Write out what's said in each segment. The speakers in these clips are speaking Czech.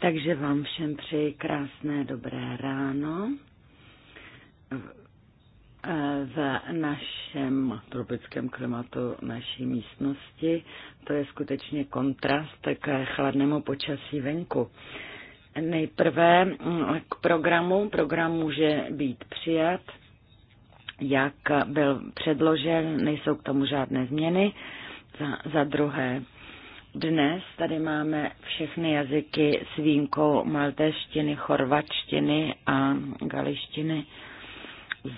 Takže vám všem přeji krásné dobré ráno. V našem tropickém klimatu naší místnosti to je skutečně kontrast k chladnému počasí venku. Nejprve mm, k programu. Program může být přijat, jak byl předložen, nejsou k tomu žádné změny. Za, za druhé dnes tady máme všechny jazyky s výjimkou maltéštiny, chorvačtiny a galištiny.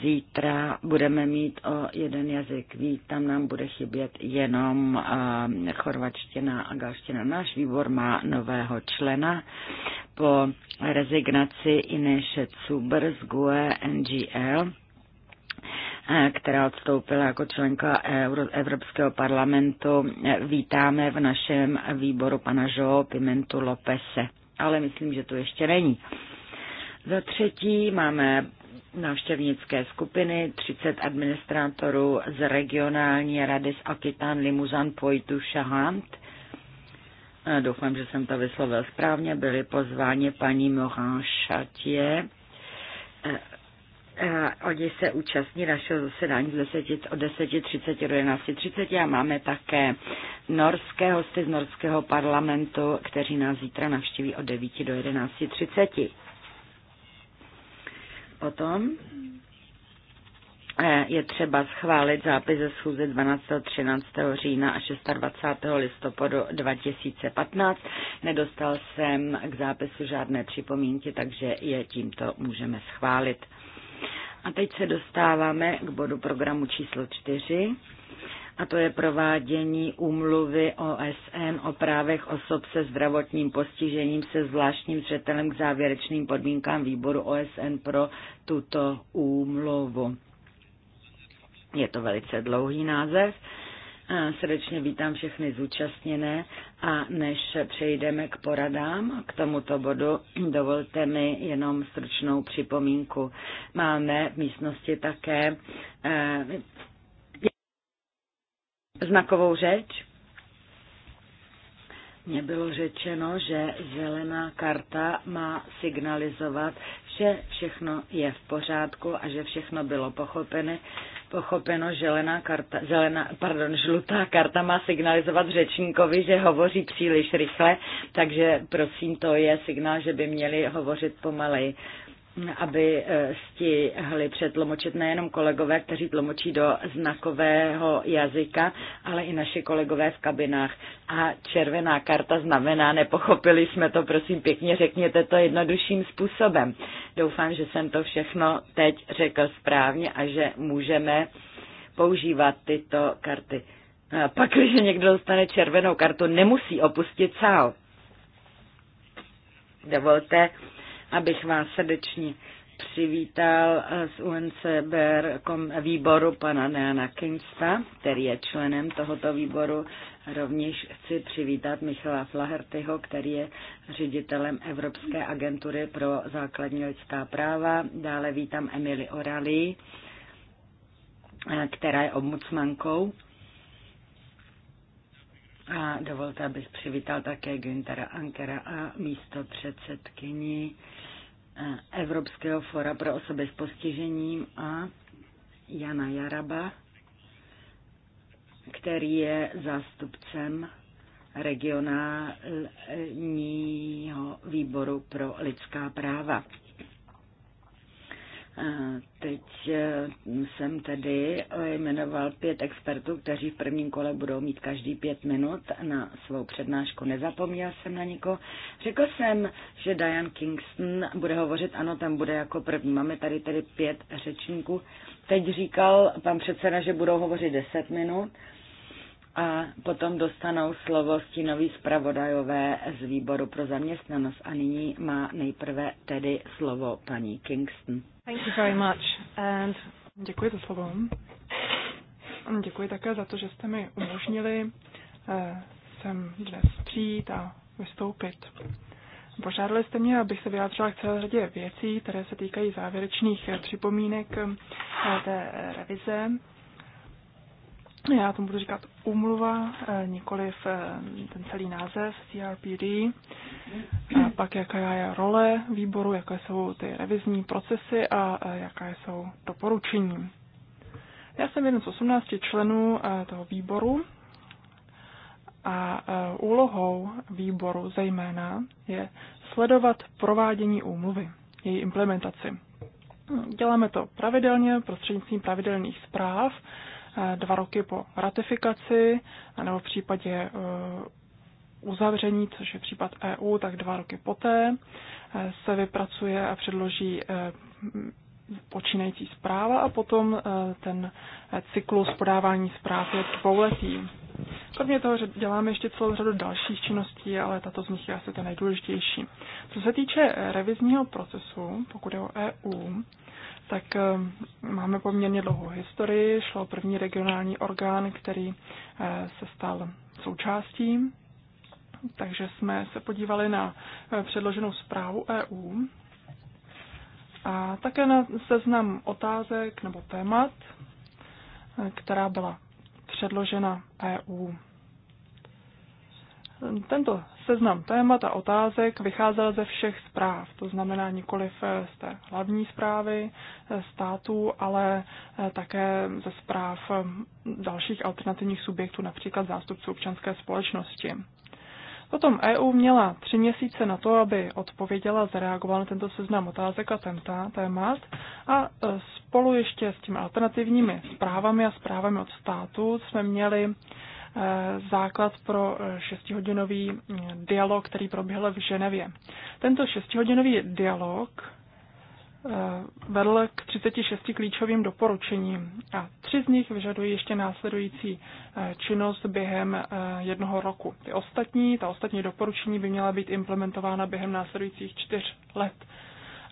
Zítra budeme mít o jeden jazyk víc, tam nám bude chybět jenom uh, chorvačtina a galština. Náš výbor má nového člena po rezignaci Ineše Cuber z GUE NGL která odstoupila jako členka Evropského parlamentu, vítáme v našem výboru pana Joao Pimentu Lopese. Ale myslím, že tu ještě není. Za třetí máme návštěvnické skupiny, 30 administrátorů z regionální rady z Akitán Limuzan Poitu Šahant. Doufám, že jsem to vyslovil správně. Byli pozváni paní Morin Chatier, Oni se účastní našeho zasedání z 10, od 10.30 do 11.30 a máme také norské hosty z norského parlamentu, kteří nás zítra navštíví od 9 do 11.30. Potom eh, je třeba schválit zápis ze schůze 12. 13. října a 26. listopadu 2015. Nedostal jsem k zápisu žádné připomínky, takže je tímto můžeme schválit. A teď se dostáváme k bodu programu číslo 4, a to je provádění úmluvy OSN o právech osob se zdravotním postižením se zvláštním zřetelem k závěrečným podmínkám výboru OSN pro tuto úmluvu. Je to velice dlouhý název Srdečně vítám všechny zúčastněné a než přejdeme k poradám, k tomuto bodu, dovolte mi jenom stručnou připomínku. Máme v místnosti také eh, znakovou řeč mně bylo řečeno, že zelená karta má signalizovat, že všechno je v pořádku a že všechno bylo pochopeno. Pochopeno, zelená karta, zelená, pardon, žlutá karta má signalizovat řečníkovi, že hovoří příliš rychle, takže prosím, to je signál, že by měli hovořit pomaleji aby eh, stihli přetlomočit nejenom kolegové, kteří tlumočí do znakového jazyka, ale i naši kolegové v kabinách. A červená karta znamená, nepochopili jsme to, prosím pěkně, řekněte to jednodušším způsobem. Doufám, že jsem to všechno teď řekl správně a že můžeme používat tyto karty. Pak, když někdo dostane červenou kartu, nemusí opustit sál. Dovolte, abych vás srdečně přivítal eh, z UNCBR výboru pana Neana Kinsta, který je členem tohoto výboru. Rovněž chci přivítat Michala Flahertyho, který je ředitelem Evropské agentury pro základní lidská práva. Dále vítám Emily Orali, eh, která je obmucmankou. A dovolte, abych přivítal také Güntera Ankera a místo předsedkyni Evropského fora pro osoby s postižením a Jana Jaraba, který je zástupcem regionálního výboru pro lidská práva. Teď eh, jsem tedy jmenoval pět expertů, kteří v prvním kole budou mít každý pět minut na svou přednášku. Nezapomněl jsem na nikoho. Řekl jsem, že Diane Kingston bude hovořit, ano, tam bude jako první. Máme tady tedy pět řečníků. Teď říkal pan předseda, že budou hovořit deset minut a potom dostanou slovo stínoví zpravodajové z výboru pro zaměstnanost. A nyní má nejprve tedy slovo paní Kingston. Thank you very much and... Děkuji za slovo. Děkuji také za to, že jste mi umožnili eh, sem dnes přijít a vystoupit. Požádali jste mě, abych se vyjádřila k celé řadě věcí, které se týkají závěrečných připomínek eh, té revize já tomu budu říkat úmluva, eh, nikoli eh, ten celý název CRPD, a pak jaká je role výboru, jaké jsou ty revizní procesy a eh, jaké jsou doporučení. Já jsem jeden z 18 členů toho výboru a úlohou výboru zejména je sledovat provádění úmluvy, její implementaci. Děláme to pravidelně prostřednictvím pravidelných zpráv, Eh, dva roky po ratifikaci, nebo v případě eh, uzavření, což je případ EU, tak dva roky poté eh, se vypracuje a předloží počínající zpráva a potom ten cyklus podávání zpráv je dvouletý. Kromě toho, že děláme ještě celou řadu dalších činností, ale tato z nich je asi ta nejdůležitější. Co se týče eh, revizního procesu, pokud je o EU, tak eh, máme poměrně dlouhou historii. Šlo o první regionální orgán, který eh, se stal součástí. Takže jsme se podívali na předloženou zprávu EU a také na seznam otázek nebo témat, která byla předložena EU. Tento seznam témat a otázek vycházel ze všech zpráv, to znamená nikoliv z té hlavní zprávy států, ale také ze zpráv dalších alternativních subjektů, například zástupců občanské společnosti. Potom EU měla tři měsíce na to, aby odpověděla, zareagovala na tento seznam otázek a tenta, témat a e, spolu ještě s těmi alternativními zprávami a zprávami od státu jsme měli e, základ pro e, šestihodinový dialog, který proběhl v Ženevě. Tento šestihodinový dialog Eh, vedl k 36 klíčovým doporučením a tři z nich vyžadují ještě následující eh, činnost během eh, jednoho roku. Ty ostatní, ta ostatní doporučení by měla být implementována během následujících čtyř let,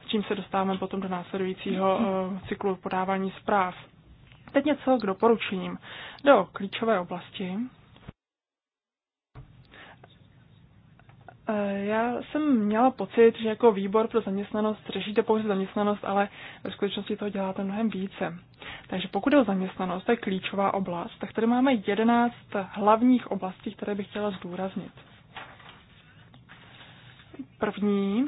čím se dostáváme potom do následujícího cyklu podávání zpráv. Teď něco k doporučením. Do klíčové oblasti Eh, já jsem měla pocit, že jako výbor pro zaměstnanost řešíte pouze zaměstnanost, ale ve skutečnosti toho děláte mnohem více. Takže pokud je o zaměstnanost, to je klíčová oblast, tak tady máme 11 hlavních oblastí, které bych chtěla zdůraznit. První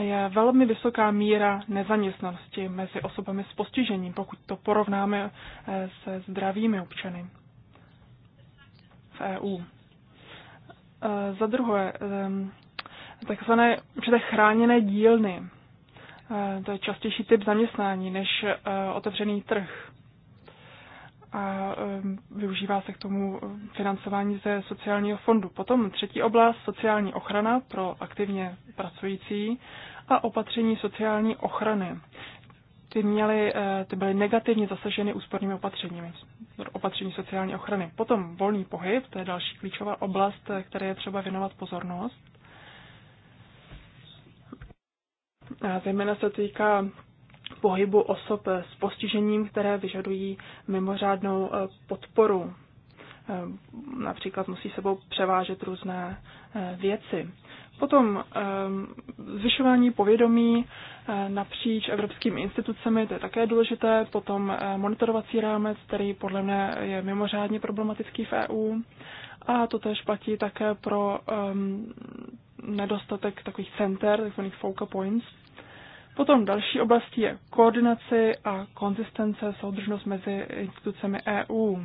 je velmi vysoká míra nezaměstnanosti mezi osobami s postižením, pokud to porovnáme eh, se zdravými občany v EU. Eh, za druhé, ehm, takzvané určité chráněné dílny. Eh, to je častější typ zaměstnání než eh, otevřený trh. A ehm, využívá se k tomu financování ze sociálního fondu. Potom třetí oblast, sociální ochrana pro aktivně pracující a opatření sociální ochrany ty, měly, eh, ty byly negativně zasaženy úspornými opatřeními, opatření sociální ochrany. Potom volný pohyb, to je další klíčová oblast, eh, které je třeba věnovat pozornost. A zejména se týká pohybu osob eh, s postižením, které vyžadují mimořádnou podporu. Například musí sebou převážet různé věci. Potom ehm, zvyšování povědomí eh, napříč evropskými institucemi, to je také důležité. Potom eh, monitorovací rámec, který podle mě je mimořádně problematický v EU. A to tež platí také pro um, nedostatek takových center, takzvaných focal points. Potom další oblastí je koordinaci a konzistence, soudržnost mezi institucemi EU.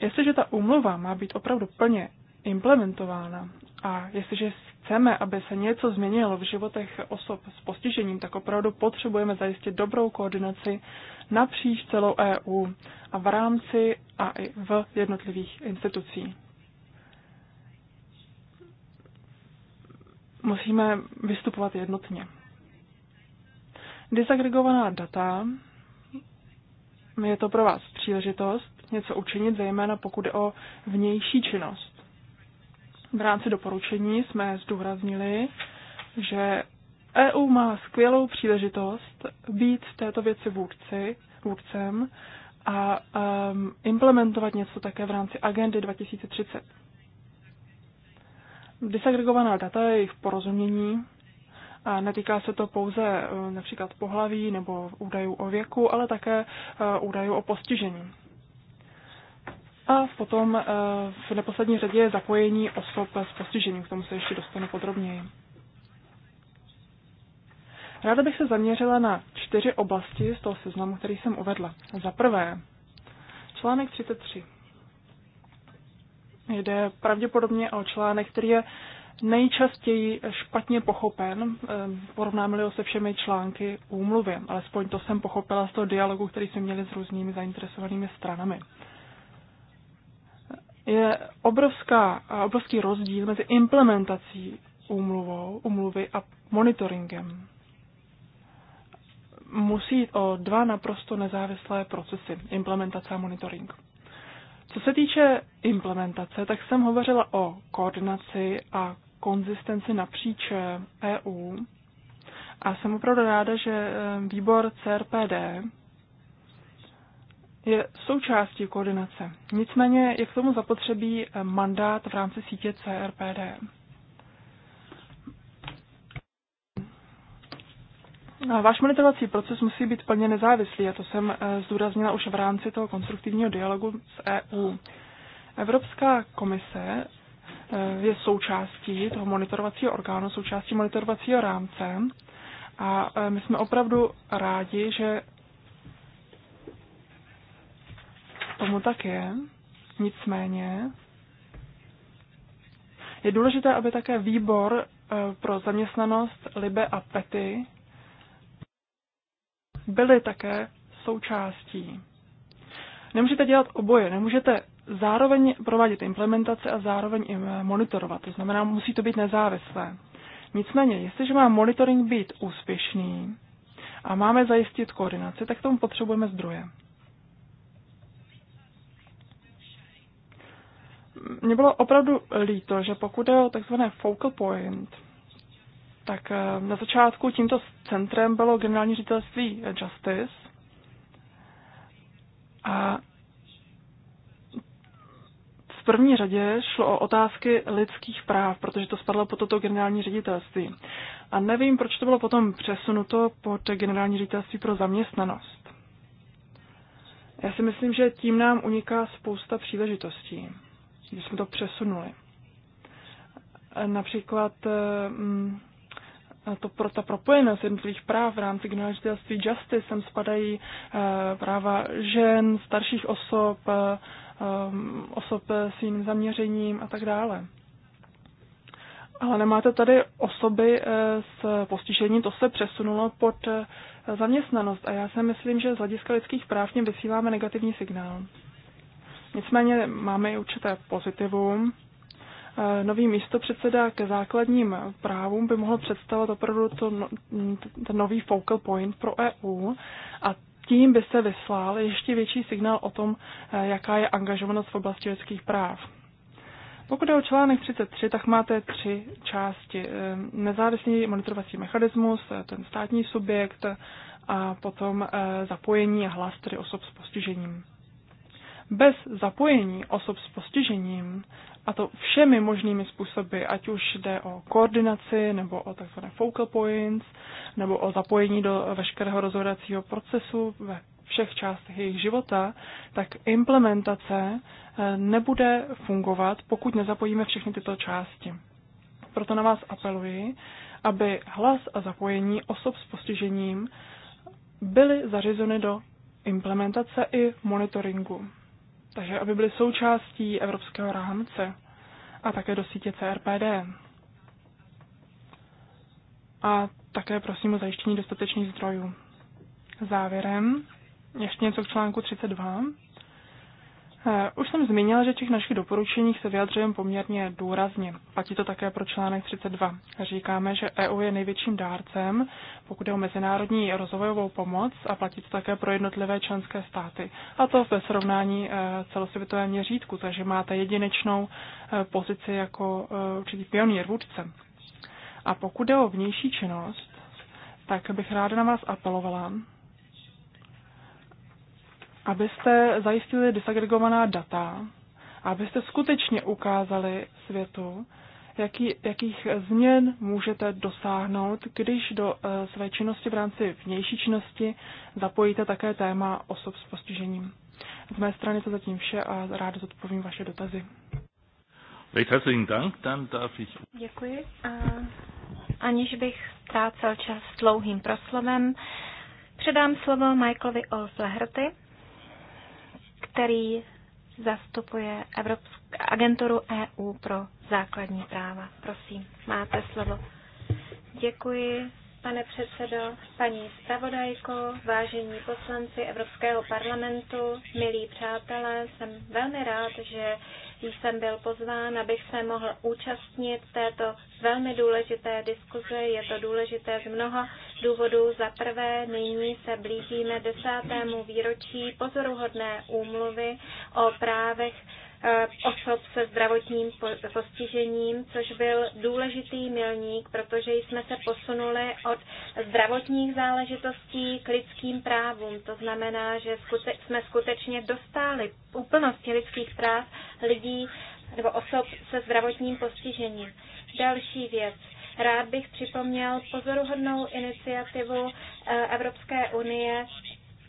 Jestliže ta úmluva má být opravdu plně implementována a jestliže chceme, aby se něco změnilo v životech osob s postižením, tak opravdu potřebujeme zajistit dobrou koordinaci napříč celou EU a v rámci a i v jednotlivých institucí. Musíme vystupovat jednotně. Disagregovaná data je to pro vás příležitost něco učinit, zejména pokud je o vnější činnost. V rámci doporučení jsme zdůraznili, že EU má skvělou příležitost být v této věci vůdci, vůdcem a um, implementovat něco také v rámci agendy 2030. Disagregovaná data, jejich porozumění, a netýká se to pouze například pohlaví nebo údajů o věku, ale také údajů o postižení. A potom eh, v neposlední řadě je zapojení osob s postižením, k tomu se ještě dostanu podrobněji. Ráda bych se zaměřila na čtyři oblasti z toho seznamu, který jsem uvedla. Za prvé, článek 33. Jde pravděpodobně o článek, který je nejčastěji špatně pochopen, eh, porovnáme-li ho se všemi články úmluvy, alespoň to jsem pochopila z toho dialogu, který jsme měli s různými zainteresovanými stranami je obrovská, obrovský rozdíl mezi implementací úmluvou, umluvy a monitoringem. Musí jít o dva naprosto nezávislé procesy, implementace a monitoring. Co se týče implementace, tak jsem hovořila o koordinaci a konzistenci napříč EU. A jsem opravdu ráda, že eh, výbor CRPD je součástí koordinace. Nicméně je k tomu zapotřebí eh, mandát v rámci sítě CRPD. Váš monitorovací proces musí být plně nezávislý a to jsem eh, zdůraznila už v rámci toho konstruktivního dialogu s EU. Evropská komise eh, je součástí toho monitorovacího orgánu, součástí monitorovacího rámce a my jsme opravdu rádi, že Tomu tak je. Nicméně je důležité, aby také výbor eh, pro zaměstnanost, libe a pety byly také součástí. Nemůžete dělat oboje, nemůžete zároveň provádět implementace a zároveň i eh, monitorovat, to znamená, musí to být nezávislé. Nicméně, jestliže má monitoring být úspěšný a máme zajistit koordinaci, tak tomu potřebujeme zdroje. mě bylo opravdu líto, že pokud je o takzvané focal point, tak eh, na začátku tímto centrem bylo generální ředitelství eh, Justice a v první řadě šlo o otázky lidských práv, protože to spadlo pod toto generální ředitelství. A nevím, proč to bylo potom přesunuto pod generální ředitelství pro zaměstnanost. Já si myslím, že tím nám uniká spousta příležitostí když jsme to přesunuli. Například eh, mm, to pro ta propojenost jednotlivých práv v rámci generálitelství Justice sem spadají eh, práva žen, starších osob, eh, osob s jiným zaměřením a tak dále. Ale nemáte tady osoby s postižením, to se přesunulo pod zaměstnanost a já si myslím, že z hlediska lidských práv tím vysíláme negativní signál. Nicméně máme i určité pozitivum. E, nový místo předseda ke základním právům by mohl představovat opravdu to, no, ten nový focal point pro EU a tím by se vyslal ještě větší signál o tom, e, jaká je angažovanost v oblasti lidských práv. Pokud je o článek 33, tak máte tři části. E, nezávislý monitorovací mechanismus, ten státní subjekt a potom zapojení a hlas tedy osob s postižením bez zapojení osob s postižením, a to všemi možnými způsoby, ať už jde o koordinaci, nebo o takzvané focal points, nebo o zapojení do veškerého rozhodacího procesu ve všech částech jejich života, tak implementace eh, nebude fungovat, pokud nezapojíme všechny tyto části. Proto na vás apeluji, aby hlas a zapojení osob s postižením byly zařizeny do implementace i monitoringu takže aby byly součástí evropského rámce a také do sítě CRPD. A také prosím o zajištění dostatečných zdrojů. Závěrem ještě něco k článku 32. Eh, už jsem zmínila, že těch našich doporučeních se vyjadřujeme poměrně důrazně. Platí to také pro článek 32. Říkáme, že EU je největším dárcem, pokud je o mezinárodní rozvojovou pomoc a platí to také pro jednotlivé členské státy. A to ve srovnání eh, celosvětové měřítku, takže máte jedinečnou eh, pozici jako určitý pionýr vůdce. A pokud je o vnější činnost, tak bych ráda na vás apelovala, abyste zajistili disagregovaná data, abyste skutečně ukázali světu, jaký, jakých změn můžete dosáhnout, když do e, své činnosti v rámci vnější činnosti zapojíte také téma osob s postižením. Z mé strany to zatím vše a rád zodpovím vaše dotazy. Děkuji. A aniž bych ztrácel čas dlouhým proslovem, předám slovo Michaelovi Olfleherty, který zastupuje Evropsk- agenturu EU pro základní práva. Prosím, máte slovo. Děkuji, pane předsedo, paní zpravodajko, vážení poslanci Evropského parlamentu, milí přátelé, jsem velmi rád, že jsem byl pozván, abych se mohl účastnit této velmi důležité diskuze. Je to důležité z mnoha důvodů. Za prvé, nyní se blížíme desátému výročí pozoruhodné úmluvy o právech E, osob se zdravotním postižením, což byl důležitý milník, protože jsme se posunuli od zdravotních záležitostí k lidským právům. To znamená, že jsme skutečně dostali úplnosti lidských práv lidí nebo osob se zdravotním postižením. Další věc. Rád bych připomněl pozoruhodnou iniciativu e, Evropské unie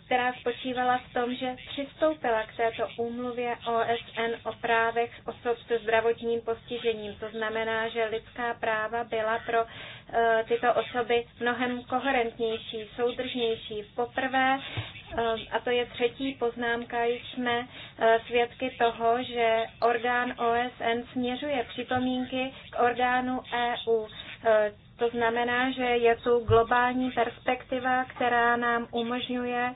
která spočívala v tom, že přistoupila k této úmluvě OSN o právech osob se zdravotním postižením. To znamená, že lidská práva byla pro eh, tyto osoby mnohem koherentnější, soudržnější. Poprvé, eh, a to je třetí poznámka, jsme eh, svědky toho, že orgán OSN směřuje připomínky k orgánu EU. To znamená, že je tu globální perspektiva, která nám umožňuje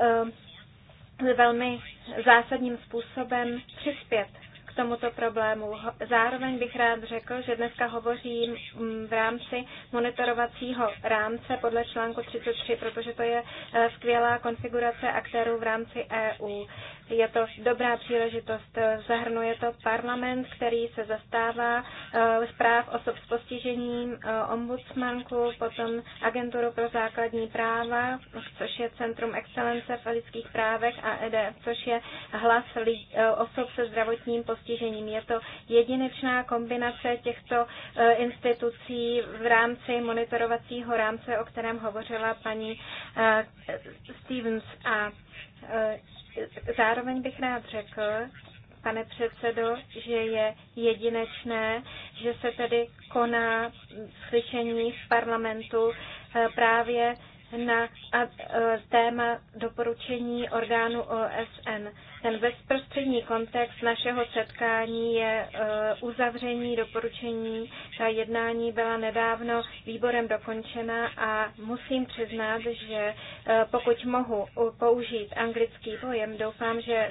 Eh, velmi zásadním způsobem přispět k tomuto problému. Zároveň bych rád řekl, že dneska hovořím mm, v rámci monitorovacího rámce podle článku 33, protože to je eh, skvělá konfigurace aktérů v rámci EU. Je to dobrá příležitost. Eh, zahrnuje to parlament, který se zastává eh, zpráv osob s postižením, eh, ombudsmanku, potom agenturu pro základní práva, což je Centrum excelence v lidských právech a EDF, což je hlas osob se zdravotním postižením. Je to jedinečná kombinace těchto institucí v rámci monitorovacího rámce, o kterém hovořila paní Stevens. A Eh, zároveň bych rád řekl, pane předsedo, že je jedinečné, že se tedy koná slyšení v parlamentu eh, právě na e, téma doporučení orgánu OSN. Ten bezprostřední kontext našeho setkání je e, uzavření doporučení. Ta jednání byla nedávno výborem dokončena a musím přiznat, že e, pokud mohu použít anglický pojem, doufám, že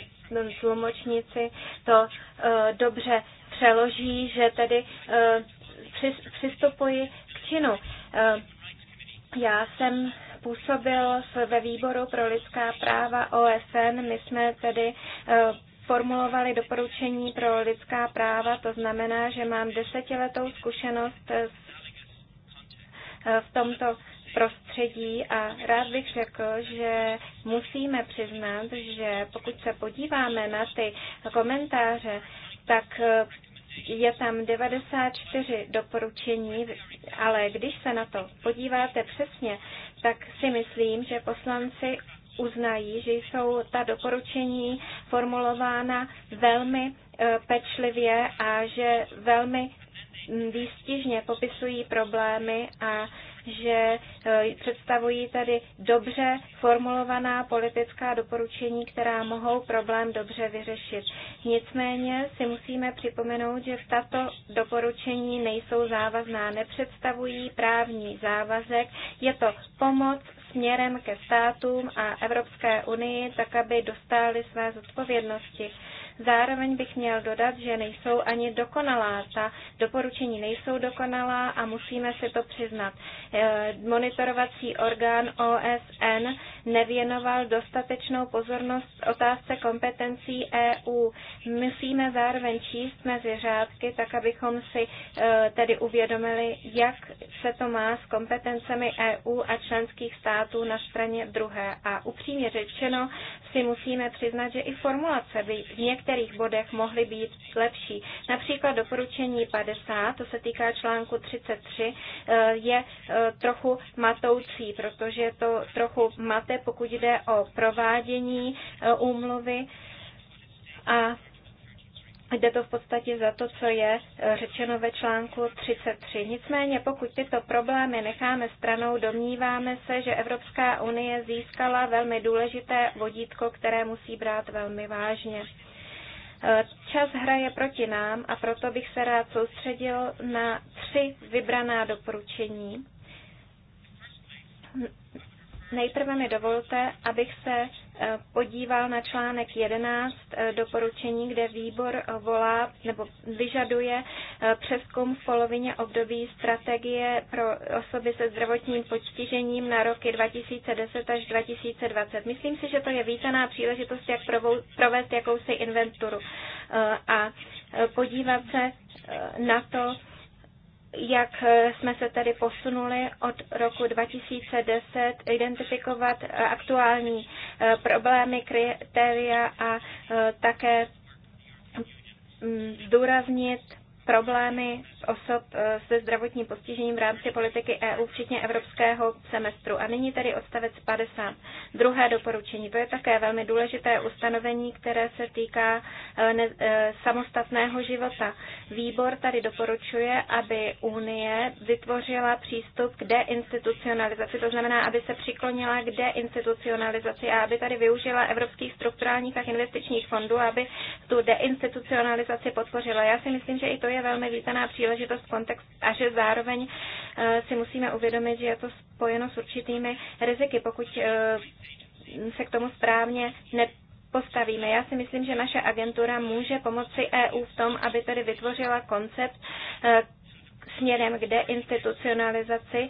tlumočníci to dobře přeloží, že tedy přistupuji k činu. Já jsem působil ve výboru pro lidská práva OSN. My jsme tedy eh, formulovali doporučení pro lidská práva, to znamená, že mám desetiletou zkušenost eh, v tomto prostředí a rád bych řekl, že musíme přiznat, že pokud se podíváme na ty komentáře, tak eh, je tam 94 doporučení, ale když se na to podíváte přesně, tak si myslím, že poslanci uznají, že jsou ta doporučení formulována velmi eh, pečlivě a že velmi mm, výstižně popisují problémy a že eh, představují tady dobře formulovaná politická doporučení, která mohou problém dobře vyřešit. Nicméně si musíme připomenout, že v tato doporučení nejsou závazná, nepředstavují právní závazek. Je to pomoc směrem ke státům a Evropské unii, tak aby dostali své zodpovědnosti. Zároveň bych měl dodat, že nejsou ani dokonalá. Ta doporučení nejsou dokonalá a musíme si to přiznat. Eh, monitorovací orgán OSN nevěnoval dostatečnou pozornost otázce kompetencí EU. Musíme zároveň číst mezi řádky, tak abychom si eh, tedy uvědomili, jak se to má s kompetencemi EU a členských států na straně druhé. A upřímně řečeno si musíme přiznat, že i formulace by v některých některých bodech mohly být lepší. Například doporučení 50, to se týká článku 33, eh, je eh, trochu matoucí, protože to trochu mate, pokud jde o provádění eh, úmluvy a Jde to v podstatě za to, co je řečeno ve článku 33. Nicméně, pokud tyto problémy necháme stranou, domníváme se, že Evropská unie získala velmi důležité vodítko, které musí brát velmi vážně. E, čas hraje proti nám a proto bych se rád soustředil na tři vybraná doporučení. Nejprve mi dovolte, abych se podíval na článek 11 eh, doporučení, kde výbor eh, volá nebo vyžaduje eh, přeskum v polovině období strategie pro osoby se zdravotním postižením na roky 2010 až 2020. Myslím si, že to je vítaná příležitost, jak provést jakousi inventuru a podívat se na to, jak eh, jsme se tady posunuli od roku 2010, identifikovat eh, aktuální eh, problémy, kritéria a také mm, zdůraznit problémy osob eh, se zdravotním postižením v rámci politiky EU, včetně evropského semestru. A nyní tedy odstavec 50. Druhé doporučení. To je také velmi důležité ustanovení, které se týká eh, ne, eh, samostatného života. Výbor tady doporučuje, aby Unie vytvořila přístup k deinstitucionalizaci, to znamená, aby se přiklonila k deinstitucionalizaci a aby tady využila evropských strukturálních a investičních fondů, aby tu deinstitucionalizaci podpořila. Já si myslím, že i to je je velmi vítaná příležitost kontext a že zároveň eh, si musíme uvědomit, že je to spojeno s určitými riziky, pokud eh, se k tomu správně ne postavíme. Já si myslím, že naše agentura může pomoci EU v tom, aby tedy vytvořila koncept eh, směrem k deinstitucionalizaci.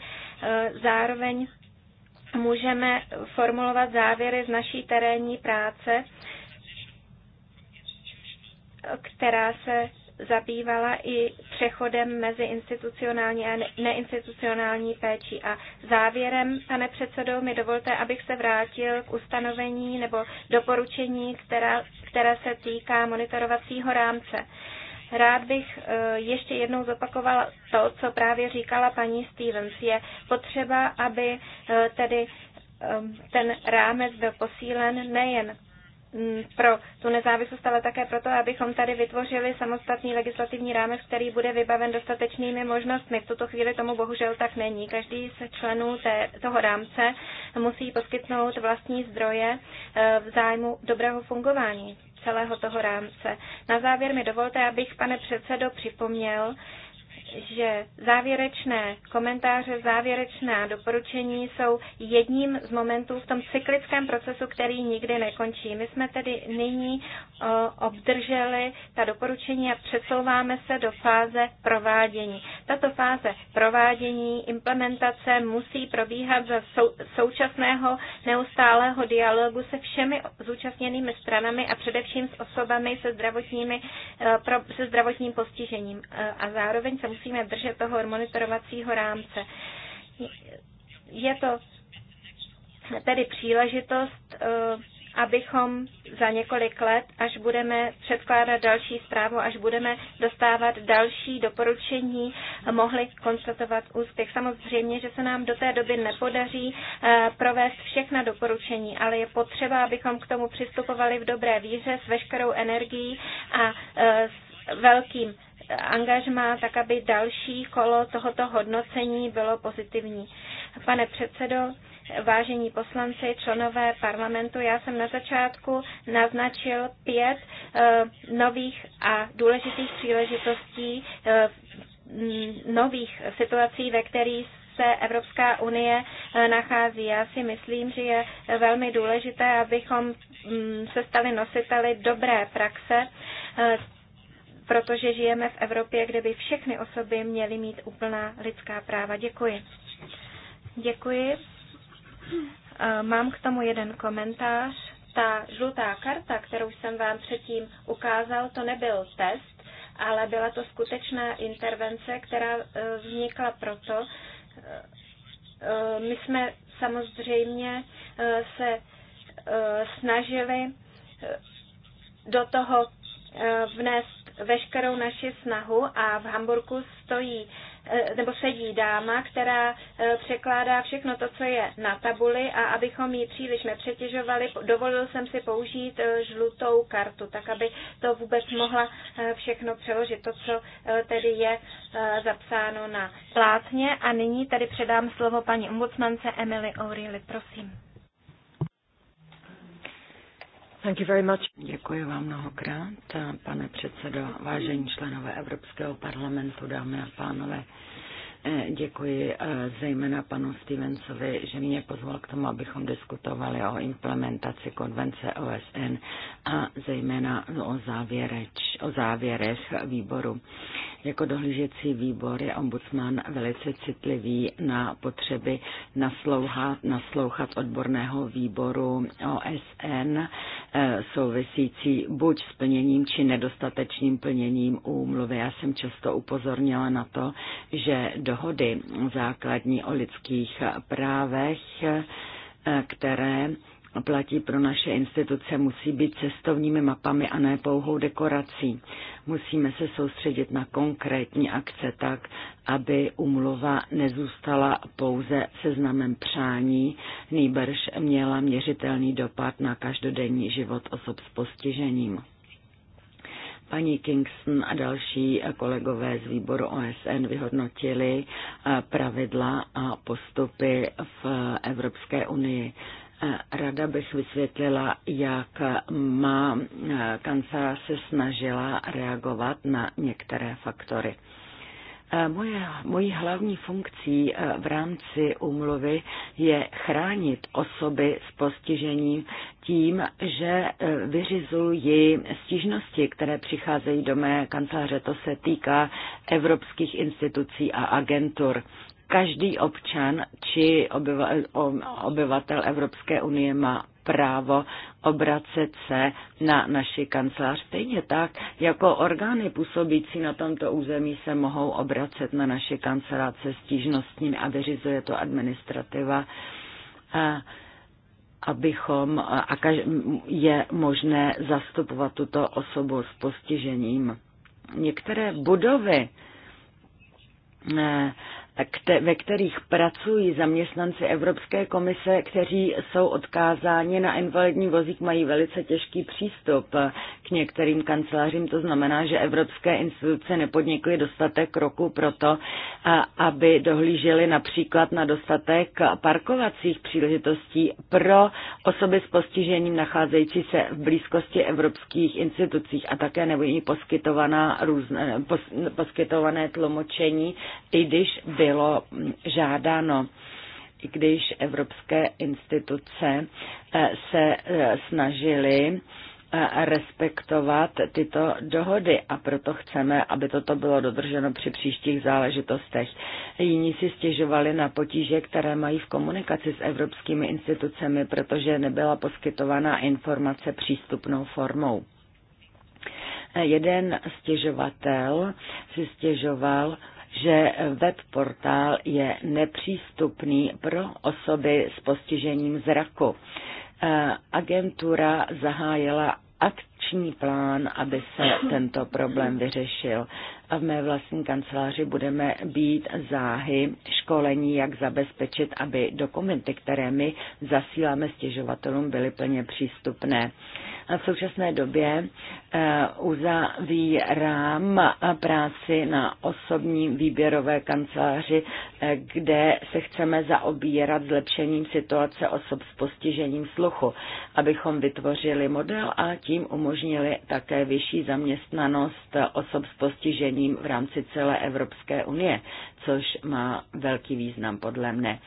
Zároveň můžeme formulovat závěry z naší terénní práce, která se zabývala i přechodem mezi institucionální a neinstitucionální péčí. A závěrem, pane předsedo, mi dovolte, abych se vrátil k ustanovení nebo doporučení, která, které se týká monitorovacího rámce. Rád bych eh, ještě jednou zopakovala to, co právě říkala paní Stevens. Je potřeba, aby eh, tedy eh, ten rámec byl posílen nejen Mm, pro tu nezávislost, ale také proto, abychom tady vytvořili samostatný legislativní rámec, který bude vybaven dostatečnými možnostmi. V tuto chvíli tomu bohužel tak není. Každý z členů té, toho rámce musí poskytnout vlastní zdroje eh, v zájmu dobrého fungování celého toho rámce. Na závěr mi dovolte, abych, pane předsedo, připomněl, že závěrečné komentáře, závěrečná doporučení jsou jedním z momentů v tom cyklickém procesu, který nikdy nekončí. My jsme tedy nyní eh, obdrželi ta doporučení a přesouváme se do fáze provádění. Tato fáze provádění, implementace musí probíhat za současného neustálého dialogu se všemi zúčastněnými stranami a především s osobami se, zdravotními, eh, se zdravotním postižením. Eh, a zároveň se musí musíme držet toho monitorovacího rámce. Je to tedy příležitost, eh, abychom za několik let, až budeme předkládat další zprávu, až budeme dostávat další doporučení, mohli konstatovat úspěch. Samozřejmě, že se nám do té doby nepodaří eh, provést všechna doporučení, ale je potřeba, abychom k tomu přistupovali v dobré víře, s veškerou energií a eh, s velkým angažmá, tak aby další kolo tohoto hodnocení bylo pozitivní. Pane předsedo, vážení poslanci, členové parlamentu, já jsem na začátku naznačil pět eh, nových a důležitých příležitostí, eh, nových situací, ve kterých se Evropská unie eh, nachází. Já si myslím, že je velmi důležité, abychom mm, se stali nositeli dobré praxe protože žijeme v Evropě, kde by všechny osoby měly mít úplná lidská práva. Děkuji. Děkuji. Eh, mám k tomu jeden komentář. Ta žlutá karta, kterou jsem vám předtím ukázal, to nebyl test, ale byla to skutečná intervence, která eh, vznikla proto, eh, my jsme samozřejmě se snažili do toho vnést veškerou naši snahu a v Hamburgu stojí eh, nebo sedí dáma, která eh, překládá všechno to, co je na tabuli a abychom ji příliš nepřetěžovali, dovolil jsem si použít eh, žlutou kartu, tak aby to vůbec mohla všechno přeložit, to, co tedy je zapsáno na plátně. A nyní tady předám slovo paní ombudsmance Emily O'Reilly, prosím. Thank you very much. Děkuji vám mnohokrát, pane předsedo, vážení členové Evropského parlamentu, dámy a pánové. Eh, děkuji eh, zejména panu Stevensovi, že mě pozval k tomu, abychom diskutovali o implementaci konvence OSN a zejména o, závěreč, o závěrech výboru. Jako dohlížecí výbor je ombudsman velice citlivý na potřeby naslouchat, naslouchat odborného výboru OSN eh, souvisící buď s plněním či nedostatečným plněním úmluvy. Já jsem často upozornila na to, že do dohody základní o lidských právech, které platí pro naše instituce, musí být cestovními mapami a ne pouhou dekorací. Musíme se soustředit na konkrétní akce tak, aby umluva nezůstala pouze seznamem přání, nýbrž měla měřitelný dopad na každodenní život osob s postižením paní Kingston a další kolegové z výboru OSN vyhodnotili eh, pravidla a postupy v Evropské unii. Eh, rada bych vysvětlila, jak má eh, kancelář se snažila reagovat na některé faktory. Eh, moje, mojí hlavní funkcí eh, v rámci úmluvy je chránit osoby s postižením tím, že eh, vyřizuji stížnosti, které přicházejí do mé kanceláře. To se týká evropských institucí a agentur. Každý občan či obyvatel Evropské unie má právo obracet se na naši kancelář. Stejně tak, jako orgány působící na tomto území se mohou obracet na naše kanceláře se stížnostním a vyřizuje to administrativa. A abychom, a kaž, je možné zastupovat tuto osobu s postižením. Některé budovy eh, ve kterých pracují zaměstnanci Evropské komise, kteří jsou odkázáni na invalidní vozík, mají velice těžký přístup k některým kancelářím. To znamená, že evropské instituce nepodnikly dostatek kroku pro to, aby dohlíželi například na dostatek parkovacích příležitostí pro osoby s postižením nacházející se v blízkosti evropských institucích a také nebo jim poskytovaná různé, poskytované tlumočení, i když by bylo žádáno i když evropské instituce eh, se eh, snažily eh, respektovat tyto dohody a proto chceme, aby toto bylo dodrženo při příštích záležitostech. Jiní si stěžovali na potíže, které mají v komunikaci s evropskými institucemi, protože nebyla poskytována informace přístupnou formou. Jeden stěžovatel si stěžoval, že web portál je nepřístupný pro osoby s postižením zraku. Eh, agentura zahájila akční plán, aby se tento problém vyřešil. A v mé vlastní kanceláři budeme být záhy školení, jak zabezpečit, aby dokumenty, které my zasíláme stěžovatelům, byly plně přístupné. A v současné době Eh, uzavírám práci na osobní výběrové kanceláři, eh, kde se chceme zaobírat zlepšením situace osob s postižením sluchu, abychom vytvořili model a tím umožnili také vyšší zaměstnanost osob s postižením v rámci celé Evropské unie, což má velký význam podle mne.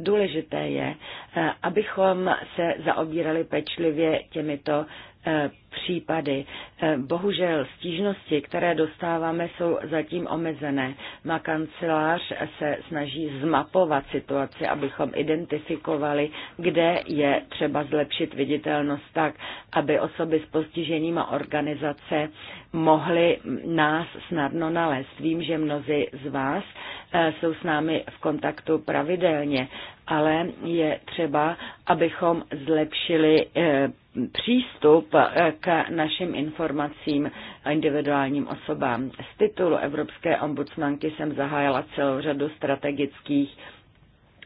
Důležité je, eh, abychom se zaobírali pečlivě těmito E, případy. E, bohužel stížnosti, které dostáváme, jsou zatím omezené. Má kancelář se snaží zmapovat situaci, abychom identifikovali, kde je třeba zlepšit viditelnost tak, aby osoby s postižením a organizace mohly nás snadno nalézt. Vím, že mnozí z vás e, jsou s námi v kontaktu pravidelně ale je třeba, abychom zlepšili eh, přístup eh, k našim informacím a individuálním osobám. Z titulu Evropské ombudsmanky jsem zahájila celou řadu strategických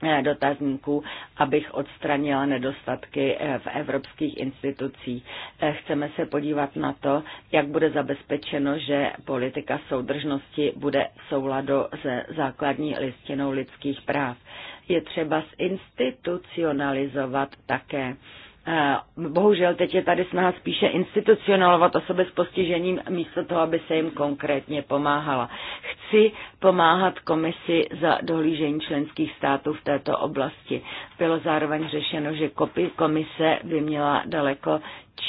eh, dotazníků, abych odstranila nedostatky v evropských institucích. Chceme se podívat na to, jak bude zabezpečeno, že politika soudržnosti bude souladu se základní listinou lidských práv je třeba zinstitucionalizovat také. Eh, bohužel teď je tady snaha spíše institucionalovat osoby s postižením místo toho, aby se jim konkrétně pomáhala. Chci pomáhat komisi za dohlížení členských států v této oblasti. Bylo zároveň řešeno, že komise by měla daleko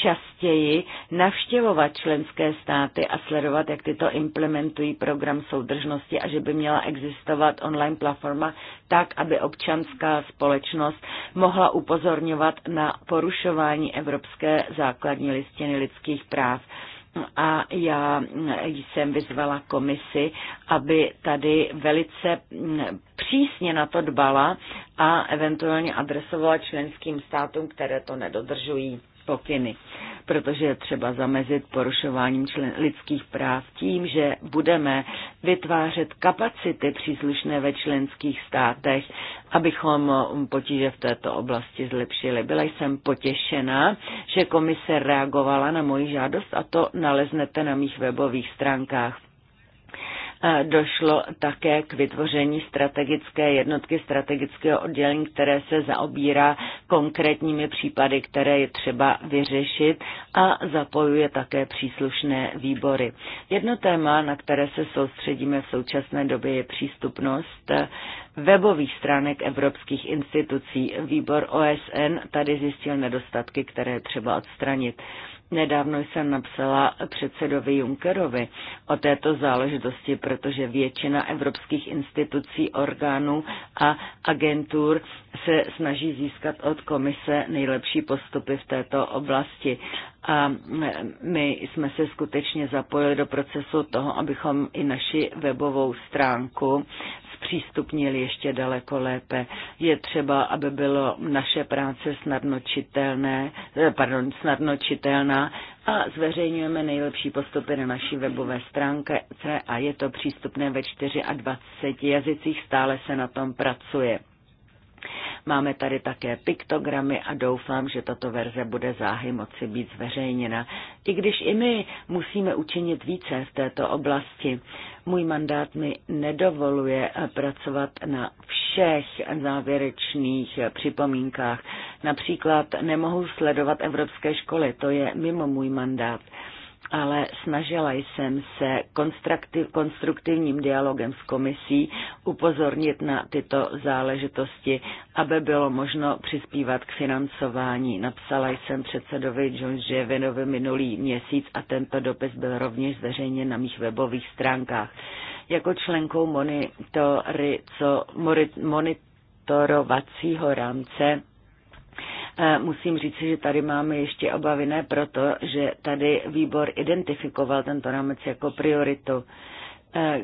častěji navštěvovat členské státy a sledovat, jak tyto implementují program soudržnosti a že by měla existovat online platforma tak, aby občanská společnost mohla upozorňovat na porušování Evropské základní listiny lidských práv a já jsem vyzvala komisi, aby tady velice přísně na to dbala a eventuálně adresovala členským státům, které to nedodržují pokyny, protože je třeba zamezit porušováním člen, lidských práv tím, že budeme vytvářet kapacity příslušné ve členských státech, abychom potíže v této oblasti zlepšili. Byla jsem potěšena, že komise reagovala na moji žádost a to naleznete na mých webových stránkách došlo také k vytvoření strategické jednotky, strategického oddělení, které se zaobírá konkrétními případy, které je třeba vyřešit a zapojuje také příslušné výbory. Jedno téma, na které se soustředíme v současné době, je přístupnost webových stránek evropských institucí. Výbor OSN tady zjistil nedostatky, které třeba odstranit. Nedávno jsem napsala předsedovi Junckerovi o této záležitosti, protože většina evropských institucí, orgánů a agentur se snaží získat od komise nejlepší postupy v této oblasti. A my jsme se skutečně zapojili do procesu toho, abychom i naši webovou stránku zpřístupnili ještě daleko lépe. Je třeba, aby bylo naše práce snadno čitelné, eh, pardon, snadno čitelná a zveřejňujeme nejlepší postupy na naší webové stránce a je to přístupné ve 24 jazycích, stále se na tom pracuje. Máme tady také piktogramy a doufám, že tato verze bude záhy moci být zveřejněna. I když i my musíme učinit více v této oblasti. Můj mandát mi nedovoluje pracovat na všech závěrečných připomínkách. Například nemohu sledovat evropské školy, to je mimo můj mandát ale snažila jsem se konstruktivním dialogem s komisí upozornit na tyto záležitosti, aby bylo možno přispívat k financování. Napsala jsem předsedovi John Jevinovi minulý měsíc a tento dopis byl rovněž zveřejněn na mých webových stránkách. Jako členkou monitory, co, monitorovacího rámce E, musím říct, že tady máme ještě obavy ne proto, že tady výbor identifikoval tento rámec jako prioritu. E,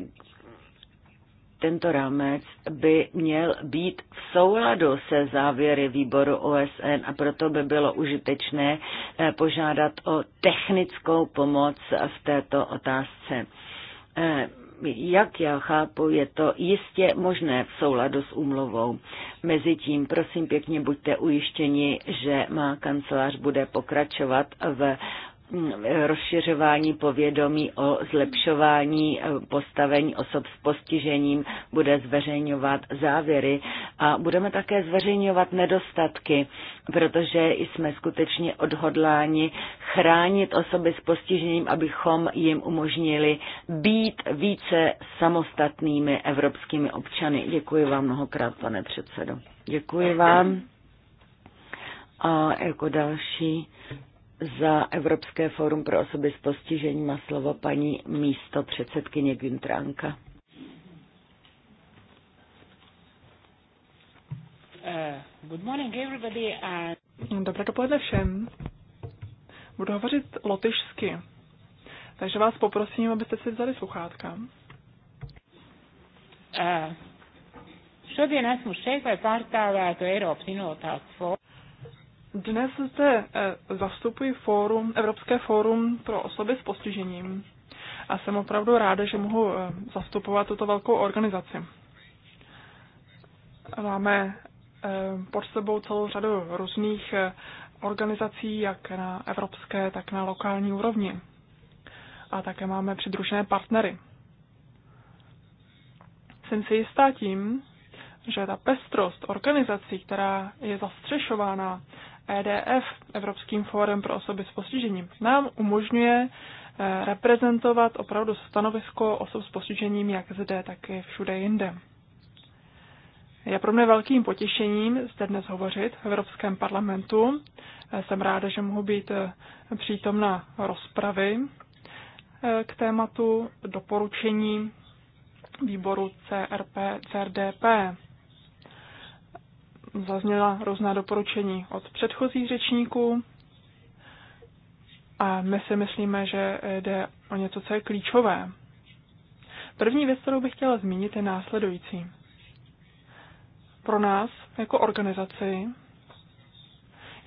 tento rámec by měl být v souladu se závěry výboru OSN a proto by bylo užitečné e, požádat o technickou pomoc v této otázce jak já chápu, je to jistě možné v souladu s úmluvou. Mezitím, prosím pěkně, buďte ujištěni, že má kancelář bude pokračovat v rozšiřování povědomí o zlepšování eh, postavení osob s postižením, bude zveřejňovat závěry a budeme také zveřejňovat nedostatky, protože jsme skutečně odhodláni chránit osoby s postižením, abychom jim umožnili být více samostatnými evropskými občany. Děkuji vám mnohokrát, pane předsedo. Děkuji vám. A jako další za Evropské fórum pro osoby s postižením má slovo paní místo předsedkyně Güntránka. Eh, Dobré dopoledne všem. Budu hovořit lotyšsky, takže vás poprosím, abyste si vzali sluchátka. Eh, šodien esmu šeit, lai pārstāvētu Eiropas Innovatāts Fórumu. Dnes zde eh, zastupuji fórum, Evropské fórum pro osoby s postižením a jsem opravdu ráda, že mohu eh, zastupovat tuto velkou organizaci. Máme eh, pod sebou celou řadu různých organizací, jak na evropské, tak na lokální úrovni. A také máme přidružené partnery. Jsem si jistá tím, že ta pestrost organizací, která je zastřešována EDF, Evropským fórem pro osoby s postižením, nám umožňuje e, reprezentovat opravdu stanovisko osob s postižením jak zde, tak i všude jinde. Je pro mě velkým potěšením zde dnes hovořit v Evropském parlamentu. E, jsem ráda, že mohu být e, přítomna rozpravy k tématu doporučení výboru CRP, CRDP zazněla různá doporučení od předchozích řečníků a my si myslíme, že jde o něco, co je klíčové. První věc, kterou bych chtěla zmínit, je následující. Pro nás, jako organizaci,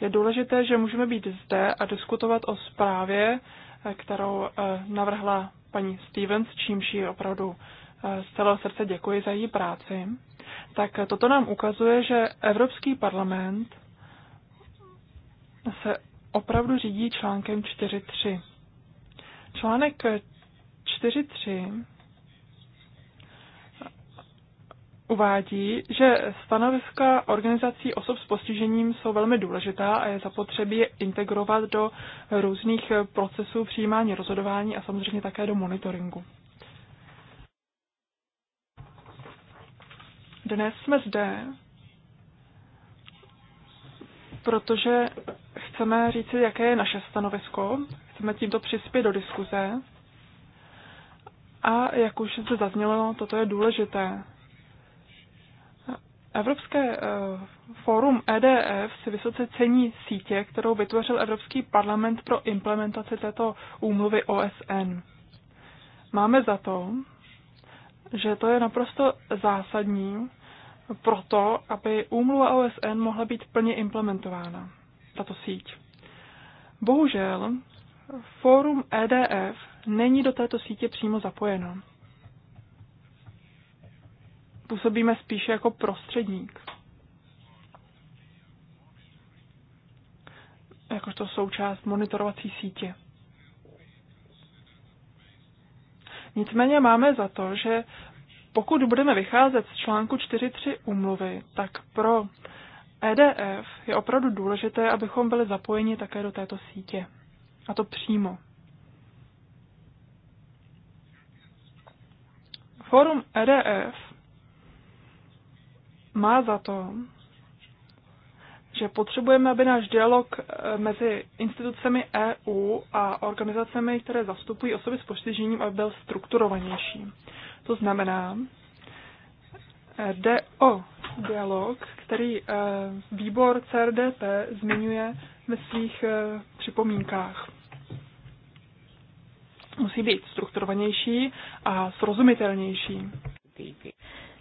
je důležité, že můžeme být zde a diskutovat o zprávě, kterou eh, navrhla paní Stevens, čímž ji opravdu eh, z celého srdce děkuji za její práci tak toto nám ukazuje, že Evropský parlament se opravdu řídí článkem 4.3. Článek 4.3 uvádí, že stanoviska organizací osob s postižením jsou velmi důležitá a je zapotřebí je integrovat do různých procesů přijímání rozhodování a samozřejmě také do monitoringu. Dnes jsme zde, protože chceme říci, jaké je naše stanovisko, chceme tímto přispět do diskuze a jak už se zaznělo, toto je důležité. Evropské eh, fórum EDF si vysoce cení sítě, kterou vytvořil Evropský parlament pro implementaci této úmluvy OSN. Máme za to, že to je naprosto zásadní pro to, aby úmluva OSN mohla být plně implementována, tato síť. Bohužel, fórum EDF není do této sítě přímo zapojeno. Působíme spíše jako prostředník. Jakožto součást monitorovací sítě. Nicméně máme za to, že pokud budeme vycházet z článku 4.3 úmluvy, tak pro EDF je opravdu důležité, abychom byli zapojeni také do této sítě. A to přímo. Fórum EDF má za to, že potřebujeme, aby náš dialog eh, mezi institucemi EU a organizacemi, které zastupují osoby s postižením, aby byl strukturovanější. To znamená, eh, jde o dialog, který eh, výbor CRDP zmiňuje ve svých připomínkách. Musí být strukturovanější a srozumitelnější.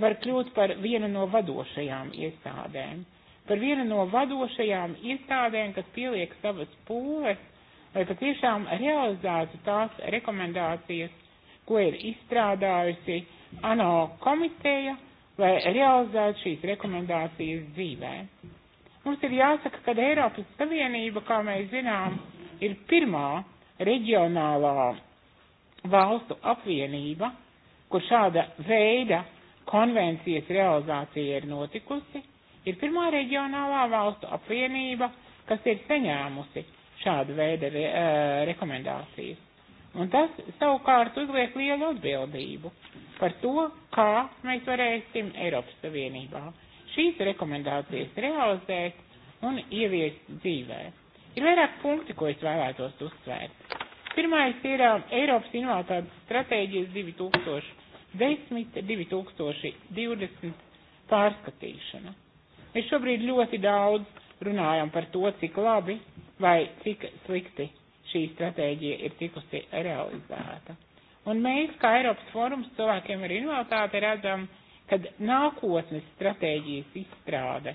var kļūt par vienu no vadošajām iestādēm. Par vienu no vadošajām iestādēm, kas pieliek savas pūles, lai patiešām realizētu tās rekomendācijas, ko ir izstrādājusi ANO komiteja, lai realizētu šīs rekomendācijas dzīvē. Mums ir jāsaka, ka Eiropas Savienība, kā mēs zinām, ir pirmā reģionālā valstu apvienība, kur šāda veida konvencijas realizācija ir notikusi, ir pirmā reģionālā valstu apvienība, kas ir saņēmusi šādu veidu re, eh, rekomendācijas. Un tas savukārt uzliek lielu atbildību par to, kā mēs varēsim Eiropas Savienībā šīs rekomendācijas realizēt un ieviest dzīvē. Ir vairāk punkti, ko es vēlētos uzsvērt. Pirmais ir eh, Eiropas inovācijas stratēģijas 2000 desmit, divi tūkstoši divdesmit pārskatīšana. Mēs šobrīd ļoti daudz runājam par to, cik labi vai cik slikti šī stratēģija ir tikusi realizēta. Un mēs, kā Eiropas fórums cilvēkiem ar invaliditāti, redzam, ka nākotnes stratēģijas izstrāde,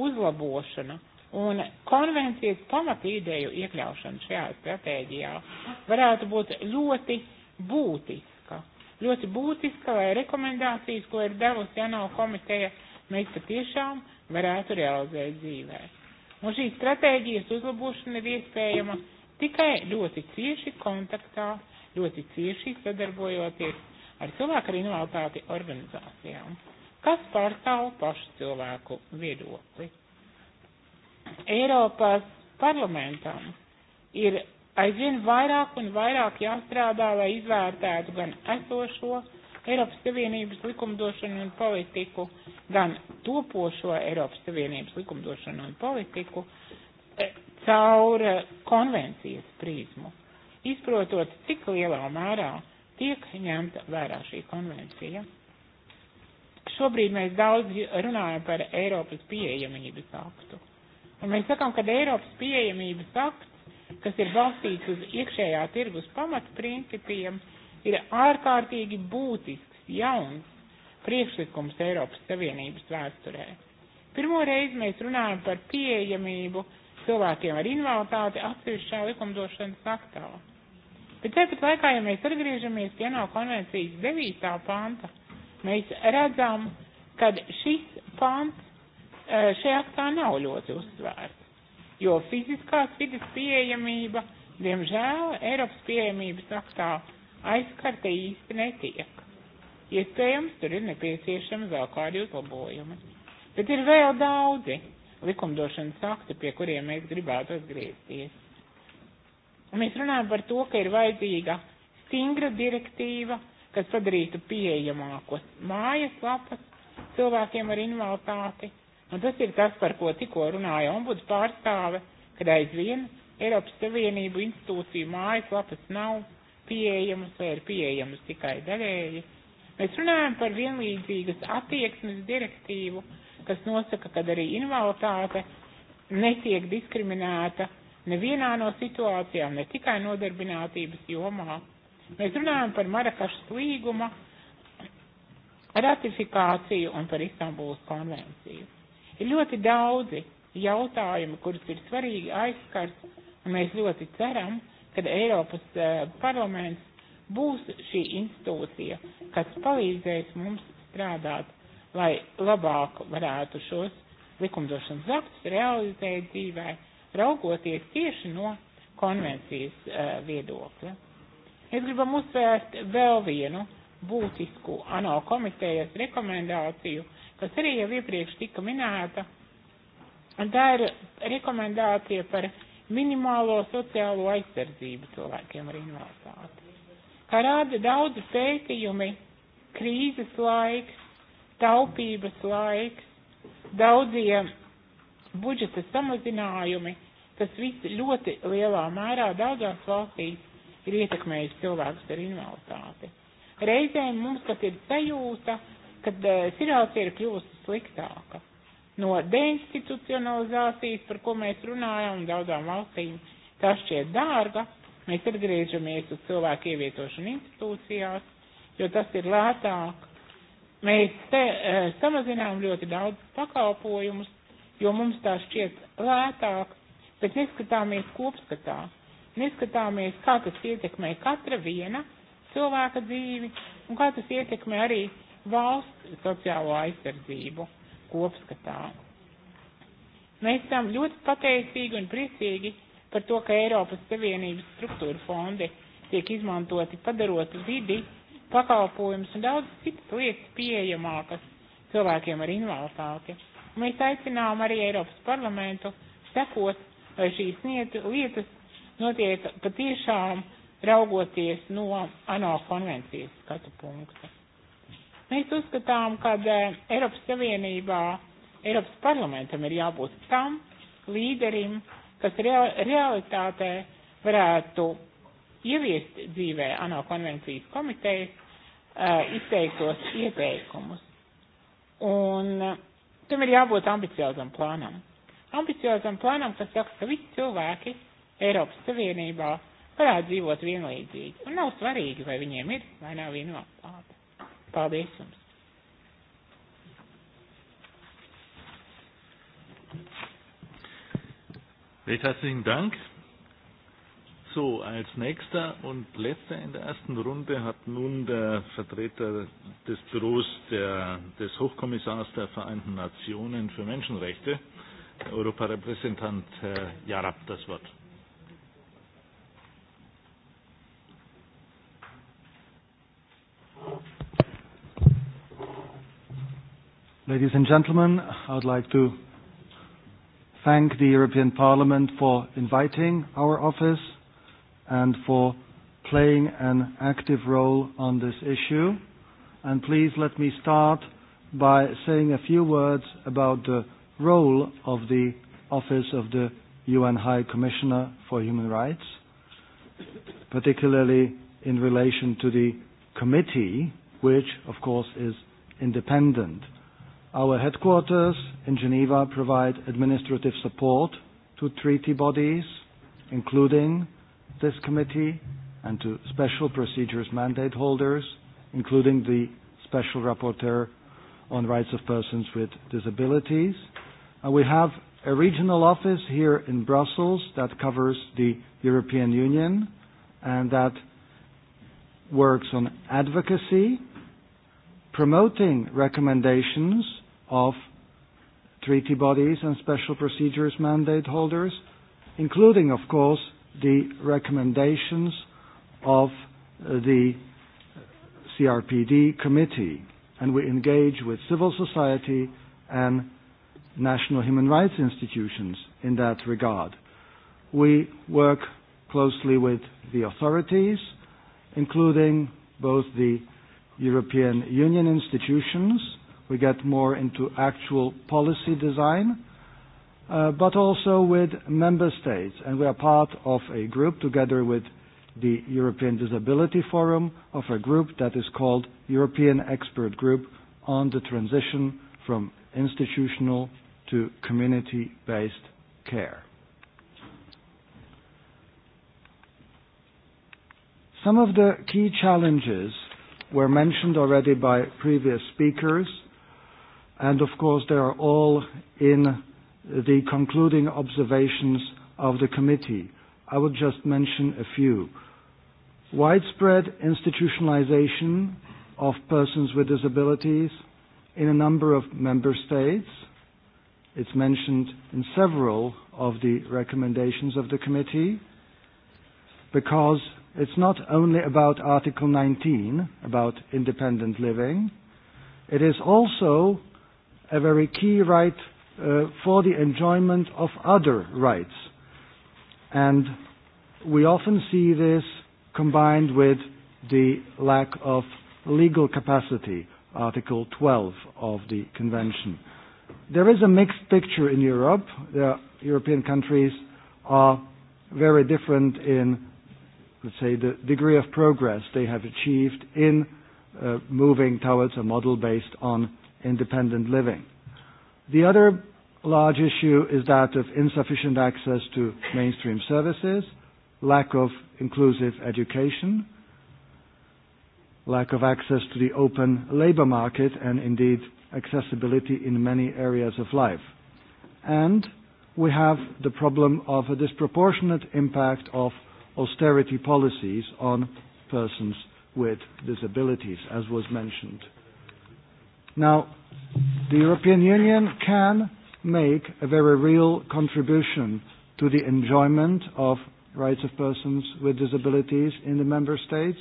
uzlabošana un konvencijas pamatīdēju iekļaušana šajā stratēģijā varētu būt ļoti būtiski ļoti būtiska, lai rekomendācijas, ko ir devusi ANO komiteja, mēs patiešām varētu realizēt dzīvē. Un šī stratēģijas uzlabošana ir iespējama tikai ļoti cieši kontaktā, ļoti cieši sadarbojoties ar cilvēku ar invaliditāti organizācijām, kas pārstāv pašu cilvēku viedokli. Eiropas parlamentam ir aizvien vairāk un vairāk jāstrādā, lai izvērtētu gan esošo Eiropas Savienības likumdošanu un politiku, gan topošo Eiropas Savienības likumdošanu un politiku eh, caur eh, konvencijas prizmu, izprotot, cik lielā mērā tiek ņemta vērā šī konvencija. Šobrīd mēs daudz runājam par Eiropas pieejamības aktu. Un mēs sakām, ka Eiropas pieejamības akts kas ir balstīts uz iekšējā tirgus pamatprincipiem, ir ārkārtīgi būtisks jauns priekšlikums Eiropas Savienības vēsturē. Pirmo reizi mēs runājam par pieejamību cilvēkiem ar invaliditāti atsevišķā likumdošanas aktā. Bet tāpat laikā, ja mēs atgriežamies pie no konvencijas 9. panta, mēs redzam, ka šis pants eh, šajā aktā nav ļoti uzsvērts jo fiziskās vidas pieejamība, diemžēl, Eiropas pieejamības aktā aizskarta īsti netiek. Iespējams, tur ir nepieciešama vēl kādi uzlabojumi. Bet ir vēl daudzi likumdošanas akti, pie kuriem mēs gribētu atgriezties. Un Mēs runājam par to, ka ir vajadzīga stingra direktīva, kas padarītu pieejamākos mājas lapas cilvēkiem ar invaliditāti Un tas ir tas, par ko tikko runāja ombuds pārstāve, kad aizvien Eiropas Savienību institūciju mājas lapas nav pieejamas vai ir pieejamas tikai daļēji. Mēs runājam par vienlīdzīgas attieksmes direktīvu, kas nosaka, ka arī invaliditāte netiek diskriminēta nevienā no situācijām, ne tikai nodarbinātības jomā. Mēs runājam par Marakašas līguma ratifikāciju un par Istanbulas konvenciju. Ir ļoti daudzi jautājumi, kurus ir svarīgi aizskart, un mēs ļoti ceram, ka Eiropas eh, parlaments būs šī institūcija, kas palīdzēs mums strādāt, lai labāk varētu šos likumdošanas aktus realizēt dzīvē, raugoties tieši no konvencijas eh, viedokļa. Mēs gribam uzsvērt vēl vienu būtisku ANO komitejas rekomendāciju kas arī jau iepriekš tika minēta. Tā ir rekomendācija par minimālo sociālo aizsardzību cilvēkiem ar invaliditāti. Kā rāda daudzi pētījumi, krīzes laiks, taupības laiks, daudzie budžeta samazinājumi, tas viss ļoti lielā mērā daudzās valstīs ir ietekmējis cilvēkus ar invaliditāti. Reizēm mums pat ir sajūta, kad eh, situācija ir kļūst sliktāka. No deinstitucionalizācijas, par ko mēs runājam, daudzām valstīm tas šķiet dārga, mēs atgriežamies uz cilvēku ievietošanu institūcijās, jo tas ir lētāk. Mēs te, e, samazinām ļoti daudz pakalpojumus, jo mums tā šķiet lētāk, bet neskatāmies kopskatā, neskatāmies, kā tas ietekmē katra viena cilvēka dzīvi un kā tas ietekmē arī valsts sociālo aizsardzību kopskatā. Mēs esam ļoti pateicīgi un priecīgi par to, ka Eiropas Savienības struktūra fondi tiek izmantoti padarot vidi, pakalpojumus un daudz citas lietas pieejamākas cilvēkiem ar invaliditāti. Mēs aicinām arī Eiropas parlamentu sekot, lai šīs lietas notiek patiešām raugoties no ANO konvencijas skatu punktu. Mēs uzskatām, ka eh, Eiropas Savienībā, Eiropas parlamentam ir jābūt tam līderim, kas realitātē varētu ieviest dzīvē ANO konvencijas komitejas eh, izteiktos ieteikumus. Un eh, tam ir jābūt ambiciozam plānam. Ambiciozam plānam, kas saka, ka visi cilvēki Eiropas Savienībā varētu dzīvot vienlīdzīgi. Un nav svarīgi, vai viņiem ir vai nav vienotāte. Paldies jums! Recht herzlichen Dank. So, als nächster und letzter in der ersten Runde hat nun der Vertreter des Büros der, des Hochkommissars der Vereinten Nationen für Menschenrechte, der Europarepräsentant Herr Jarab, das Wort. Ladies and gentlemen, I would like to thank the European Parliament for inviting our office and for playing an active role on this issue. And Please let me start by saying a few words about the role of the Office of the UN High Commissioner for Human Rights, particularly in relation to the committee, which of course is independent. Our headquarters in Geneva provide administrative support to treaty bodies, including this committee, and to special procedures mandate holders, including the Special Rapporteur on Rights of Persons with Disabilities. And we have a regional office here in Brussels that covers the European Union and that works on advocacy, promoting recommendations of treaty bodies and special procedures mandate holders, including, of course, the recommendations of uh, the CRPD committee. And we engage with civil society and national human rights institutions in that regard. We work closely with the authorities, including both the European Union institutions we get more into actual policy design, uh, but also with member states. And we are part of a group together with the European Disability Forum of a group that is called European Expert Group on the transition from institutional to community-based care. Some of the key challenges were mentioned already by previous speakers and of course they are all in the concluding observations of the committee. I would just mention a few. Widespread institutionalization of persons with disabilities in a number of member states. It's mentioned in several of the recommendations of the committee because it's not only about Article 19, about independent living, it is also a very key right uh, for the enjoyment of other rights. And we often see this combined with the lack of legal capacity, Article 12 of the Convention. There is a mixed picture in Europe. The European countries are very different in, let's say, the degree of progress they have achieved in uh, moving towards a model based on independent living. The other large issue is that of insufficient access to mainstream services, lack of inclusive education, lack of access to the open labor market, and indeed accessibility in many areas of life. And we have the problem of a disproportionate impact of austerity policies on persons with disabilities, as was mentioned Now, the European Union can make a very real contribution to the enjoyment of rights of persons with disabilities in the member states.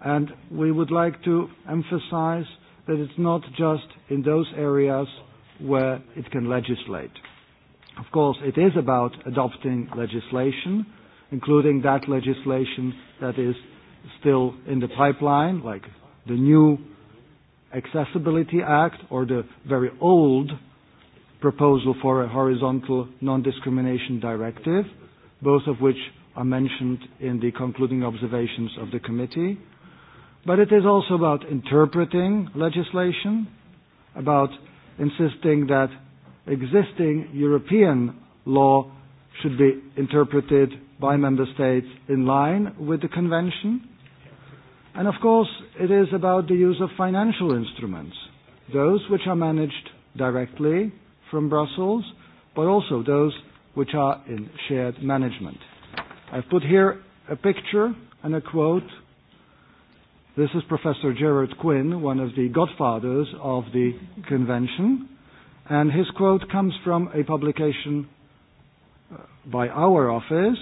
And we would like to emphasize that it's not just in those areas where it can legislate. Of course, it is about adopting legislation, including that legislation that is still in the pipeline, like the new Accessibility Act or the very old proposal for a horizontal non-discrimination directive, both of which are mentioned in the concluding observations of the committee. But it is also about interpreting legislation, about insisting that existing European law should be interpreted by member states in line with the convention, And of course, it is about the use of financial instruments, those which are managed directly from Brussels, but also those which are in shared management. I've put here a picture and a quote. This is Professor Gerard Quinn, one of the godfathers of the convention, and his quote comes from a publication uh, by our office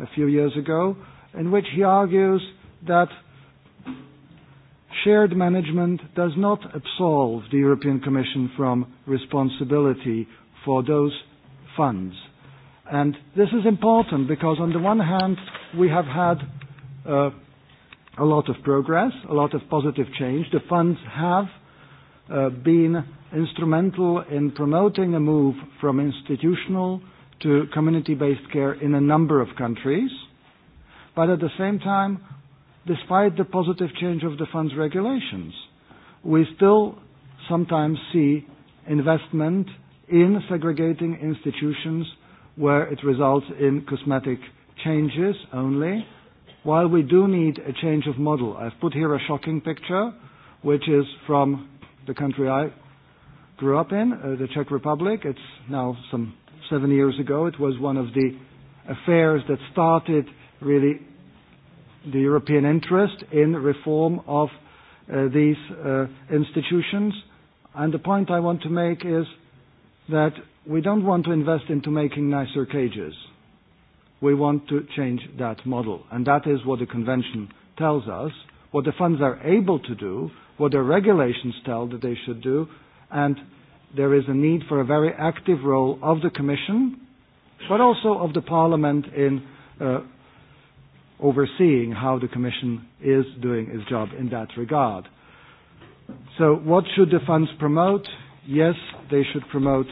a few years ago in which he argues that shared management does not absolve the European Commission from responsibility for those funds. And this is important because on the one hand, we have had uh, a lot of progress, a lot of positive change. The funds have uh, been instrumental in promoting a move from institutional to community-based care in a number of countries. But at the same time, despite the positive change of the fund's regulations, we still sometimes see investment in segregating institutions where it results in cosmetic changes only, while we do need a change of model. I've put here a shocking picture, which is from the country I grew up in, uh, the Czech Republic. It's now some seven years ago. It was one of the affairs that started really the European interest in reform of uh, these uh, institutions. And the point I want to make is that we don't want to invest into making nicer cages. We want to change that model. And that is what the convention tells us, what the funds are able to do, what the regulations tell that they should do, and there is a need for a very active role of the Commission, but also of the Parliament in uh, overseeing how the Commission is doing its job in that regard. So what should the funds promote? Yes, they should promote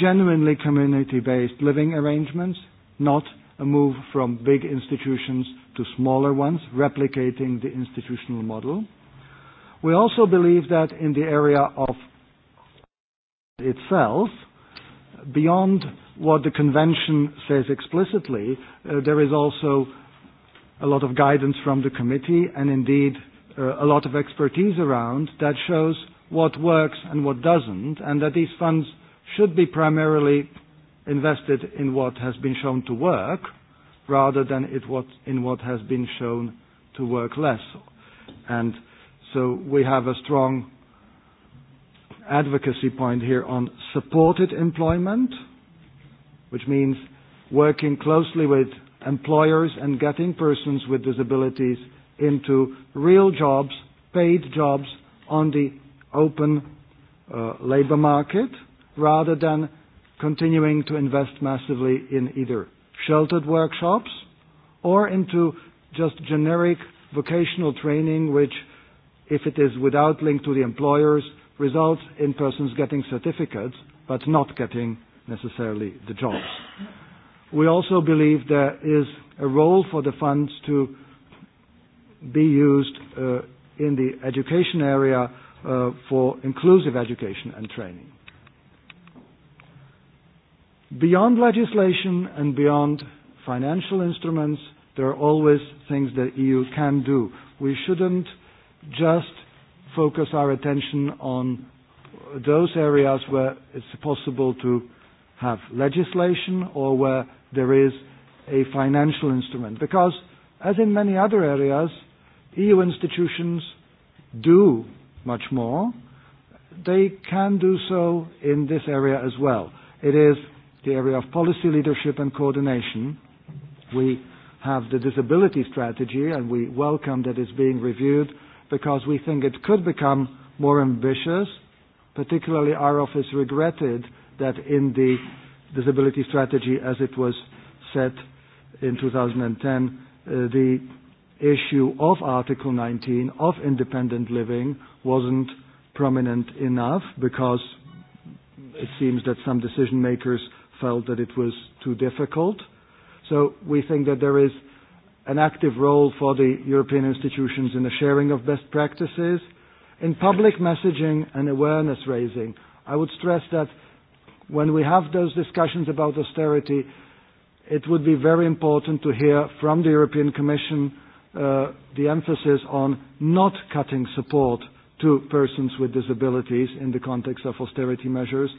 genuinely community-based living arrangements, not a move from big institutions to smaller ones, replicating the institutional model. We also believe that in the area of itself, beyond what the convention says explicitly, uh, there is also a lot of guidance from the committee and indeed uh, a lot of expertise around that shows what works and what doesn't, and that these funds should be primarily invested in what has been shown to work rather than it what, in what has been shown to work less. And so we have a strong advocacy point here on supported employment, which means working closely with employers and getting persons with disabilities into real jobs, paid jobs on the open uh, labor market rather than continuing to invest massively in either sheltered workshops or into just generic vocational training which if it is without link to the employers results in persons getting certificates but not getting necessarily the jobs. We also believe there is a role for the funds to be used uh, in the education area uh, for inclusive education and training. Beyond legislation and beyond financial instruments, there are always things that EU can do. We shouldn't just focus our attention on those areas where it's possible to have legislation or where there is a financial instrument. Because, as in many other areas, EU institutions do much more. They can do so in this area as well. It is the area of policy leadership and coordination. We have the disability strategy, and we welcome that it's being reviewed because we think it could become more ambitious. Particularly, our office regretted that in the disability strategy as it was set in 2010, uh, the issue of Article 19 of independent living wasn't prominent enough because it seems that some decision makers felt that it was too difficult. So we think that there is an active role for the European institutions in the sharing of best practices, in public messaging and awareness raising. I would stress that when we have those discussions about austerity, it would be very important to hear from the European Commission uh, the emphasis on not cutting support to persons with disabilities in the context of austerity measures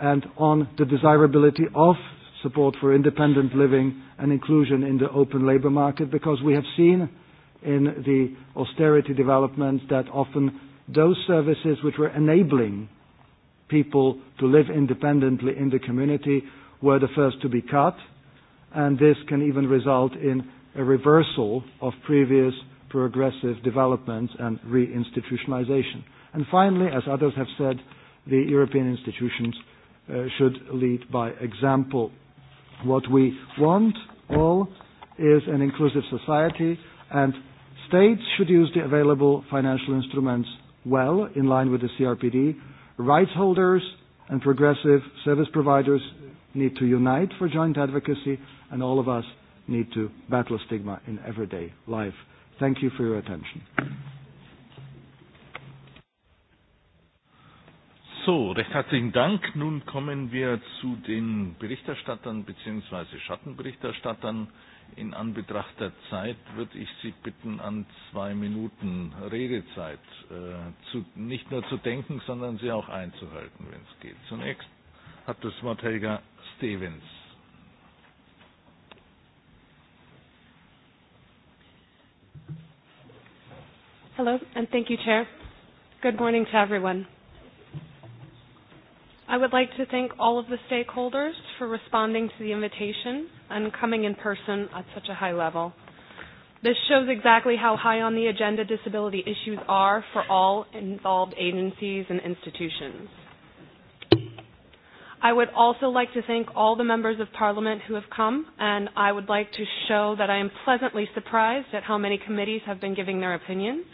and on the desirability of support for independent living and inclusion in the open labor market because we have seen in the austerity developments that often those services which were enabling people to live independently in the community were the first to be cut, and this can even result in a reversal of previous progressive developments and reinstitutionalization. And finally, as others have said, the European institutions uh, should lead by example. What we want all is an inclusive society, and states should use the available financial instruments well, in line with the CRPD, Rights holders and progressive service providers need to unite for joint advocacy, and all of us need to battle stigma in everyday life. Thank you for your attention. So, recht herzlichen Dank. Nun kommen wir zu den Berichterstattern bzw. Schattenberichterstattern. In Anbetracht der Zeit würde ich Sie bitten, an zwei Minuten Redezeit äh, zu, nicht nur zu denken, sondern sie auch einzuhalten, wenn es geht. Zunächst hat das Wort Helga Stevens. Hello, and thank you, Chair. Good morning to everyone. I would like to thank all of the stakeholders for responding to the invitation and coming in person at such a high level. This shows exactly how high on the agenda disability issues are for all involved agencies and institutions. I would also like to thank all the members of Parliament who have come, and I would like to show that I am pleasantly surprised at how many committees have been giving their opinions.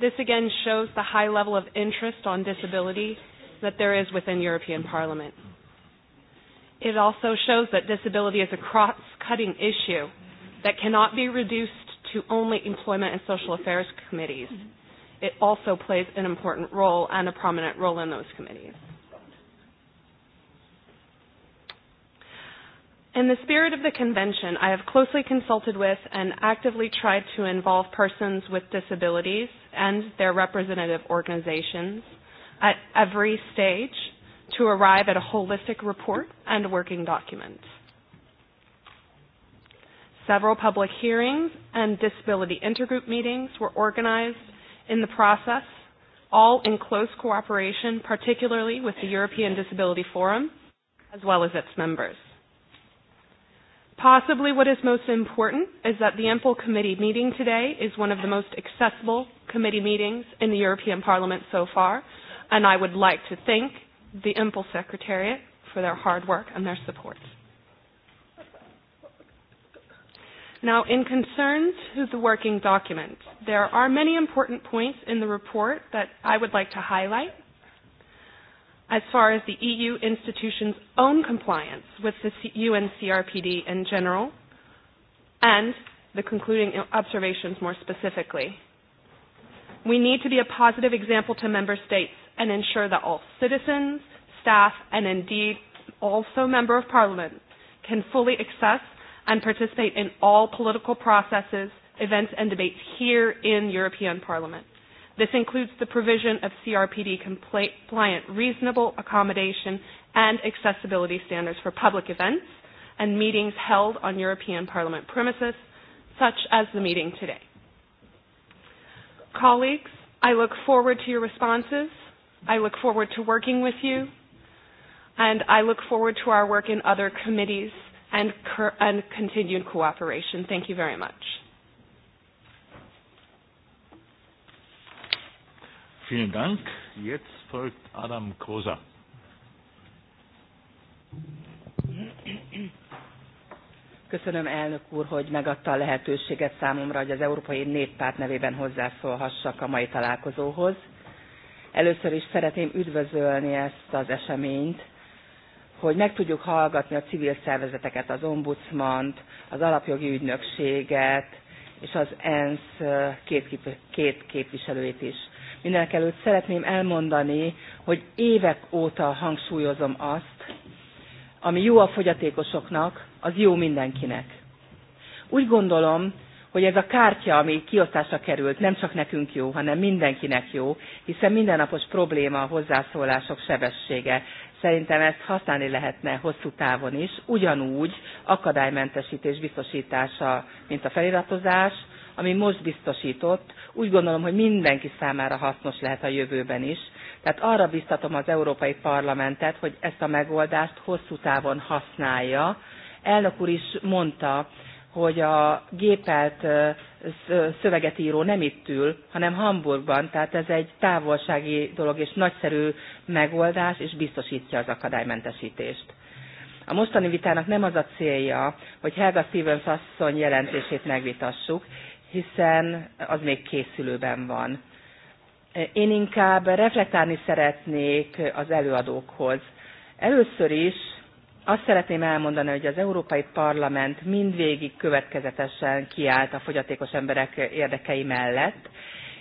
This again shows the high level of interest on disability that there is within European Parliament. It also shows that disability is a cross-cutting issue that cannot be reduced to only employment and social affairs committees. It also plays an important role and a prominent role in those committees. In the spirit of the convention, I have closely consulted with and actively tried to involve persons with disabilities and their representative organizations at every stage to arrive at a holistic report and working document. Several public hearings and disability intergroup meetings were organized in the process, all in close cooperation, particularly with the European Disability Forum, as well as its members. Possibly what is most important is that the EMPL committee meeting today is one of the most accessible committee meetings in the European Parliament so far, and I would like to thank the Impulse Secretariat for their hard work and their support. Now, in concerns to the working document, there are many important points in the report that I would like to highlight. As far as the EU institution's own compliance with the UN CRPD in general, and the concluding observations more specifically, we need to be a positive example to member states and ensure that all citizens, staff, and indeed also member of parliament can fully access and participate in all political processes, events, and debates here in European Parliament. This includes the provision of CRPD compliant reasonable accommodation and accessibility standards for public events and meetings held on European Parliament premises, such as the meeting today. Colleagues, I look forward to your responses i look forward to working with you, and I look forward to our work in other committees and, co- and continued cooperation. Thank you very much. Vielen Dank. Jetzt folgt Adam Kosa. Köszönöm elnök úr, hogy megadta a lehetőséget számomra, hogy az Európai Néppárt nevében hozzászólhassak a mai találkozóhoz. Először is szeretném üdvözölni ezt az eseményt, hogy meg tudjuk hallgatni a civil szervezeteket, az ombudsmant, az alapjogi ügynökséget, és az ENSZ két, kép- két képviselőjét is. Mindenek előtt szeretném elmondani, hogy évek óta hangsúlyozom azt, ami jó a fogyatékosoknak, az jó mindenkinek. Úgy gondolom, hogy ez a kártya, ami kiosztásra került, nem csak nekünk jó, hanem mindenkinek jó, hiszen mindennapos probléma a hozzászólások sebessége. Szerintem ezt használni lehetne hosszú távon is, ugyanúgy akadálymentesítés biztosítása, mint a feliratozás, ami most biztosított, úgy gondolom, hogy mindenki számára hasznos lehet a jövőben is. Tehát arra biztatom az Európai Parlamentet, hogy ezt a megoldást hosszú távon használja. Elnök úr is mondta, hogy a gépelt szöveget író nem itt ül, hanem Hamburgban, tehát ez egy távolsági dolog és nagyszerű megoldás, és biztosítja az akadálymentesítést. A mostani vitának nem az a célja, hogy Helga Stevens asszony jelentését megvitassuk, hiszen az még készülőben van. Én inkább reflektálni szeretnék az előadókhoz. Először is Azt szeretném elmondani, hogy az Európai Parlament mindvégig következetesen kiállt a fogyatékos emberek érdekei mellett,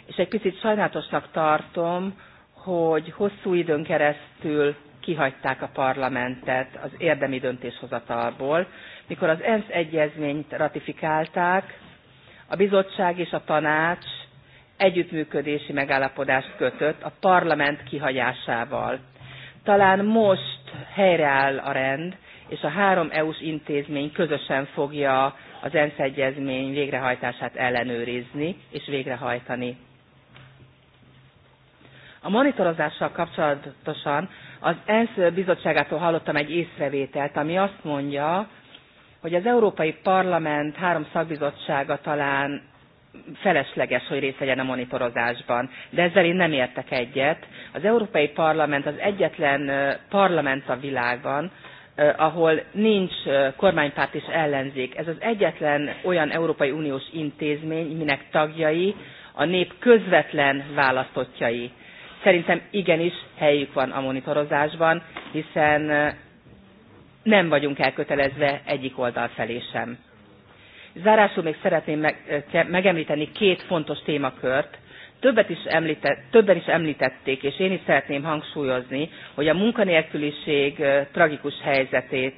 és egy picit sajnálatosnak tartom, hogy hosszú időn keresztül kihagyták a parlamentet az érdemi döntéshozatalból. Mikor az ENSZ egyezményt ratifikálták, a bizottság és a tanács együttműködési megállapodást kötött a parlament kihagyásával. Talán most helyreáll a rend, és a három EU-s intézmény közösen fogja az ENSZ egyezmény végrehajtását ellenőrizni és végrehajtani. A monitorozással kapcsolatosan az ENSZ bizottságától hallottam egy észrevételt, ami azt mondja, hogy az Európai Parlament három szakbizottsága talán felesleges, hogy részt vegyen a monitorozásban. De ezzel én nem értek egyet. Az Európai Parlament az egyetlen parlament a világban, ahol nincs kormánypárt és ellenzék. Ez az egyetlen olyan Európai Uniós intézmény, minek tagjai a nép közvetlen választottjai. Szerintem igenis helyük van a monitorozásban, hiszen nem vagyunk elkötelezve egyik oldal felé sem. Zárásul még szeretném megemlíteni két fontos témakört. Többet is említett, többen is említették, és én is szeretném hangsúlyozni, hogy a munkanélküliség tragikus helyzetét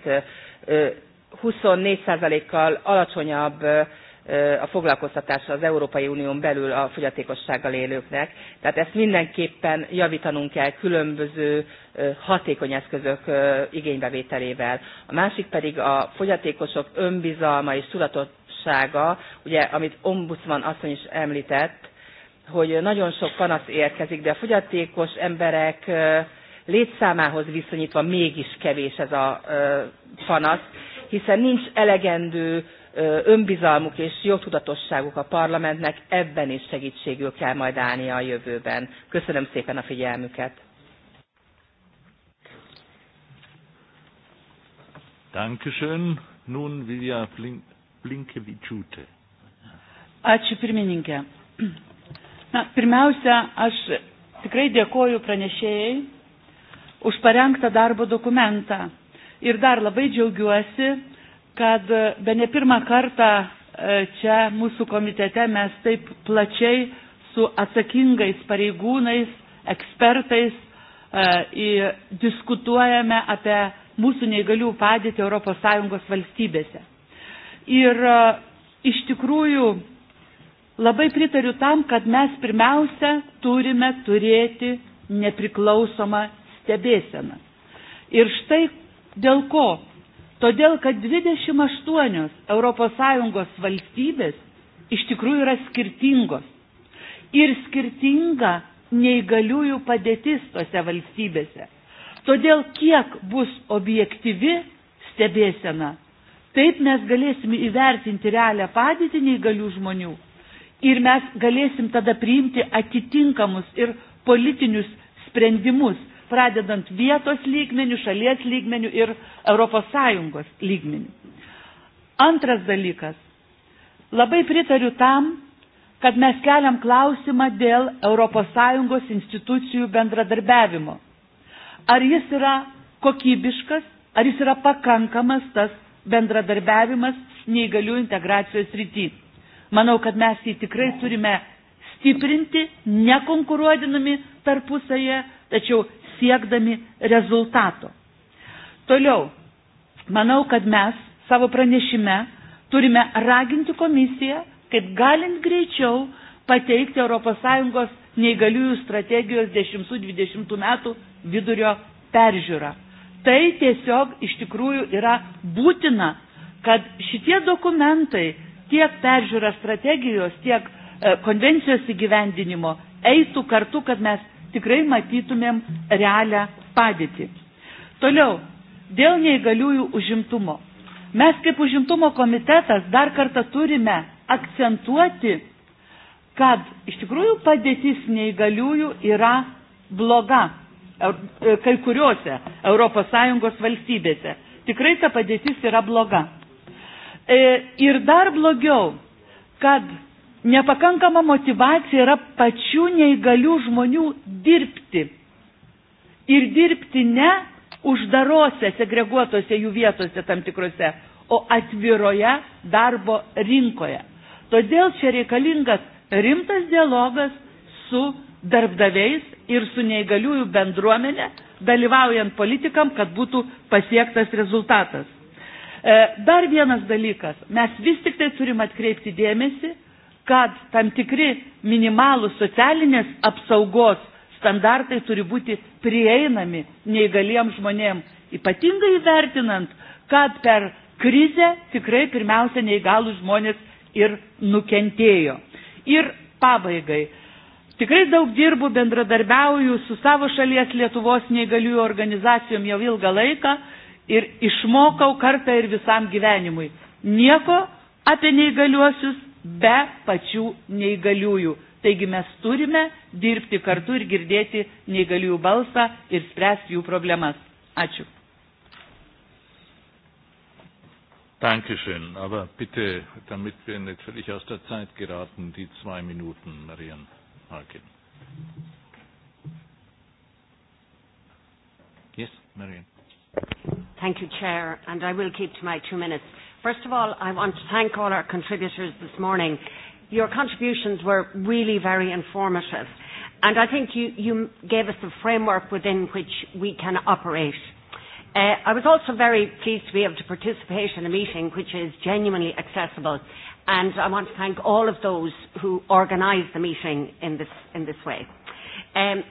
24%-kal alacsonyabb a foglalkoztatása az Európai Unión belül a fogyatékossággal élőknek. Tehát ezt mindenképpen javítanunk kell különböző hatékony eszközök igénybevételével. A másik pedig a fogyatékosok önbizalma és tudatot bizottsága, ugye, amit ombudsman asszony is említett, hogy nagyon sok panasz érkezik, de a fogyatékos emberek létszámához viszonyítva mégis kevés ez a panasz, hiszen nincs elegendő önbizalmuk és jogtudatosságuk a parlamentnek, ebben is segítségül kell majd állnia a jövőben. Köszönöm szépen a figyelmüket. Dankeschön. Nun Vilja Flink. Blinkevičiūtė. Ačiū pirmininkė. Na, pirmiausia, aš tikrai dėkoju pranešėjai už parengtą darbo dokumentą. Ir dar labai džiaugiuosi, kad be ne pirmą kartą e, čia mūsų komitete mes taip plačiai su atsakingais pareigūnais, ekspertais e, diskutuojame apie mūsų neįgalių padėtį ES valstybėse. Ir e, iš tikrųjų labai pritariu tam, kad mes pirmiausia turime turėti nepriklausomą stebėseną. Ir štai dėl ko? Todėl, kad 28 ES valstybės iš tikrųjų yra skirtingos. Ir skirtinga neįgaliųjų padėtis tose valstybėse. Todėl kiek bus objektyvi stebėsena, Taip mes galėsim įvertinti realią padėtį neįgalių žmonių ir mes galėsim tada priimti atitinkamus ir politinius sprendimus, pradedant vietos lygmenių, šalies lygmenių ir ES lygmenių. Antras dalykas. Labai pritariu tam, kad mes keliam klausimą dėl ES institucijų bendradarbiavimo. Ar jis yra kokybiškas, ar jis yra pakankamas tas bendradarbiavimas neįgalių integracijos srity. Manau, kad mes jį tikrai turime stiprinti, nekonkuruodinami tarpusaje, tačiau siekdami rezultato. Toliau, manau, kad mes savo pranešime turime raginti komisiją, kaip galint greičiau pateikti ES neįgaliųjų strategijos 10-20 metų vidurio peržiūrą. Tai tiesiog iš tikrųjų yra būtina, kad šitie dokumentai tiek peržiūra strategijos, tiek e, konvencijos įgyvendinimo eitų kartu, kad mes tikrai matytumėm realią padėtį. Toliau, dėl neįgaliųjų užimtumo. Mes kaip užimtumo komitetas dar kartą turime akcentuoti, kad iš tikrųjų padėtis neįgaliųjų yra bloga. E, kai kuriuose ES valstybėse. Tikrai ta padėtis yra bloga. E, ir dar blogiau, kad nepakankama motivacija yra pačių neįgalių žmonių dirbti. Ir dirbti ne uždarose, segreguotose jų vietose tam tikrose, o atviroje darbo rinkoje. Todėl čia reikalingas rimtas dialogas su darbdaviais ir su neįgaliųjų bendruomenė, dalyvaujant politikam, kad būtų pasiektas rezultatas. E, dar vienas dalykas. Mes vis tik tai turim atkreipti dėmesį, kad tam tikri minimalų socialinės apsaugos standartai turi būti prieinami neįgaliem žmonėm, ypatingai vertinant, kad per krizę tikrai pirmiausia neįgalų žmonės ir nukentėjo. Ir pabaigai Tikrai daug dirbu, bendradarbiauju su savo šalies Lietuvos neįgaliųjų organizacijom jau ilgą laiką ir išmokau kartą ir visam gyvenimui. Nieko apie neįgaliuosius be pačių neįgaliųjų. Taigi mes turime dirbti kartu ir girdėti neįgaliųjų balsą ir spręsti jų problemas. Ačiū. Dankeschön. Aber bitte, damit wir nicht aus der Zeit geraten, die zwei Minuten, Marianne market. Yes, Marianne. Thank you, Chair, and I will keep to my two minutes. First of all, I want to thank all our contributors this morning. Your contributions were really very informative, and I think you, you gave us a framework within which we can operate. Uh, I was also very pleased to be able to participate in a meeting which is genuinely accessible and I want to thank all of those who organised the meeting in this, in this way. Um,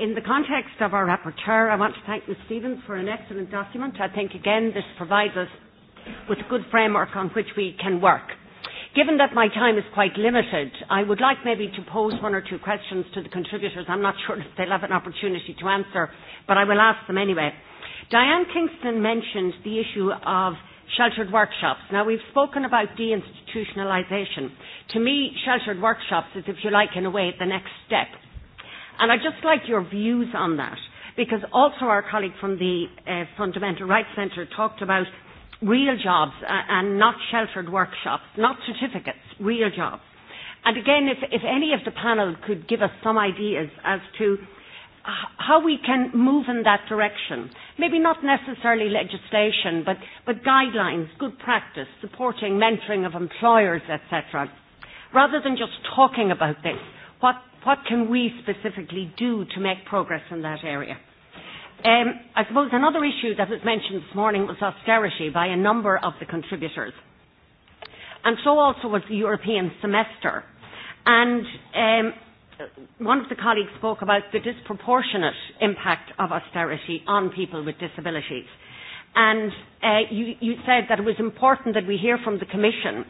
in the context of our rapporteur, I want to thank Ms Stevens for an excellent document. I think, again, this provides us with a good framework on which we can work. Given that my time is quite limited, I would like maybe to pose one or two questions to the contributors. I'm not sure if they'll have an opportunity to answer, but I will ask them anyway. Diane Kingston mentioned the issue of sheltered workshops. Now, we've spoken about deinstitutionalisation. To me, sheltered workshops is, if you like, in a way, the next step. And I'd just like your views on that, because also our colleague from the uh, Fundamental Rights Centre talked about real jobs uh, and not sheltered workshops, not certificates, real jobs. And again, if, if any of the panel could give us some ideas as to how we can move in that direction. Maybe not necessarily legislation, but, but guidelines, good practice, supporting mentoring of employers, etc. Rather than just talking about this, what, what can we specifically do to make progress in that area? Um, I suppose another issue that was mentioned this morning was austerity by a number of the contributors. And so also was the European semester. And um, Uh, one of the colleagues spoke about the disproportionate impact of austerity on people with disabilities. And uh, you, you said that it was important that we hear from the Commission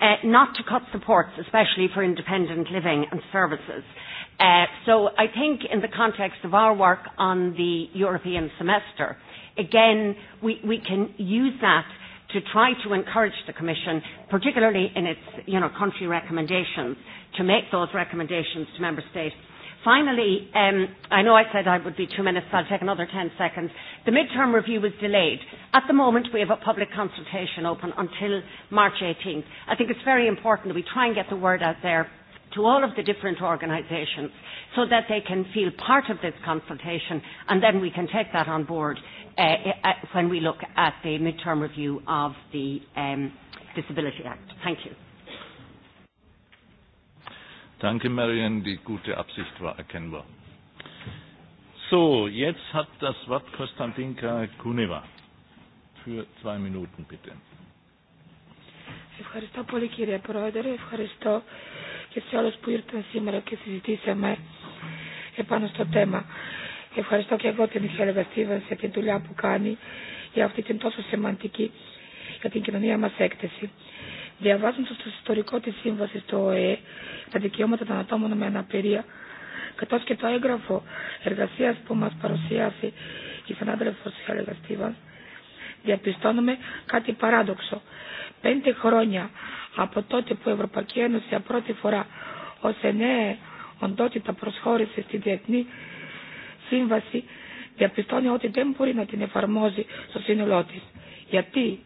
uh, not to cut supports, especially for independent living and services. Uh, so I think in the context of our work on the European semester, again, we, we can use that to try to encourage the Commission, particularly in its you know, country recommendations, to make those recommendations to Member States. Finally, um, I know I said I would be two minutes, so I'll take another 10 seconds. The midterm review was delayed. At the moment, we have a public consultation open until March 18th. I think it's very important that we try and get the word out there to all of the different organisations so that they can feel part of this consultation and then we can take that on board. Uh, uh, when we look at the midterm review of the um, Disability Act. Thank you. Danke, Marian. Die gute Absicht war erkennbar. So, jetzt hat das Wort Konstantinka Kuneva. Für zwei Minuten, bitte. Ευχαριστώ πολύ κύριε Πρόεδρε, ευχαριστώ και σε όλους που ήρθαν σήμερα και συζητήσαμε επάνω στο θέμα. Ευχαριστώ και εγώ την Ιχέλα Βεστίβα για την δουλειά που κάνει για αυτή την τόσο σημαντική για την κοινωνία μας έκθεση. Διαβάζοντας το ιστορικό της σύμβασης του ΟΕ, τα δικαιώματα των ατόμων με αναπηρία, καθώ και το έγγραφο εργασίας που μας παρουσίασε η συνάδελφος Ιχέλα Βεστίβα, διαπιστώνουμε κάτι παράδοξο. Πέντε χρόνια από τότε που η Ευρωπαϊκή Ένωση για πρώτη φορά ως εννέα οντότητα προσχώρησε στη διεθνή σύμβαση διαπιστώνει ότι δεν μπορεί να την εφαρμόζει στο σύνολό τη. Γιατί?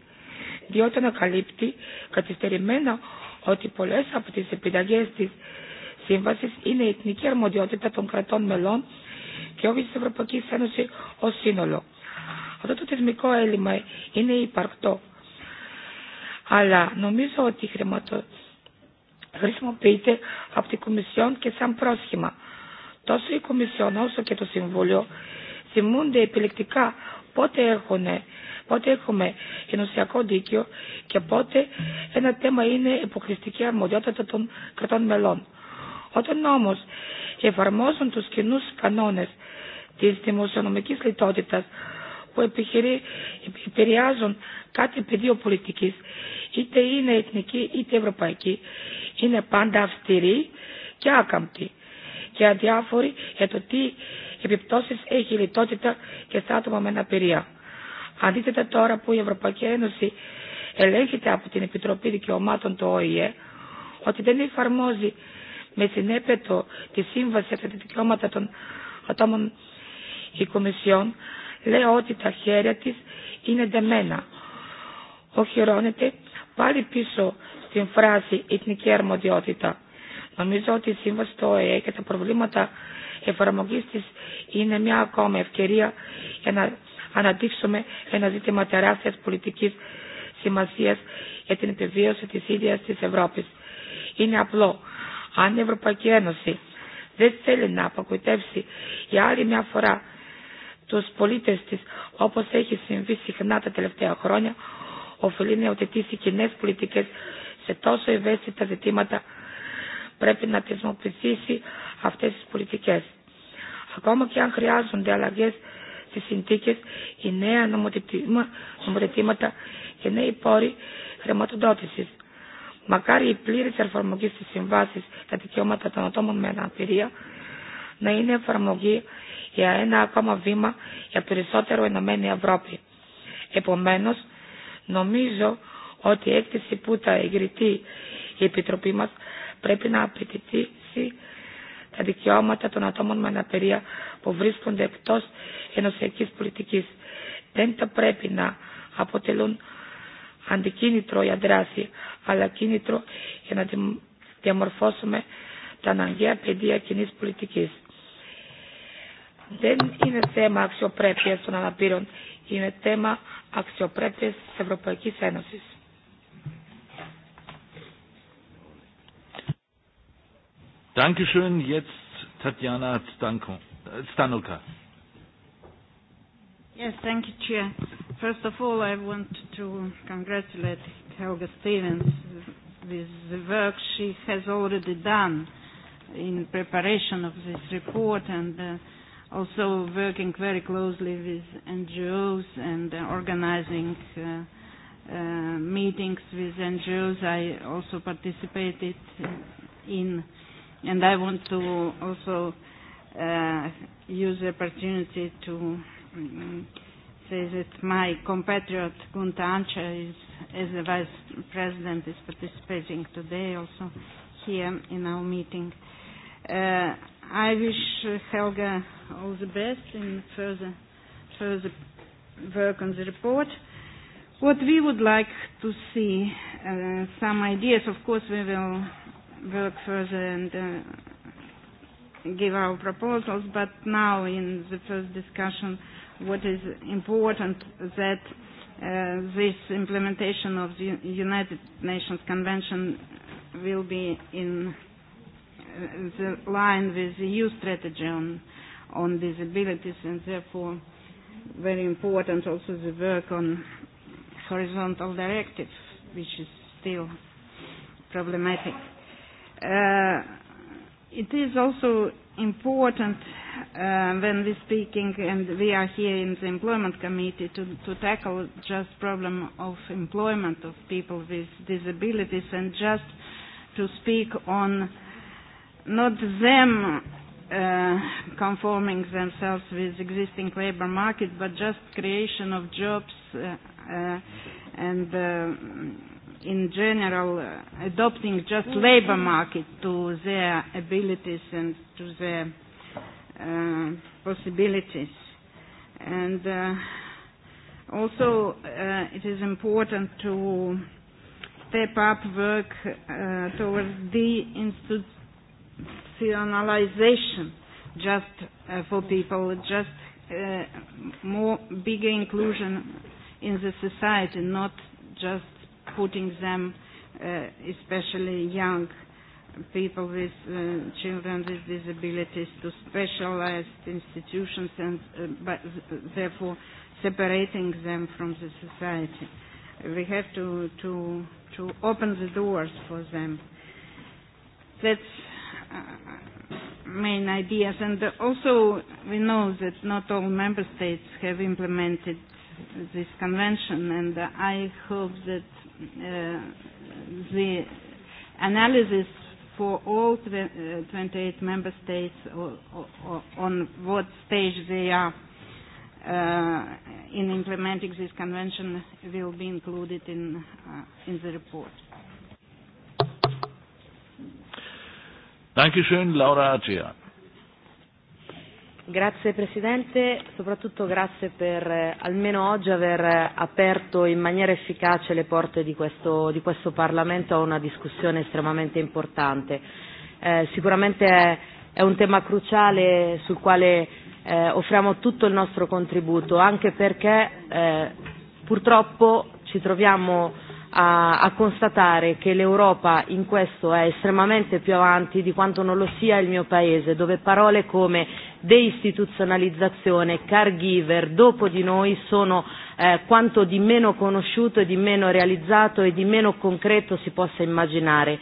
Διότι ανακαλύπτει καθυστερημένα ότι πολλέ από τι επιταγέ τη σύμβαση είναι η εθνική αρμοδιότητα των κρατών μελών και όχι τη Ευρωπαϊκή Ένωση ω σύνολο. Αυτό το θεσμικό έλλειμμα είναι υπαρκτό. Αλλά νομίζω ότι χρηματο... χρησιμοποιείται από την Κομισιόν και σαν πρόσχημα. Τόσο η Κομισιόν όσο και το Συμβούλιο θυμούνται επιλεκτικά πότε, έχουν, πότε έχουμε γενοσιακό δίκαιο και πότε ένα θέμα είναι υποχρηστική αρμοδιότητα των κρατών μελών. Όταν όμω εφαρμόζουν του κοινού κανόνε τη δημοσιονομική λιτότητα που επιχειρεί, επηρεάζουν κάτι πεδίο πολιτική, είτε είναι εθνική είτε ευρωπαϊκή, είναι πάντα αυστηρή και άκαμπτη και αδιάφοροι για το τι επιπτώσεις έχει η λιτότητα και στα άτομα με αναπηρία. Αντίθετα τώρα που η Ευρωπαϊκή Ένωση ελέγχεται από την Επιτροπή Δικαιωμάτων του ΟΗΕ ότι δεν εφαρμόζει με συνέπετο τη σύμβαση για τα δικαιώματα των ατόμων η Κομισιόν λέει ότι τα χέρια της είναι δεμένα. Οχυρώνεται πάλι πίσω στην φράση εθνική αρμοδιότητα. Νομίζω ότι η σύμβαση του ΟΕΕ και τα προβλήματα εφαρμογή τη είναι μια ακόμα ευκαιρία για να αναδείξουμε ένα ζήτημα τεράστια πολιτική σημασία για την επιβίωση τη ίδια τη Ευρώπη. Είναι απλό. Αν η Ευρωπαϊκή Ένωση δεν θέλει να απογοητεύσει για άλλη μια φορά του πολίτε τη, όπω έχει συμβεί συχνά τα τελευταία χρόνια, οφείλει να υιοθετήσει κοινέ πολιτικέ σε τόσο ευαίσθητα ζητήματα πρέπει να θεσμοποιήσει αυτές τις πολιτικές. Ακόμα και αν χρειάζονται αλλαγές στις συνθήκες, οι νέα νομοθετήματα και νέοι πόροι χρηματοδότησης. Μακάρι η πλήρη εφαρμογή στις συμβάσεις τα δικαιώματα των ατόμων με αναπηρία να είναι εφαρμογή για ένα ακόμα βήμα για περισσότερο Ενωμένη Ευρώπη. Επομένως, νομίζω ότι η έκθεση που θα εγκριτεί η Επιτροπή μας πρέπει να απαιτήσει τα δικαιώματα των ατόμων με αναπηρία που βρίσκονται εκτό ενωσιακή πολιτική. Δεν θα πρέπει να αποτελούν αντικίνητρο για δράση, αλλά κίνητρο για να διαμορφώσουμε τα αναγκαία πεδία κοινή πολιτική. Δεν είναι θέμα αξιοπρέπεια των αναπήρων, είναι θέμα αξιοπρέπεια τη Ευρωπαϊκή Ένωση. Dankeschön. Jetzt Tatjana äh, Stanoka. Yes, thank you, Chair. First of all, I want to congratulate Helga Stevens with the work she has already done in preparation of this report and uh, also working very closely with NGOs and uh, organizing uh, uh, meetings with NGOs. I also participated in and I want to also uh, use the opportunity to um, say that my compatriot Gunta Ancha is, as the Vice President, is participating today also here in our meeting. Uh, I wish Helga all the best in further, further work on the report. What we would like to see, uh, some ideas, of course we will work further and uh, give our proposals. But now, in the first discussion, what is important that uh, this implementation of the United Nations Convention will be in uh, the line with the EU strategy on, on disabilities and therefore very important also the work on horizontal directive which is still problematic. Uh, it is also important uh, when we're speaking, and we are here in the employment committee to, to tackle just problem of employment of people with disabilities and just to speak on not them uh, conforming themselves with existing labor market, but just creation of jobs uh, uh, and uh, in general uh, adopting just labor market to their abilities and to their uh, possibilities. And uh, also uh, it is important to step up work uh, towards deinstitutionalization just uh, for people, just uh, more bigger inclusion in the society, not just putting them, uh, especially young people with uh, children with disabilities, to specialized institutions and uh, but therefore separating them from the society. We have to, to, to open the doors for them. That's uh, main ideas. And also we know that not all member states have implemented this convention and I hope that Uh, the analysis for all tw uh, 28 member states or, or, on what stage they are uh, in implementing this convention will be included in, uh, in the report. Dankeschön, Laura Agea. Grazie Presidente, soprattutto grazie per eh, almeno oggi aver aperto in maniera efficace le porte di questo, di questo Parlamento a una discussione estremamente importante. Eh, sicuramente è, è un tema cruciale sul quale eh, offriamo tutto il nostro contributo, anche perché eh, purtroppo ci troviamo a, a constatare che l'Europa in questo è estremamente più avanti di quanto non lo sia il mio Paese, dove parole come deistituzionalizzazione, caregiver, dopo di noi sono eh, quanto di meno conosciuto e di meno realizzato e di meno concreto si possa immaginare.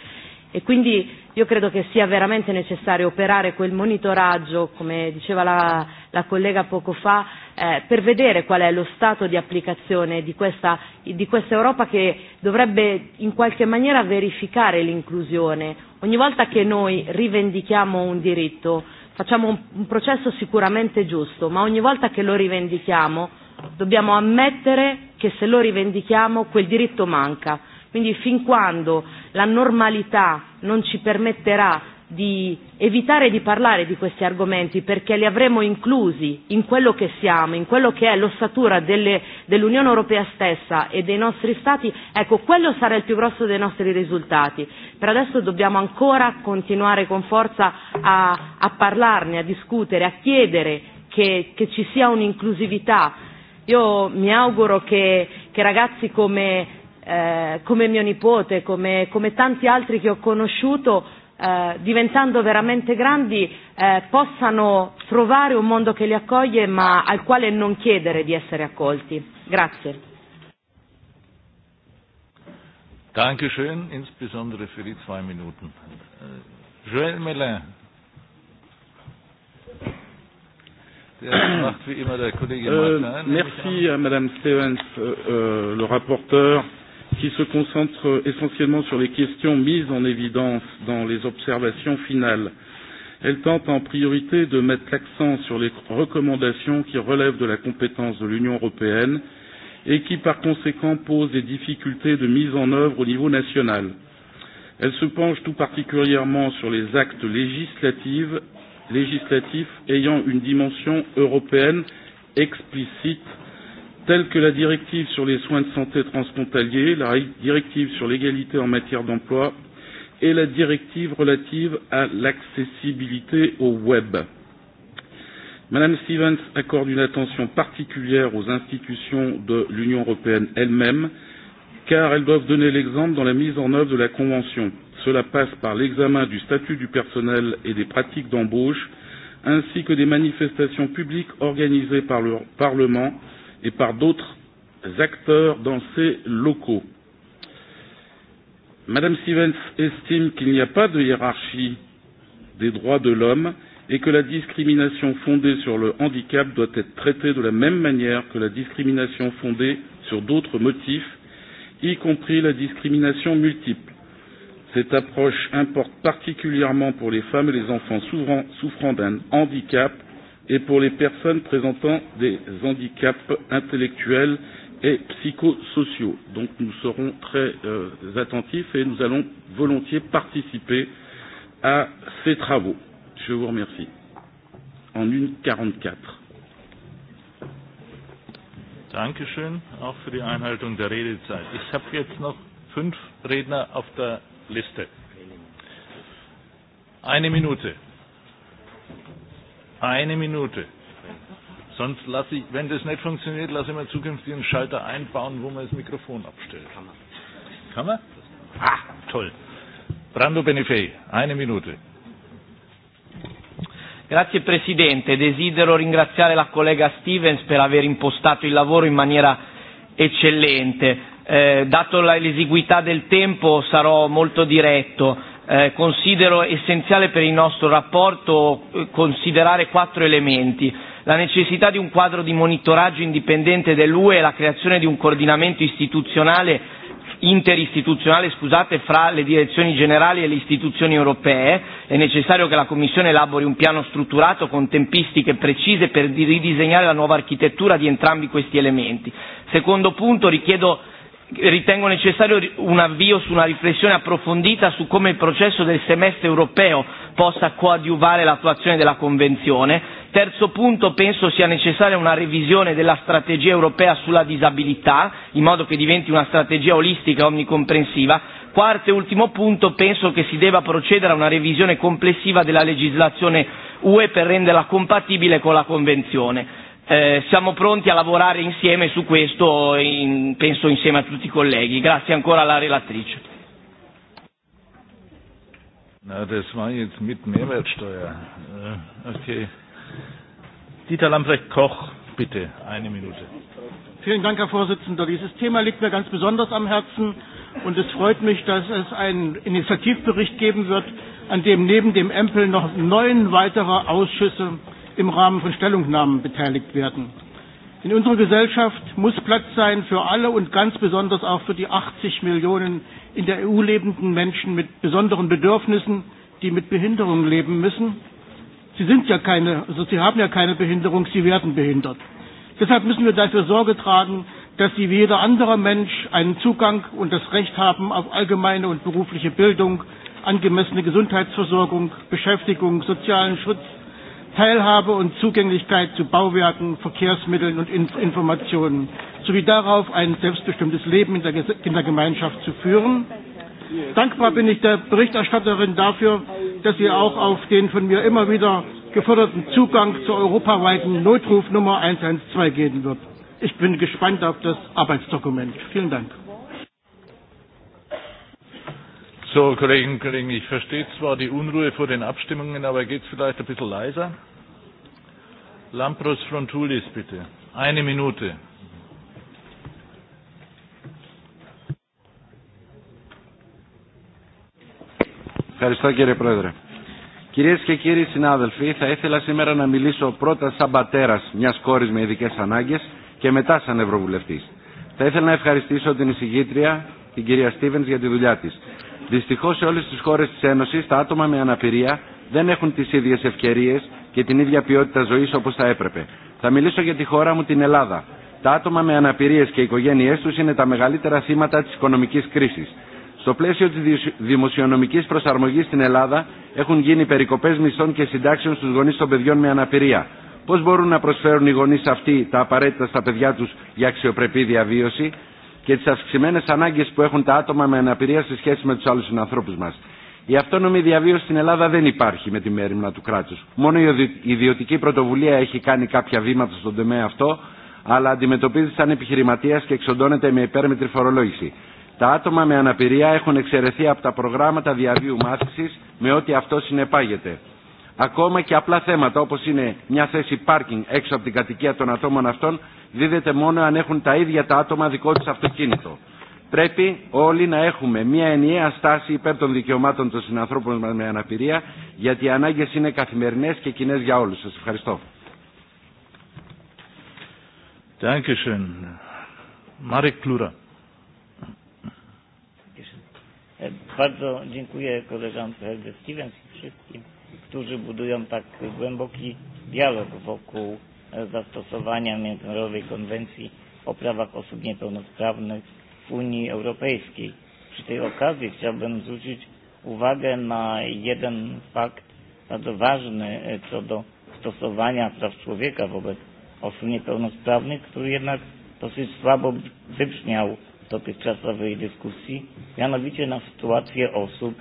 E quindi Io credo che sia veramente necessario operare quel monitoraggio, come diceva la, la collega poco fa, eh, per vedere qual è lo stato di applicazione di questa, di questa Europa che dovrebbe in qualche maniera verificare l'inclusione. Ogni volta che noi rivendichiamo un diritto facciamo un, un processo sicuramente giusto, ma ogni volta che lo rivendichiamo dobbiamo ammettere che se lo rivendichiamo quel diritto manca. Quindi fin quando la normalità non ci permetterà di evitare di parlare di questi argomenti perché li avremo inclusi in quello che siamo, in quello che è l'ossatura delle, dell'Unione Europea stessa e dei nostri Stati, ecco quello sarà il più grosso dei nostri risultati. Per adesso dobbiamo ancora continuare con forza a, a parlarne, a discutere, a chiedere che, che ci sia un'inclusività. Io mi auguro che, che ragazzi come eh, come mio nipote, come, come tanti altri che ho conosciuto, eh, diventando veramente grandi, eh, possano trovare un mondo che li accoglie ma al quale non chiedere di essere accolti. Grazie. Danke schön, insbesondere für die zwei Minuten. Äh, Joël Melin. Der äh, macht wie immer der Kollege Martin. Euh, merci à Madame Stevens, euh, euh le rapporteur qui se concentre essentiellement sur les questions mises en évidence dans les observations finales. Elle tente en priorité de mettre l'accent sur les recommandations qui relèvent de la compétence de l'Union européenne et qui, par conséquent, posent des difficultés de mise en œuvre au niveau national. Elle se penche tout particulièrement sur les actes législatifs ayant une dimension européenne explicite telles que la directive sur les soins de santé transfrontaliers, la directive sur l'égalité en matière d'emploi et la directive relative à l'accessibilité au web. Madame Stevens accorde une attention particulière aux institutions de l'Union européenne elle-même, car elles doivent donner l'exemple dans la mise en œuvre de la Convention. Cela passe par l'examen du statut du personnel et des pratiques d'embauche, ainsi que des manifestations publiques organisées par le Parlement et par d'autres acteurs dans ces locaux. Madame Stevens estime qu'il n'y a pas de hiérarchie des droits de l'homme et que la discrimination fondée sur le handicap doit être traitée de la même manière que la discrimination fondée sur d'autres motifs, y compris la discrimination multiple. Cette approche importe particulièrement pour les femmes et les enfants souffrant, souffrant d'un handicap et pour les personnes présentant des handicaps intellectuels et psychosociaux. Donc nous serons très euh, attentifs et nous allons volontiers participer à ces travaux. Je vous remercie. En une quarante-quatre. 1.44. Dankeschön, auch für die Einhaltung der Redezeit. Ich habe jetzt noch fünf Redner auf der Liste. Eine Minute. Eine Minute. Sonst lasse ich, wenn das nicht funktioniert, lasse ich mir zukünftig einen Schalter einbauen, wo man das Mikrofon abstellt. Kann man? Kann man? Ah, toll. Brando Benefei, eine Minute. Grazie Presidente, desidero ringraziare la collega Stevens per aver impostato il lavoro in maniera eccellente. Eh, dato l'esiguità del tempo sarò molto diretto eh, considero essenziale per il nostro rapporto eh, considerare quattro elementi. La necessità di un quadro di monitoraggio indipendente dell'UE e la creazione di un coordinamento istituzionale interistituzionale scusate, fra le direzioni generali e le istituzioni europee. È necessario che la Commissione elabori un piano strutturato con tempistiche precise per ridisegnare la nuova architettura di entrambi questi elementi. Secondo punto, richiedo ritengo necessario un avvio su una riflessione approfondita su come il processo del semestre europeo possa coadiuvare l'attuazione della Convenzione. Terzo punto, penso sia necessaria una revisione della strategia europea sulla disabilità, in modo che diventi una strategia olistica e omnicomprensiva. Quarto e ultimo punto, penso che si debba procedere a una revisione complessiva della legislazione UE per renderla compatibile con la Convenzione. Eh, siamo pronti a lavorare insieme su questo, in, penso insieme a tutti i colleghi. Grazie ancora alla relatrice. Na, das war jetzt mit Mehrwertsteuer. Äh, okay. Dieter Lambrecht Koch, bitte, eine Minute. Vielen Dank, Herr Vorsitzender. Dieses Thema liegt mir ganz besonders am Herzen und es freut mich, dass es einen Initiativbericht geben wird, an dem neben dem Empel noch neun weitere Ausschüsse im Rahmen von Stellungnahmen beteiligt werden. In unserer Gesellschaft muss Platz sein für alle und ganz besonders auch für die 80 Millionen in der EU lebenden Menschen mit besonderen Bedürfnissen, die mit Behinderung leben müssen. Sie sind ja keine, also sie haben ja keine Behinderung, sie werden behindert. Deshalb müssen wir dafür Sorge tragen, dass sie wie jeder andere Mensch einen Zugang und das Recht haben auf allgemeine und berufliche Bildung, angemessene Gesundheitsversorgung, Beschäftigung, sozialen Schutz, Teilhabe und Zugänglichkeit zu Bauwerken, Verkehrsmitteln und Informationen sowie darauf, ein selbstbestimmtes Leben in der, in der Gemeinschaft zu führen. Dankbar bin ich der Berichterstatterin dafür, dass sie auch auf den von mir immer wieder geforderten Zugang zur europaweiten Notrufnummer 112 gehen wird. Ich bin gespannt auf das Arbeitsdokument. Vielen Dank. So, Kolleginnen und Kollegen, ich verstehe zwar die Unruhe vor den Abstimmungen, aber geht es vielleicht ein bisschen leiser? Lampros Frontulis, bitte. Eine Minute. Ευχαριστώ κύριε Πρόεδρε. Κυρίε και κύριοι συνάδελφοι, θα ήθελα σήμερα να μιλήσω πρώτα σαν πατέρα μια κόρη με ειδικέ ανάγκε και μετά σαν Ευρωβουλευτή. Θα ήθελα να ευχαριστήσω την εισηγήτρια, την κυρία Στίβεν, για τη δουλειά τη. Δυστυχώ σε όλε τι χώρε τη Ένωση τα άτομα με αναπηρία δεν έχουν τι ίδιε ευκαιρίε και την ίδια ποιότητα ζωή όπω θα έπρεπε. Θα μιλήσω για τη χώρα μου, την Ελλάδα. Τα άτομα με αναπηρίε και οι οικογένειέ του είναι τα μεγαλύτερα θύματα τη οικονομική κρίση. Στο πλαίσιο τη δημοσιονομική προσαρμογή στην Ελλάδα έχουν γίνει περικοπέ μισθών και συντάξεων στου γονεί των παιδιών με αναπηρία. Πώ μπορούν να προσφέρουν οι γονεί αυτοί τα απαραίτητα στα παιδιά του για αξιοπρεπή διαβίωση, και τι αυξημένε ανάγκε που έχουν τα άτομα με αναπηρία σε σχέση με του άλλου συνανθρώπου μα. Η αυτόνομη διαβίωση στην Ελλάδα δεν υπάρχει με τη μέρημνα του κράτου. Μόνο η ιδιωτική πρωτοβουλία έχει κάνει κάποια βήματα στον τομέα αυτό, αλλά αντιμετωπίζεται σαν επιχειρηματία και εξοντώνεται με υπέρμετρη φορολόγηση. Τα άτομα με αναπηρία έχουν εξαιρεθεί από τα προγράμματα διαβίου μάθηση με ό,τι αυτό συνεπάγεται. Ακόμα και απλά θέματα όπως είναι μια θέση πάρκινγκ έξω από την κατοικία των ατόμων αυτών δίδεται μόνο αν έχουν τα ίδια τα άτομα δικό τους αυτοκίνητο. Πρέπει όλοι να έχουμε μια ενιαία στάση υπέρ των δικαιωμάτων των συνανθρώπων μας με αναπηρία γιατί οι ανάγκες είναι καθημερινές και κοινέ για όλους. Σας ευχαριστώ. Dankeschön. Marek Klura. Bardzo dziękuję koleżance Helge Stevens i wszystkim którzy budują tak głęboki dialog wokół e, zastosowania Międzynarodowej Konwencji o prawach osób niepełnosprawnych w Unii Europejskiej. Przy tej okazji chciałbym zwrócić uwagę na jeden fakt bardzo ważny e, co do stosowania praw człowieka wobec osób niepełnosprawnych, który jednak dosyć słabo wybrzmiał w dotychczasowej dyskusji, mianowicie na sytuację osób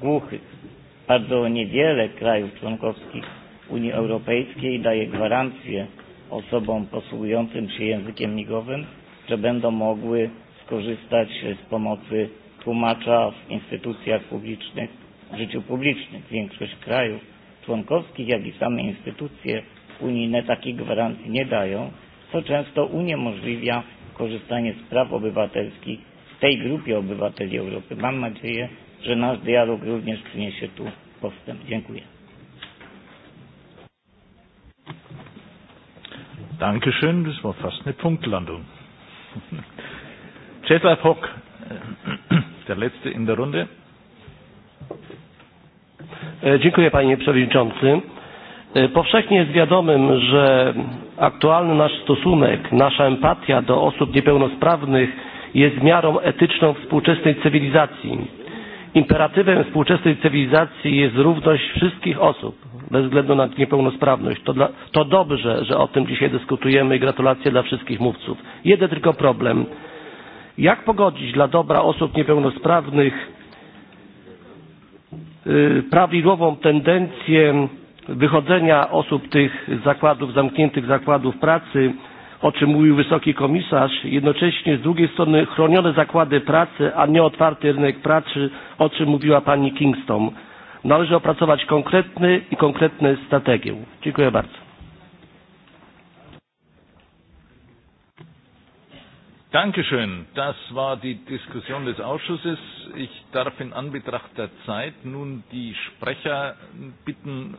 głuchych. Bardzo niewiele krajów członkowskich Unii Europejskiej daje gwarancję osobom posługującym się językiem migowym, że będą mogły skorzystać z pomocy tłumacza w instytucjach publicznych, w życiu publicznym. Większość krajów członkowskich, jak i same instytucje unijne takich gwarancji nie dają, co często uniemożliwia korzystanie z praw obywatelskich tej grupie obywateli Europy. Mam nadzieję, że nasz dialog również przyniesie tu postęp. Dziękuję. Dankeschön, das war fast eine Punktlandung. Czesław Hock, der letzte in der Runde. E, dziękuję panie przewodniczący. E, powszechnie jest wiadomym, że aktualny nasz stosunek, nasza empatia do osób niepełnosprawnych jest miarą etyczną współczesnej cywilizacji Imperatywem współczesnej cywilizacji jest równość wszystkich osób, bez względu na niepełnosprawność. To, dla, to dobrze, że o tym dzisiaj dyskutujemy i gratulacje dla wszystkich mówców. Jeden tylko problem. Jak pogodzić dla dobra osób niepełnosprawnych yy, prawidłową tendencję wychodzenia osób tych zakładów, zamkniętych zakładów pracy o czym mówił wysoki komisarz, jednocześnie z drugiej strony chronione zakłady pracy, a nie otwarty rynek pracy, o czym mówiła pani Kingston. Należy opracować konkretny i konkretne strategie. Dziękuję bardzo. Dankeschön. Das war die Diskussion des Ausschusses. Ich darf in Anbetracht der Zeit nun die Sprecher bitten,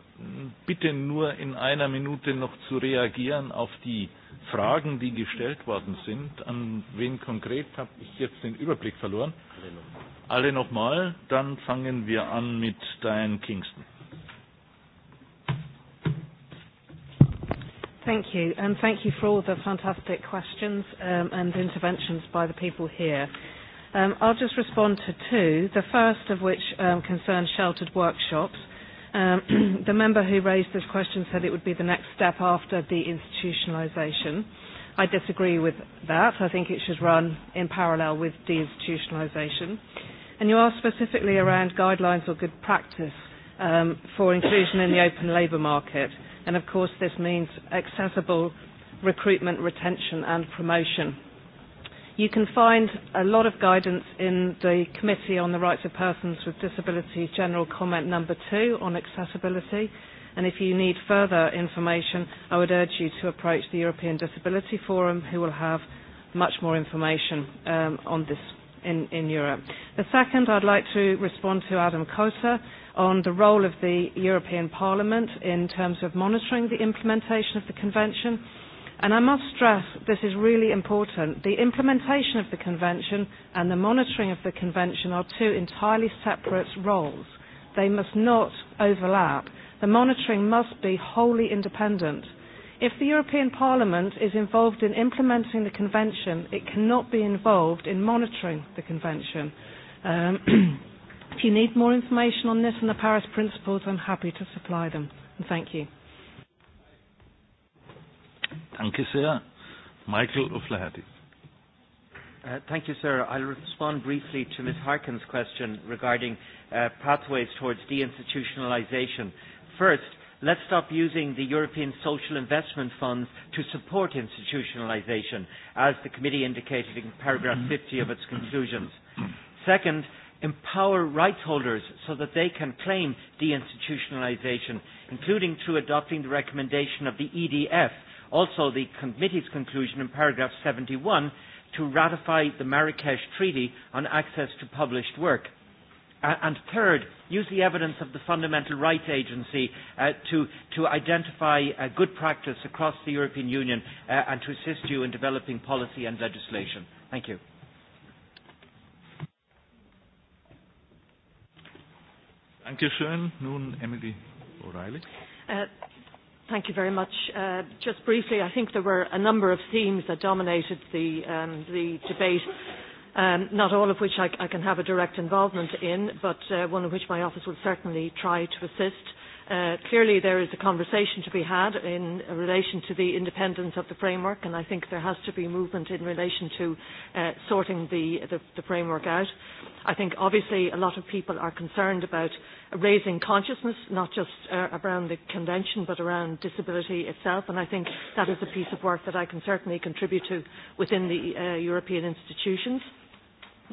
bitte nur in einer Minute noch zu reagieren auf die Fragen, die gestellt worden sind. An wen konkret habe ich jetzt den Überblick verloren? Alle nochmal, dann fangen wir an mit Diane Kingston. Thank you, and thank you for all the fantastic questions um, and interventions by the people here. Um, I'll just respond to two, the first of which um, concerns sheltered workshops. Um, the member who raised this question said it would be the next step after the institutionalisation. I disagree with that. I think it should run in parallel with deinstitutionalisation. And you asked specifically around guidelines or good practice um, for inclusion in the open labour market. And of course, this means accessible recruitment, retention, and promotion You can find a lot of guidance in the Committee on the Rights of Persons with Disabilities General Comment Number 2 on accessibility. And if you need further information, I would urge you to approach the European Disability Forum, who will have much more information um, on this in, in Europe. The second, I'd like to respond to Adam Cota on the role of the European Parliament in terms of monitoring the implementation of the Convention. And I must stress this is really important. The implementation of the Convention and the monitoring of the Convention are two entirely separate roles. They must not overlap. The monitoring must be wholly independent. If the European Parliament is involved in implementing the Convention, it cannot be involved in monitoring the Convention. Um, if you need more information on this and the Paris Principles, I'm happy to supply them. And thank you. Danke sehr. Michael O'Flaherty. Uh, thank you, sir. I'll respond briefly to Ms. Harkin's question regarding uh, pathways towards deinstitutionalization. First, let's stop using the European Social Investment Funds to support institutionalization, as the committee indicated in paragraph 50 mm-hmm. of its conclusions. Second, empower rights holders so that they can claim deinstitutionalization, including through adopting the recommendation of the EDF – also the committee's conclusion in paragraph 71 to ratify the Marrakesh Treaty on access to published work. Uh, and third, use the evidence of the Fundamental Rights Agency uh, to, to identify uh, good practice across the European Union uh, and to assist you in developing policy and legislation. Thank you. Sean. Nun Emily O'Reilly. Uh, Thank you very much. Uh, just briefly, I think there were a number of themes that dominated the, um, the debate, um, not all of which I, I can have a direct involvement in, but uh, one of which my office will certainly try to assist. Uh, clearly, there is a conversation to be had in relation to the independence of the framework, and I think there has to be movement in relation to uh, sorting the, the, the framework out. I think obviously a lot of people are concerned about raising consciousness, not just uh, around the convention, but around disability itself, and I think that is a piece of work that I can certainly contribute to within the uh, European institutions.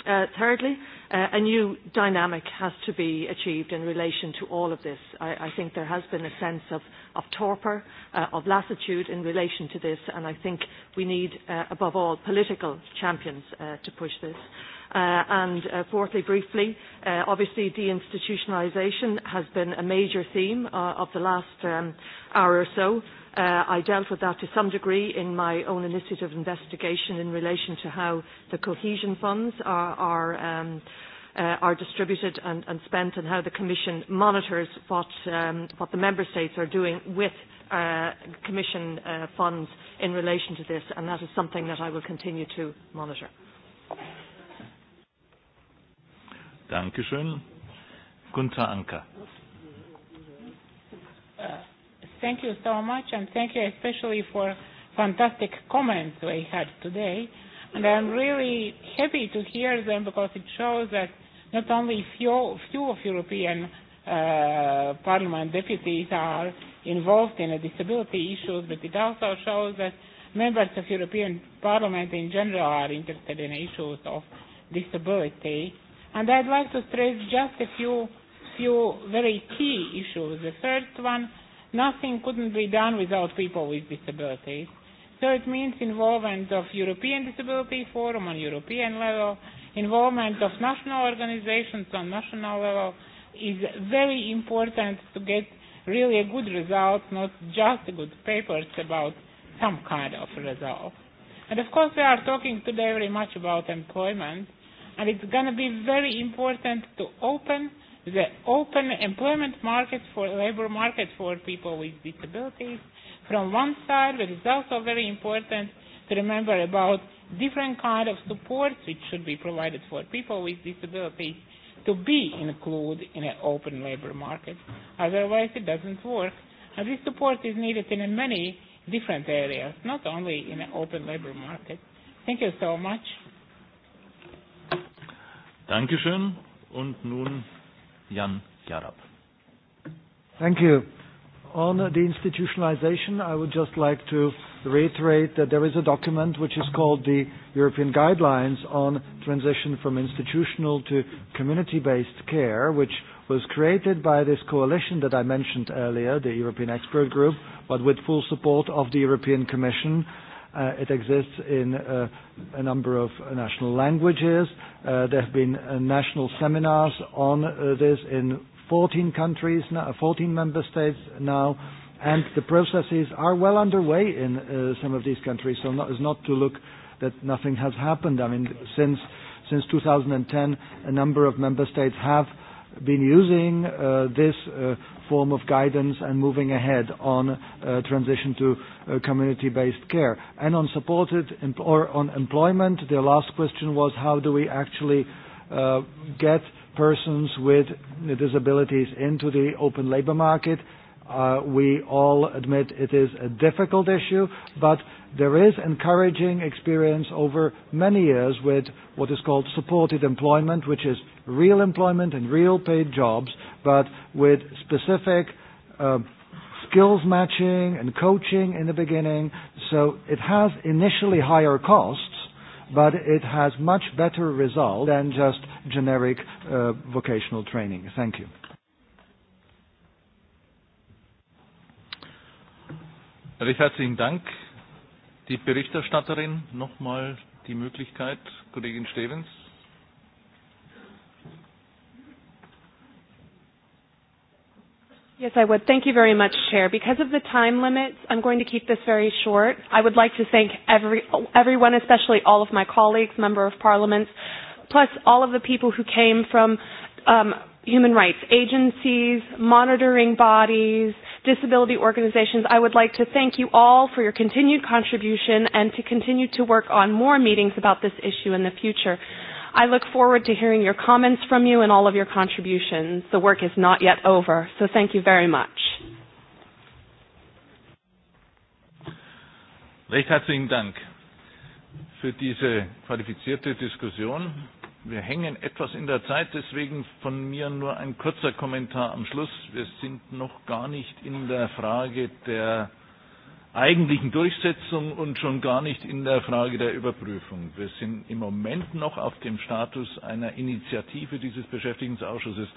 Uh, thirdly, uh, a new dynamic has to be achieved in relation to all of this. I, I think there has been a sense of, of torpor, uh, of lassitude in relation to this, and I think we need, uh, above all, political champions uh, to push this. Uh, and uh, fourthly, briefly, uh, obviously deinstitutionalisation has been a major theme uh, of the last um, hour or so. Uh, I dealt with that to some degree in my own initiative investigation in relation to how the cohesion funds are, are, um, uh, are distributed and, and spent and how the Commission monitors what, um, what the Member States are doing with uh, Commission uh, funds in relation to this, and that is something that I will continue to monitor. Dankeschön. Gunther Anker. thank you so much, and thank you especially for fantastic comments we had today. And I'm really happy to hear them because it shows that not only few, few of European uh, Parliament deputies are involved in the disability issues, but it also shows that members of European Parliament in general are interested in issues of disability And I'd like to stress just a few, few very key issues. The first one, nothing couldn't be done without people with disabilities. So it means involvement of European Disability Forum on European level, involvement of national organizations on national level is very important to get really a good result, not just good papers about some kind of result. And of course we are talking today very much about employment, and it's going to be very important to open the open employment market for labor market for people with disabilities. From one side, but it's also very important to remember about different kind of supports which should be provided for people with disabilities to be included in an open labor market. Otherwise, it doesn't work. And this support is needed in many different areas, not only in an open labor market. Thank you so much. Dankeschön und nun Jan Jarab. Thank you. On the institutionalization, I would just like to reiterate that there is a document which is called the European Guidelines on Transition from Institutional to Community-Based Care, which was created by this coalition that I mentioned earlier, the European Expert Group, but with full support of the European Commission Uh, it exists in uh, a number of national languages. Uh, there have been uh, national seminars on uh, this in 14 countries, now, 14 uh, member states now, and the processes are well underway in uh, some of these countries. So not, it's not to look that nothing has happened. I mean, since since 2010, a number of member states have been using uh, this uh, form of guidance and moving ahead on uh, transition to uh, community-based care. And on supported or on employment, the last question was how do we actually uh, get persons with disabilities into the open labor market? Uh, we all admit it is a difficult issue, but there is encouraging experience over many years with what is called supported employment, which is real employment and real paid jobs, but with specific uh, skills matching and coaching in the beginning. So it has initially higher costs, but it has much better result than just generic uh, vocational training. Thank you. Recht herzlichen Dank. Die Berichterstatterin nochmal die Möglichkeit, Kollegin Stevens. Yes, I would. Thank you very much, Chair. Because of the time limits, I'm going to keep this very short. I would like to thank every, everyone, especially all of my colleagues, Member of Parliaments, plus all of the people who came from um, human rights agencies, monitoring bodies, disability organizations. I would like to thank you all for your continued contribution and to continue to work on more meetings about this issue in the future. I look forward to hearing your comments from you and all of your contributions. The work is not yet over, so thank you very much. Recht herzlichen Dank für diese qualifizierte Diskussion. Wir hängen etwas in der Zeit, deswegen von mir nur ein kurzer Kommentar am Schluss. Wir sind noch gar nicht in der Frage der eigentlichen Durchsetzung und schon gar nicht in der Frage der Überprüfung. Wir sind im Moment noch auf dem Status einer Initiative dieses Beschäftigungsausschusses,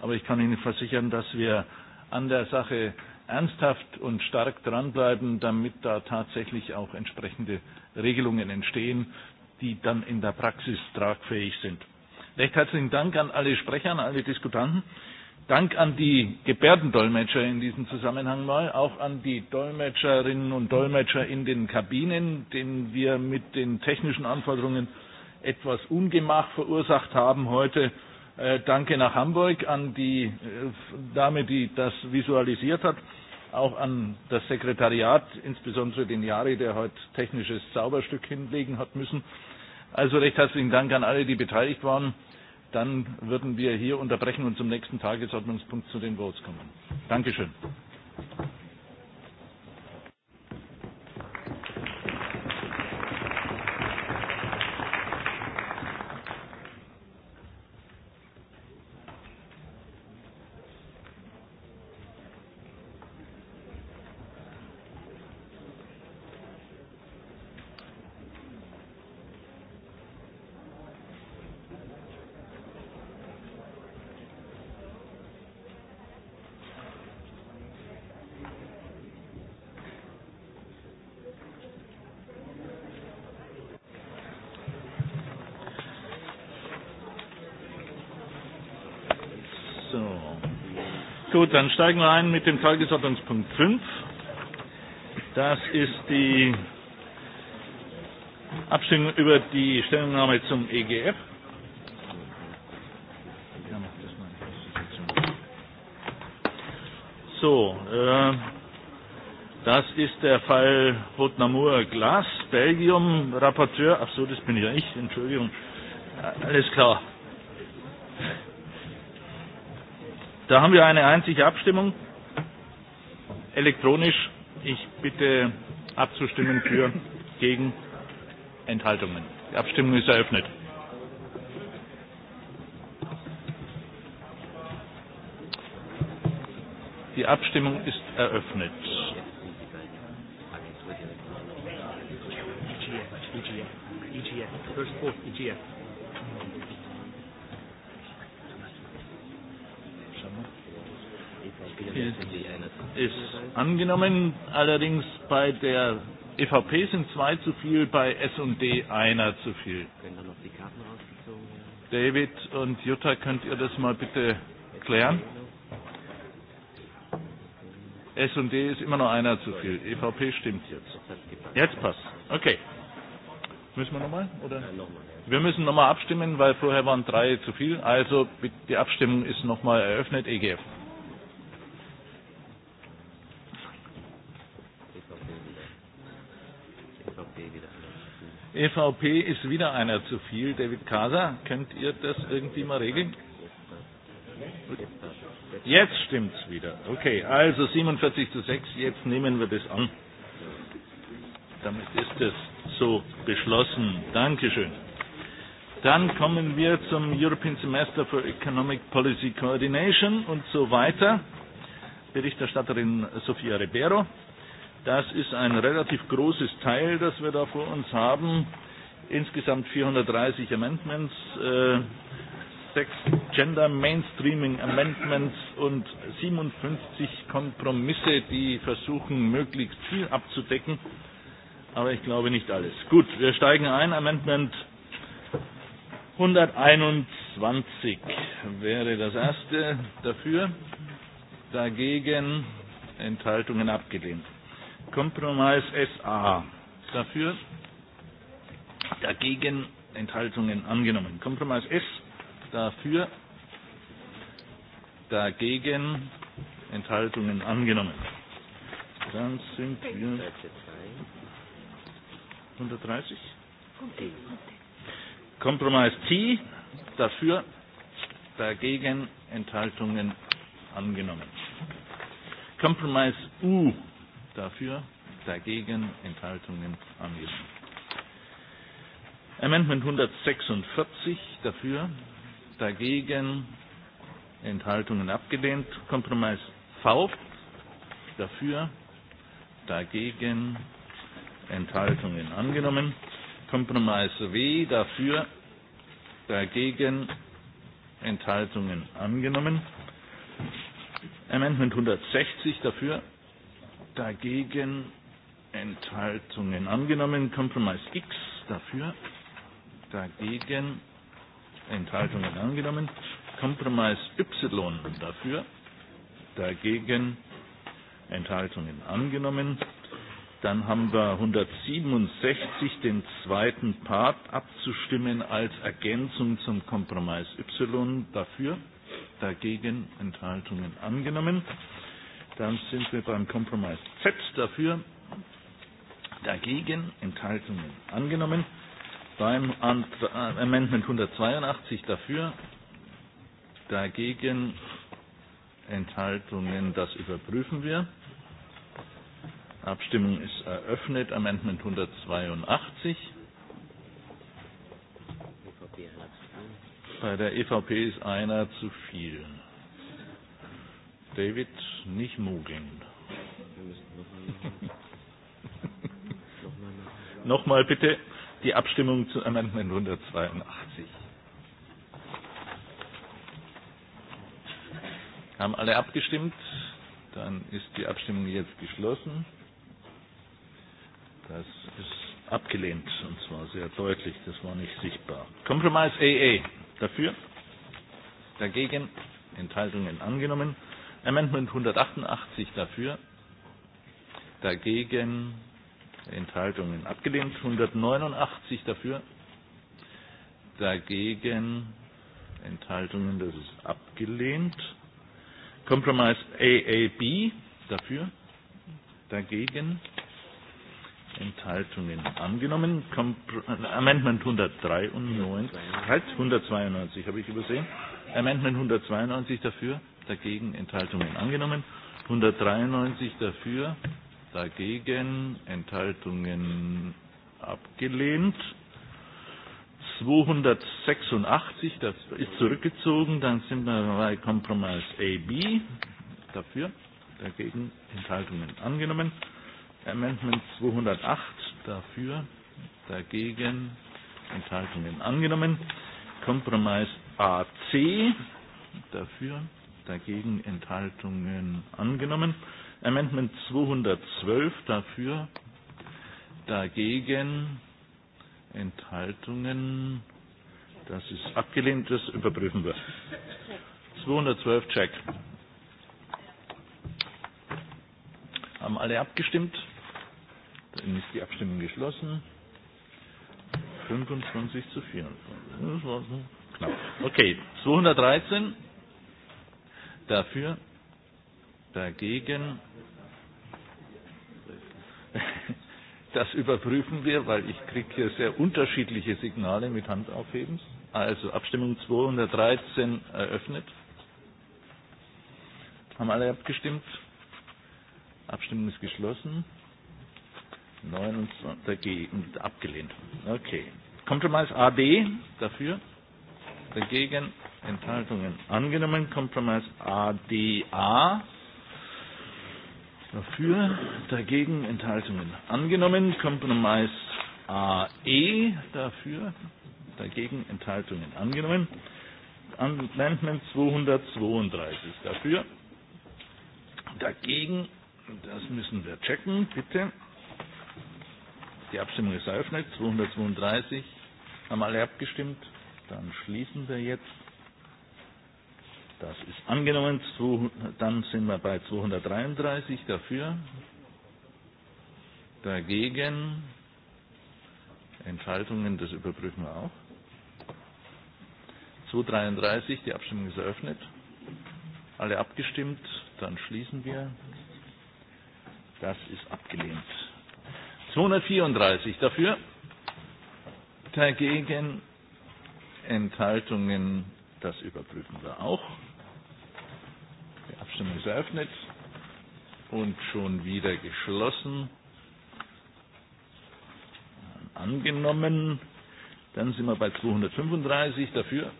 aber ich kann Ihnen versichern, dass wir an der Sache ernsthaft und stark dranbleiben, damit da tatsächlich auch entsprechende Regelungen entstehen, die dann in der Praxis tragfähig sind. Recht herzlichen Dank an alle Sprecher, an alle Diskutanten. Dank an die Gebärdendolmetscher in diesem Zusammenhang mal, auch an die Dolmetscherinnen und Dolmetscher in den Kabinen, denen wir mit den technischen Anforderungen etwas Ungemach verursacht haben heute. Äh, danke nach Hamburg an die äh, Dame, die das visualisiert hat, auch an das Sekretariat, insbesondere den Jari, der heute technisches Zauberstück hinlegen hat müssen. Also recht herzlichen Dank an alle, die beteiligt waren dann würden wir hier unterbrechen und zum nächsten Tagesordnungspunkt zu den Votes kommen. Dankeschön. Gut, dann steigen wir ein mit dem Tagesordnungspunkt 5. Das ist die Abstimmung über die Stellungnahme zum EGF. So, äh, das ist der Fall Hotnamur Glas, Belgium, Rapporteur. Ach so, das bin ja ich, Entschuldigung. Alles klar. Da haben wir eine einzige Abstimmung. Elektronisch. Ich bitte abzustimmen für, gegen, Enthaltungen. Die Abstimmung ist eröffnet. Die Abstimmung ist eröffnet. EGF, EGF, EGF, EGF. ist angenommen. Allerdings bei der EVP sind zwei zu viel, bei S&D einer zu viel. David und Jutta, könnt ihr das mal bitte klären? S&D ist immer noch einer zu viel. EVP stimmt jetzt. Jetzt passt. Okay. Müssen wir nochmal? Oder? Äh, wir müssen nochmal abstimmen, weil vorher waren drei zu viel. Also die Abstimmung ist nochmal eröffnet. EGF. EVP ist wieder einer zu viel. David Casa, könnt ihr das irgendwie mal regeln? Jetzt stimmt's wieder. Okay, also 47 zu 6, jetzt nehmen wir das an. Damit ist es so beschlossen. Dankeschön. Dann kommen wir zum European Semester for Economic Policy Coordination und so weiter. Berichterstatterin Sofia Ribeiro. Das ist ein relativ großes Teil, das wir da vor uns haben. Insgesamt 430 Amendments, äh, sechs Gender Mainstreaming Amendments und 57 Kompromisse, die versuchen, möglichst viel abzudecken. Aber ich glaube nicht alles. Gut, wir steigen ein. Amendment 121 wäre das erste dafür, dagegen Enthaltungen abgelehnt. Compromise SA. Dafür, dagegen Enthaltungen angenommen. Compromise S. Dafür, dagegen Enthaltungen angenommen. Dann sind wir 130. Kompromiss T. Dafür, dagegen Enthaltungen angenommen. Kompromiss U dafür, dagegen, Enthaltungen angenommen. Amendment 146 dafür, dagegen, Enthaltungen abgelehnt. Kompromiss V dafür, dagegen, Enthaltungen angenommen. Kompromiss W dafür, dagegen, Enthaltungen angenommen. Amendment 160 dafür, dagegen Enthaltungen angenommen. Kompromiss X dafür, dagegen Enthaltungen angenommen. Kompromiss Y dafür, dagegen Enthaltungen angenommen. Dann haben wir 167 den zweiten Part abzustimmen als Ergänzung zum Kompromiss Y dafür, dagegen Enthaltungen angenommen. Dann sind wir beim Kompromiss Z dafür, dagegen Enthaltungen angenommen. Beim Antra äh, Amendment 182 dafür, dagegen Enthaltungen, das überprüfen wir. Abstimmung ist eröffnet. Amendment 182. Bei der EVP ist einer zu viel. David, nicht mogeln. Nochmal bitte die Abstimmung zu Amendment 182. Haben alle abgestimmt? Dann ist die Abstimmung jetzt geschlossen. Das ist abgelehnt und zwar sehr deutlich. Das war nicht sichtbar. Compromise AA. Dafür? Dagegen? Enthaltungen angenommen. Amendment 188 dafür, dagegen Enthaltungen abgelehnt, 189 dafür, dagegen Enthaltungen, das ist abgelehnt. Compromise AAB dafür, dagegen Enthaltungen angenommen. Kompr Amendment 193, halt 192 habe ich übersehen. Amendment 192 dafür, dagegen, Enthaltungen angenommen. 193 dafür, dagegen, Enthaltungen abgelehnt. 286, das ist zurückgezogen. Dann sind wir bei Kompromiss AB dafür, dagegen, Enthaltungen angenommen. Amendment 208 dafür, dagegen, Enthaltungen angenommen. Kompromiss AC dafür, dagegen, Enthaltungen angenommen. Amendment 212 dafür, dagegen, Enthaltungen. Das ist abgelehnt, das überprüfen wir. 212 Check. Haben alle abgestimmt? Dann ist die Abstimmung geschlossen. 25 zu 24. Das war so knapp. Okay, 213. Dafür? Dagegen? Das überprüfen wir, weil ich kriege hier sehr unterschiedliche Signale mit Handaufhebens. Also Abstimmung 213 eröffnet. Haben alle abgestimmt? Abstimmung ist geschlossen. 29 dagegen, abgelehnt. Okay. Compromise AD, dafür, dagegen Enthaltungen angenommen. Kompromiss ADA dafür, dagegen Enthaltungen angenommen. Kompromiss AE dafür, dagegen Enthaltungen angenommen. Amendment 232 dafür, dagegen, das müssen wir checken, bitte. Die Abstimmung ist eröffnet, 232. Haben alle abgestimmt? Dann schließen wir jetzt. Das ist angenommen. Dann sind wir bei 233 dafür. Dagegen. Enthaltungen, das überprüfen wir auch. 233, die Abstimmung ist eröffnet. Alle abgestimmt, dann schließen wir. Das ist abgelehnt. 234 dafür. Dagegen Enthaltungen, das überprüfen wir auch. Abstimmung ist eröffnet und schon wieder geschlossen. Angenommen. Dann sind wir bei 235 dafür.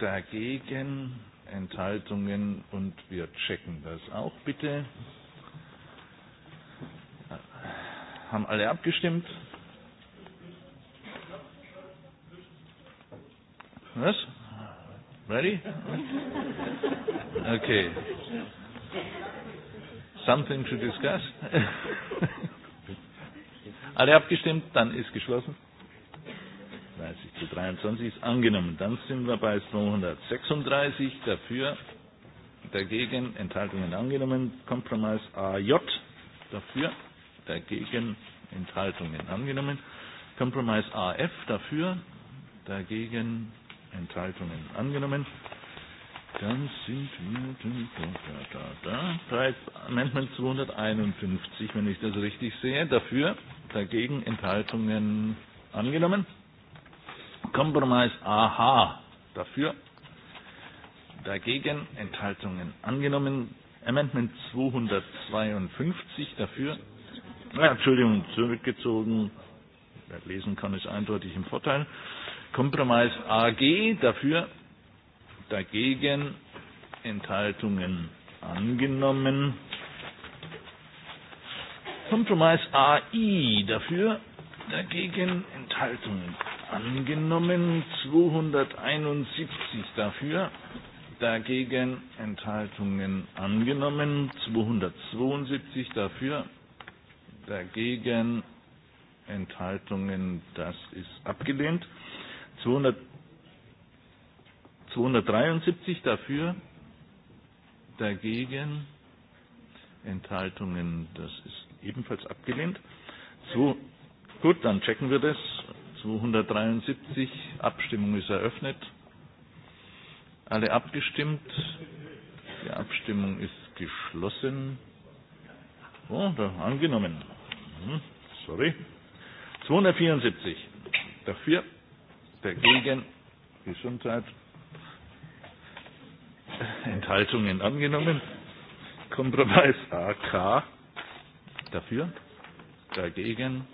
Dagegen Enthaltungen und wir checken das auch bitte. Haben alle abgestimmt? Was? Ready? Okay. Something to discuss? Alle abgestimmt, dann ist geschlossen. 30 zu 23 ist angenommen. Dann sind wir bei 236 dafür, dagegen, Enthaltungen angenommen. Kompromiss AJ dafür, dagegen, Enthaltungen angenommen. Kompromiss AF dafür, dagegen, Enthaltungen angenommen. Dann sind wir da, da, da, da. Amendment 251, wenn ich das richtig sehe. Dafür, dagegen Enthaltungen angenommen. Kompromiss AH dafür, dagegen Enthaltungen angenommen. Amendment 252 dafür, ja, Entschuldigung, zurückgezogen. Wer lesen kann, ist eindeutig im Vorteil. Kompromiss AG dafür, dagegen Enthaltungen angenommen. Kompromiss AI dafür, dagegen Enthaltungen angenommen. 271 dafür, dagegen Enthaltungen angenommen. 272 dafür, dagegen Enthaltungen, das ist abgelehnt. 273 dafür, dagegen Enthaltungen, das ist ebenfalls abgelehnt. So, gut, dann checken wir das. 273, Abstimmung ist eröffnet. Alle abgestimmt. Die Abstimmung ist geschlossen. Oh, da, angenommen. Hm, sorry. 274. Dafür dagegen, Gesundheit, Enthaltungen angenommen. Kompromiss AK dafür, dagegen,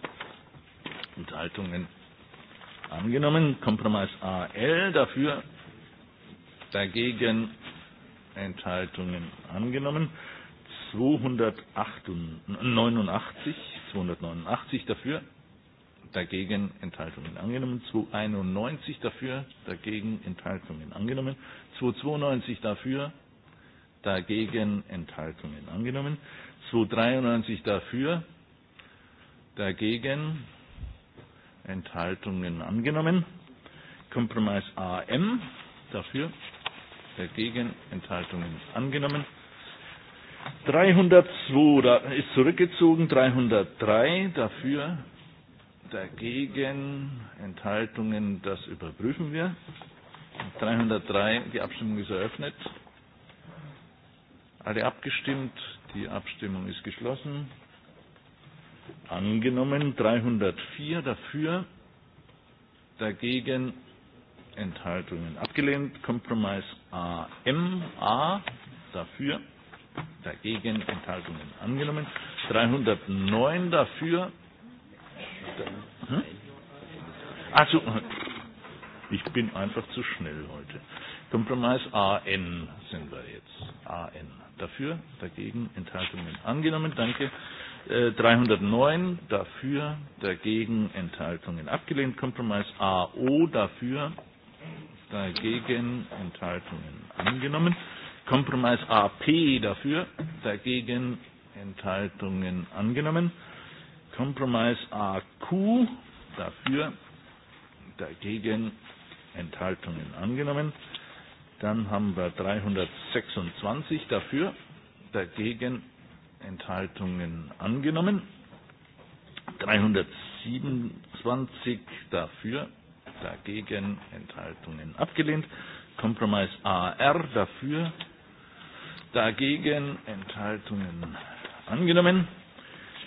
Enthaltungen angenommen. Kompromiss AL dafür, dagegen, Enthaltungen angenommen. 289, 289 dafür, dagegen Enthaltungen angenommen. 291 dafür, dagegen Enthaltungen angenommen. 292 dafür, dagegen Enthaltungen angenommen. 293 dafür, dagegen Enthaltungen angenommen. Kompromiss AM dafür, dagegen Enthaltungen angenommen. 302 ist zurückgezogen, 303 dafür, dagegen, Enthaltungen, das überprüfen wir. 303, die Abstimmung ist eröffnet. Alle abgestimmt, die Abstimmung ist geschlossen. Angenommen, 304 dafür, dagegen, Enthaltungen abgelehnt. Kompromiss AMA, dafür, dagegen, Enthaltungen angenommen. 309 dafür, Hm? Also, ich bin einfach zu schnell heute. Kompromiss AN sind wir jetzt. AN. Dafür, dagegen, Enthaltungen angenommen. Danke. 309 äh, dafür, dagegen, Enthaltungen abgelehnt. Kompromiss AO dafür, dagegen, Enthaltungen angenommen. Kompromiss AP dafür, dagegen, Enthaltungen angenommen. Compromise AQ dafür, dagegen Enthaltungen angenommen. Dann haben wir 326 dafür, dagegen Enthaltungen angenommen. 327 dafür, dagegen Enthaltungen abgelehnt. Compromise AR dafür, dagegen Enthaltungen angenommen.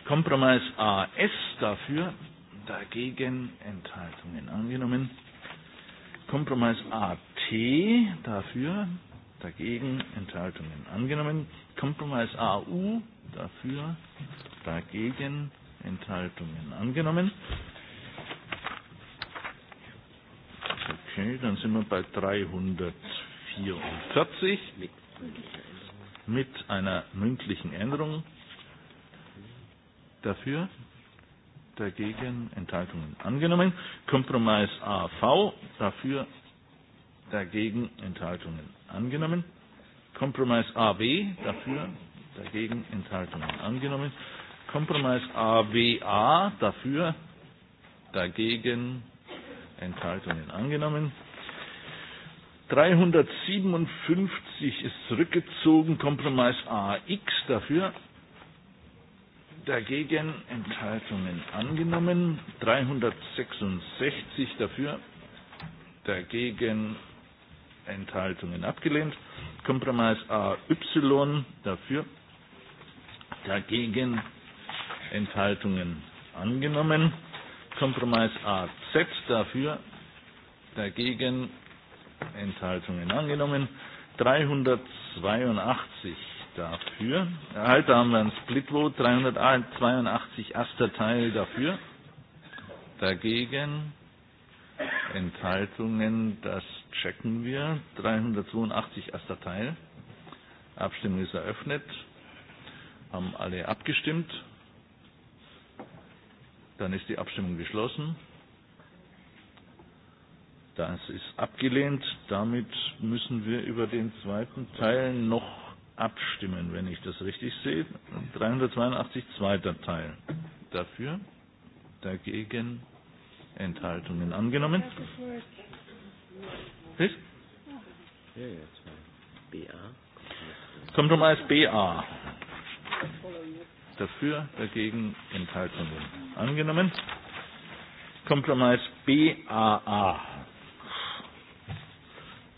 Kompromiss AS dafür, dagegen Enthaltungen angenommen. Kompromiss AT dafür, dagegen Enthaltungen angenommen. Kompromiss AU dafür, dagegen Enthaltungen angenommen. Okay, dann sind wir bei 344 mit einer mündlichen Änderung. Dafür? Dagegen? Enthaltungen angenommen. Kompromiss AV. Dafür? Dagegen? Enthaltungen angenommen. Kompromiss AB. Dafür? Dagegen? Enthaltungen angenommen. Kompromiss ABA. Dafür? Dagegen? Enthaltungen angenommen. 357 ist zurückgezogen, Kompromiss AX dafür, dagegen Enthaltungen angenommen. 366 dafür, dagegen Enthaltungen abgelehnt. Kompromiss AY dafür, dagegen Enthaltungen angenommen. Kompromiss AZ dafür, dagegen Enthaltungen angenommen. 382 dafür. Erhalter haben wir ein Split Vote 382 erster Teil dafür. Dagegen Enthaltungen, das checken wir. 382 erster Teil. Abstimmung ist eröffnet. Haben alle abgestimmt. Dann ist die Abstimmung geschlossen. Das ist abgelehnt. Damit müssen wir über den zweiten Teil noch abstimmen, wenn ich das richtig sehe. 382 zweiter Teil. Dafür, dagegen, Enthaltungen angenommen. Was? Kompromiss um BA. Dafür, dagegen, Enthaltungen angenommen. Kompromiss um BAA.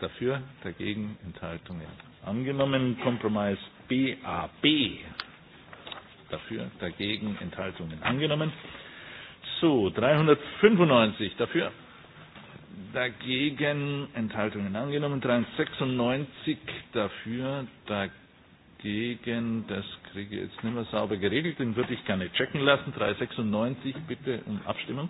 Dafür, dagegen, Enthaltungen Angenommen Kompromiss BAB. Dafür, dagegen, Enthaltungen angenommen. So, 395 dafür, dagegen, Enthaltungen angenommen. 396 dafür, dagegen, das kriege ich jetzt nicht mehr sauber geregelt, den würde ich gerne checken lassen. 396 bitte um Abstimmung.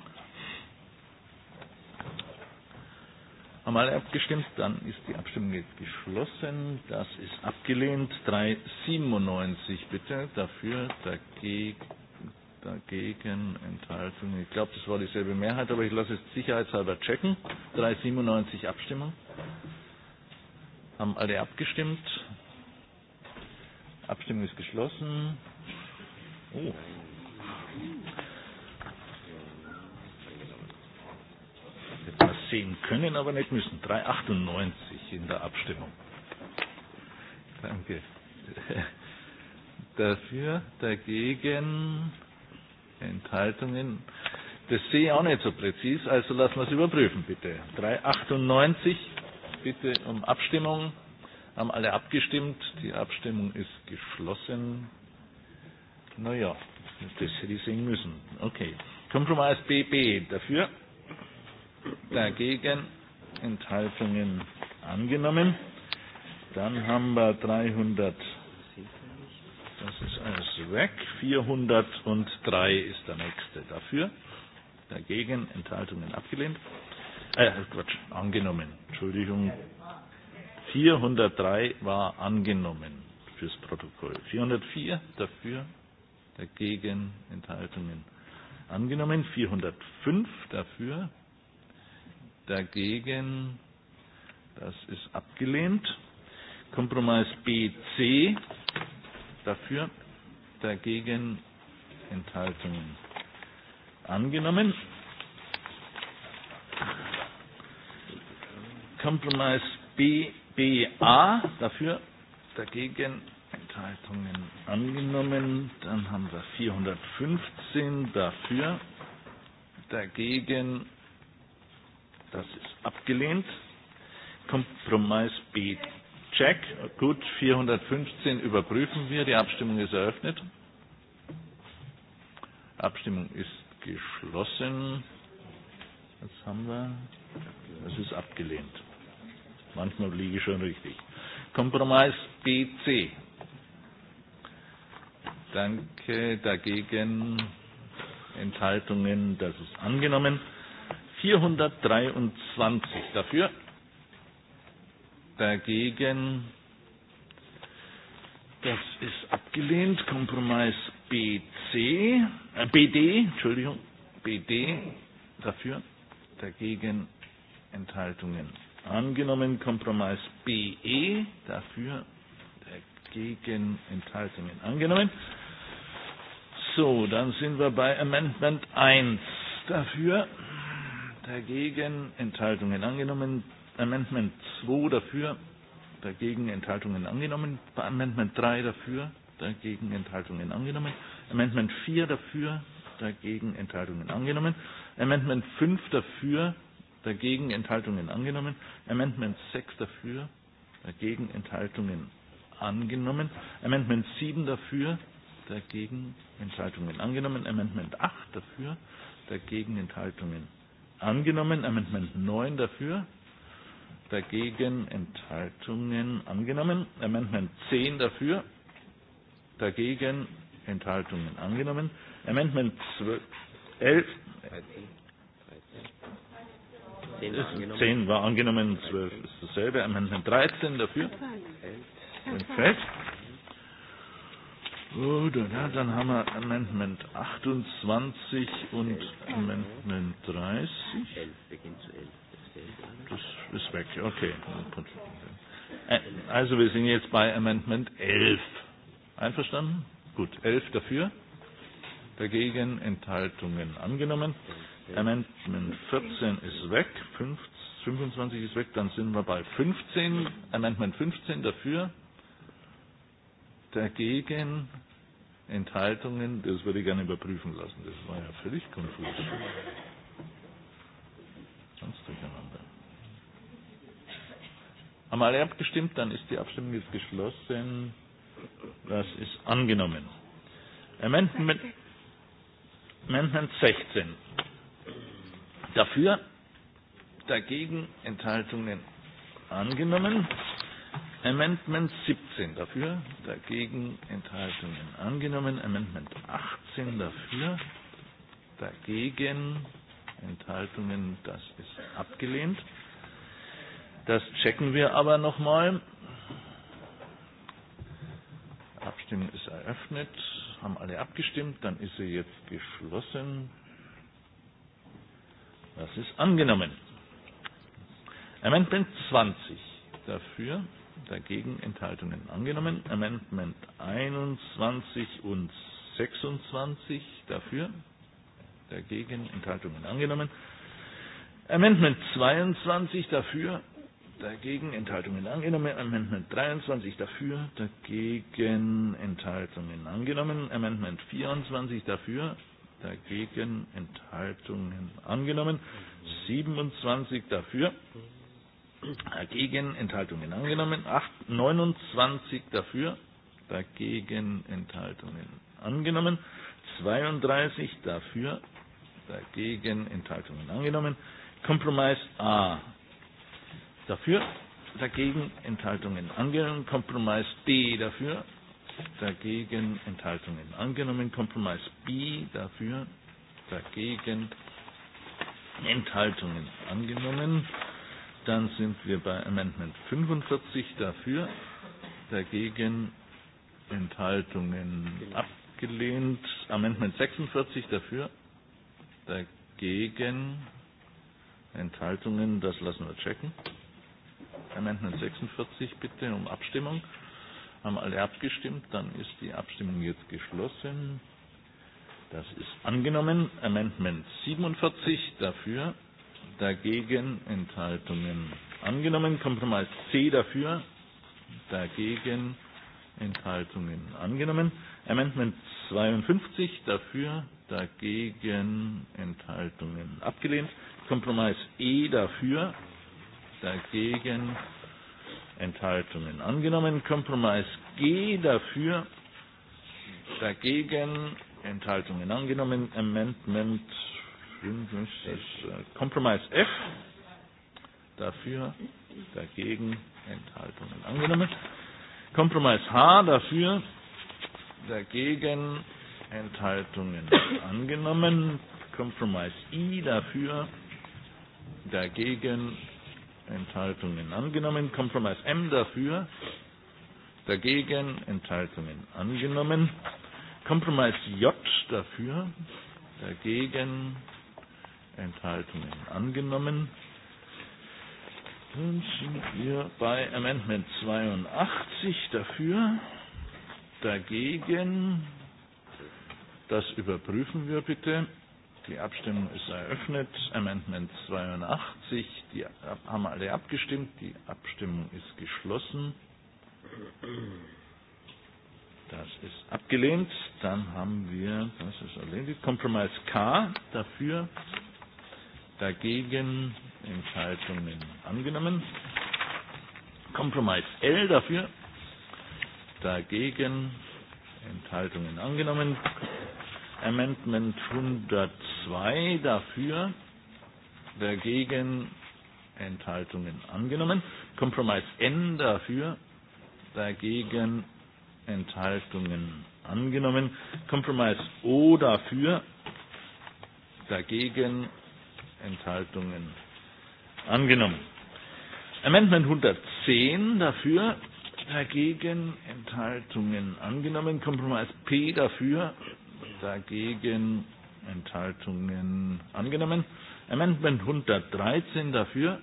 Haben alle abgestimmt? Dann ist die Abstimmung jetzt geschlossen. Das ist abgelehnt. 397 bitte. Dafür, dagegen, dagegen Enthaltung, Ich glaube, das war dieselbe Mehrheit, aber ich lasse es sicherheitshalber checken. 397 Abstimmung. Haben alle abgestimmt? Abstimmung ist geschlossen. Oh. sehen können, aber nicht müssen. 398 in der Abstimmung. Danke. Dafür, dagegen, Enthaltungen. Das sehe ich auch nicht so präzise, also lassen wir es überprüfen, bitte. 398, bitte um Abstimmung. Haben alle abgestimmt. Die Abstimmung ist geschlossen. Naja, das hätte ich sehen müssen. Okay. Kompromiss BB dafür dagegen Enthaltungen angenommen. Dann haben wir 300, das ist alles weg, 403 ist der nächste dafür, dagegen Enthaltungen abgelehnt. Äh, Quatsch, angenommen, Entschuldigung. 403 war angenommen fürs Protokoll. 404 dafür, dagegen Enthaltungen angenommen. 405 dafür, dagegen, das ist abgelehnt. Kompromiss BC, dafür, dagegen, Enthaltungen angenommen. Kompromiss BBA, dafür, dagegen, Enthaltungen angenommen. Dann haben wir 415 dafür, dagegen Das ist abgelehnt. Kompromiss B. Check. Gut, 415 überprüfen wir. Die Abstimmung ist eröffnet. Abstimmung ist geschlossen. Was haben wir? Es ist abgelehnt. Manchmal liege ich schon richtig. Kompromiss BC. Danke. Dagegen Enthaltungen. Das ist angenommen. 423 dafür, dagegen, das ist abgelehnt, Kompromiss BC, äh BD, Entschuldigung, BD dafür, dagegen Enthaltungen angenommen, Kompromiss BE dafür, dagegen Enthaltungen angenommen. So, dann sind wir bei Amendment 1 dafür, dagegen Enthaltungen angenommen. Amendment 2 dafür, dagegen Enthaltungen angenommen. Amendment 3 dafür, dagegen Enthaltungen angenommen. Amendment 4 dafür, dagegen Enthaltungen angenommen. Amendment 5 dafür, dagegen Enthaltungen angenommen. Amendment 6 dafür, dagegen Enthaltungen angenommen. Amendment 7 dafür, dagegen Enthaltungen angenommen. Amendment 8 dafür, dagegen Enthaltungen angenommen angenommen. Amendment 9 dafür. Dagegen Enthaltungen angenommen. Amendment 10 dafür. Dagegen Enthaltungen angenommen. Amendment 12, 11. 10, war angenommen, 12 ist dasselbe. Amendment 13 dafür. Entfällt. Gut, ja, dann haben wir Amendment 28 und Amendment 30. Das ist weg, okay. Also wir sind jetzt bei Amendment 11. Einverstanden? Gut, 11 dafür. Dagegen Enthaltungen angenommen. Amendment 14 ist weg, 25 ist weg, dann sind wir bei 15. Amendment 15 dafür, dagegen, Enthaltungen, das würde ich gerne überprüfen lassen. Das war ja völlig konfus. Ganz durcheinander. Haben alle abgestimmt, dann ist die Abstimmung jetzt geschlossen. Das ist angenommen. Amendment, Amendment 16. Dafür, dagegen, Enthaltungen angenommen. Amendment 17 dafür, dagegen Enthaltungen angenommen. Amendment 18 dafür, dagegen Enthaltungen, das ist abgelehnt. Das checken wir aber nochmal. Abstimmung ist eröffnet. Haben alle abgestimmt, dann ist sie jetzt geschlossen. Das ist angenommen. Amendment 20 dafür dagegen Enthaltungen angenommen. Amendment 21 und 26 dafür, dagegen Enthaltungen angenommen. Amendment 22 dafür, dagegen Enthaltungen angenommen. Amendment 23 dafür, dagegen Enthaltungen angenommen. Amendment 24 dafür, dagegen Enthaltungen angenommen. 27 dafür, Dagegen Enthaltungen angenommen. 8, 29 dafür. Dagegen Enthaltungen angenommen. 32 dafür. Dagegen Enthaltungen angenommen. Kompromiss A dafür. Dagegen Enthaltungen angenommen. Kompromiss B dafür. Dagegen Enthaltungen angenommen. Kompromiss B dafür. Dagegen Enthaltungen angenommen. Dann sind wir bei Amendment 45 dafür, dagegen Enthaltungen abgelehnt. Amendment 46 dafür, dagegen Enthaltungen, das lassen wir checken. Amendment 46 bitte um Abstimmung. Haben alle abgestimmt, dann ist die Abstimmung jetzt geschlossen. Das ist angenommen. Amendment 47 dafür, dagegen Enthaltungen angenommen. Kompromiss C dafür, dagegen Enthaltungen angenommen. Amendment 52 dafür, dagegen Enthaltungen abgelehnt. Kompromiss E dafür, dagegen Enthaltungen angenommen. Kompromiss G dafür, dagegen Enthaltungen angenommen. Amendment Grünen das äh, Kompromiss F. Dafür, dagegen, Enthaltungen angenommen. Kompromiss H dafür, dagegen, Enthaltungen angenommen. Kompromiss I dafür, dagegen, Enthaltungen angenommen. Kompromiss M dafür, dagegen, Enthaltungen angenommen. Kompromiss J dafür, dagegen, Enthaltungen angenommen. Dann sind wir bei Amendment 82 dafür, dagegen. Das überprüfen wir bitte. Die Abstimmung ist eröffnet. Amendment 82. Die haben alle abgestimmt. Die Abstimmung ist geschlossen. Das ist abgelehnt. Dann haben wir, das ist erledigt, Kompromiss K dafür, dagegen Enthaltungen angenommen. Kompromiss L dafür, dagegen Enthaltungen angenommen. Amendment 102 dafür, dagegen Enthaltungen angenommen. Kompromiss N dafür, dagegen Enthaltungen angenommen. Kompromiss O dafür, dagegen Enthaltungen angenommen. Amendment 110 dafür, dagegen Enthaltungen angenommen. Kompromiss P dafür, dagegen Enthaltungen angenommen. Amendment 113 dafür,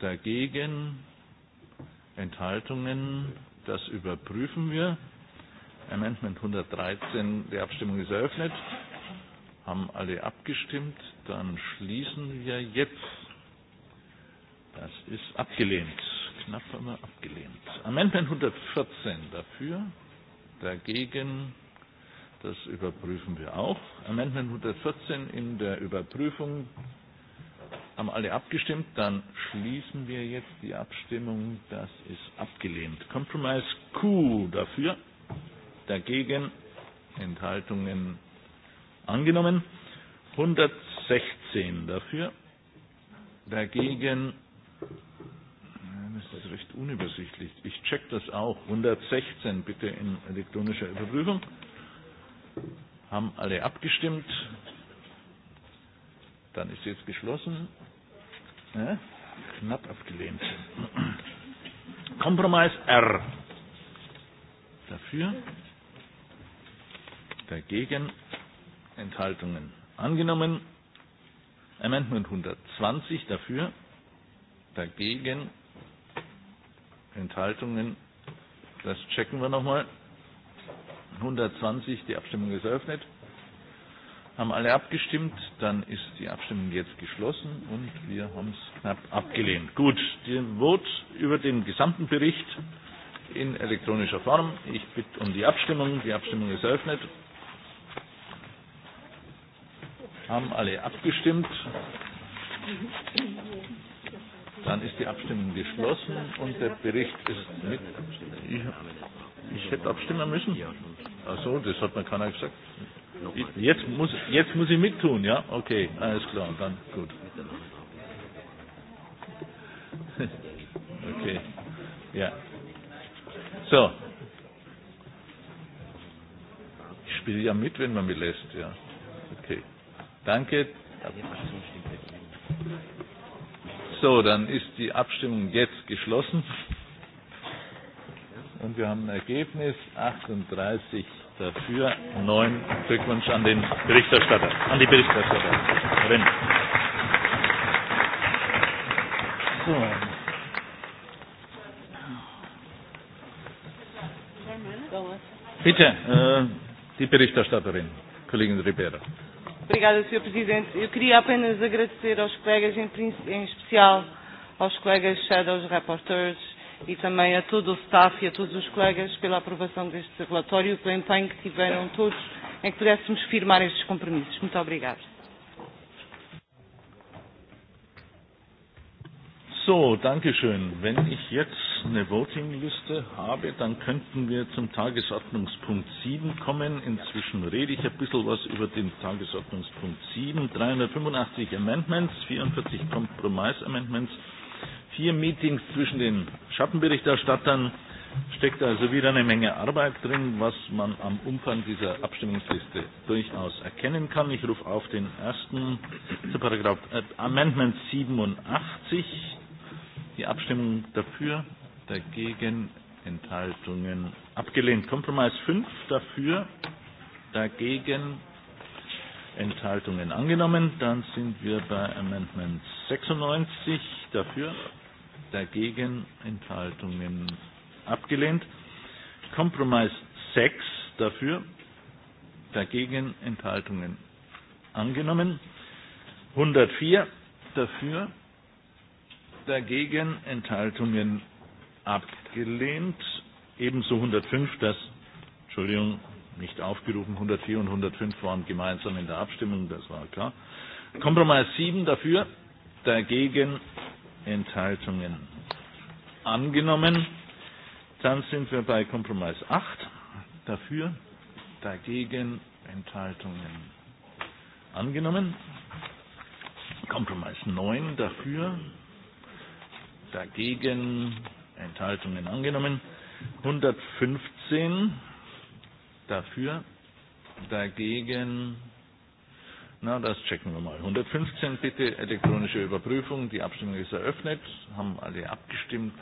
dagegen Enthaltungen, das überprüfen wir. Amendment 113, die Abstimmung ist eröffnet. Haben alle abgestimmt? Dann schließen wir jetzt. Das ist abgelehnt. Knapp aber abgelehnt. Amendment 114 dafür. Dagegen. Das überprüfen wir auch. Amendment 114 in der Überprüfung. Haben alle abgestimmt? Dann schließen wir jetzt die Abstimmung. Das ist abgelehnt. Compromise Q dafür. Dagegen. Enthaltungen Angenommen. 116 dafür. Dagegen. Äh, das ist recht unübersichtlich. Ich check das auch. 116 bitte in elektronischer Überprüfung. Haben alle abgestimmt. Dann ist jetzt geschlossen. Ja, äh, knapp abgelehnt. Kompromiss R. Dafür. Dagegen Enthaltungen angenommen. Amendment 120 dafür, dagegen, Enthaltungen, das checken wir nochmal. 120, die Abstimmung ist eröffnet. Haben alle abgestimmt, dann ist die Abstimmung jetzt geschlossen und wir haben es knapp abgelehnt. Gut, Die Vote über den gesamten Bericht in elektronischer Form. Ich bitte um die Abstimmung. Die Abstimmung ist eröffnet. Haben alle abgestimmt? Dann ist die Abstimmung geschlossen und der Bericht ist mit. Ich, ich hätte abstimmen müssen. Ach so, das hat mir keiner gesagt. Jetzt muss, jetzt muss ich mittun, ja? Okay, alles klar, dann gut. Okay, ja. So. Ich spiele ja mit, wenn man mich lässt, ja. Danke. So, dann ist die Abstimmung jetzt geschlossen. Und wir haben ein Ergebnis 38 dafür, 9 Glückwunsch an den Berichterstatter, an die Berichterstatterin. So. Ähm, bitte, äh, die Berichterstatterin, Kollegin Ribera. Obrigada, Sr. Presidente. Eu queria apenas agradecer aos colegas, em, em especial aos colegas Shadows Reporters e também a todo o staff e a todos os colegas pela aprovação deste relatório e pelo empenho que tiveram todos em que pudéssemos firmar estes compromissos. Muito obrigada. So, danke schön. Wenn ich jetzt eine Votingliste habe, dann könnten wir zum Tagesordnungspunkt 7 kommen. Inzwischen rede ich ein bisschen was über den Tagesordnungspunkt 7. 385 Amendments, 44 Compromise amendments vier Meetings zwischen den Schattenberichterstattern. Steckt also wieder eine Menge Arbeit drin, was man am Umfang dieser Abstimmungsliste durchaus erkennen kann. Ich rufe auf den ersten zu Paragraph äh, Amendment 87 Die Abstimmung dafür, dagegen, Enthaltungen abgelehnt. Kompromiss 5 dafür, dagegen, Enthaltungen angenommen. Dann sind wir bei Amendment 96 dafür, dagegen, Enthaltungen abgelehnt. Kompromiss 6 dafür, dagegen, Enthaltungen angenommen. 104 dafür, dagegen Enthaltungen abgelehnt. Ebenso 105, das, Entschuldigung, nicht aufgerufen, 104 und 105 waren gemeinsam in der Abstimmung, das war klar. Kompromiss 7 dafür, dagegen Enthaltungen angenommen. Dann sind wir bei Kompromiss 8 dafür, dagegen Enthaltungen angenommen. Kompromiss 9 dafür, dagegen, Enthaltungen angenommen. 115 dafür, dagegen, na, das checken wir mal. 115 bitte elektronische Überprüfung. Die Abstimmung ist eröffnet. Haben alle abgestimmt.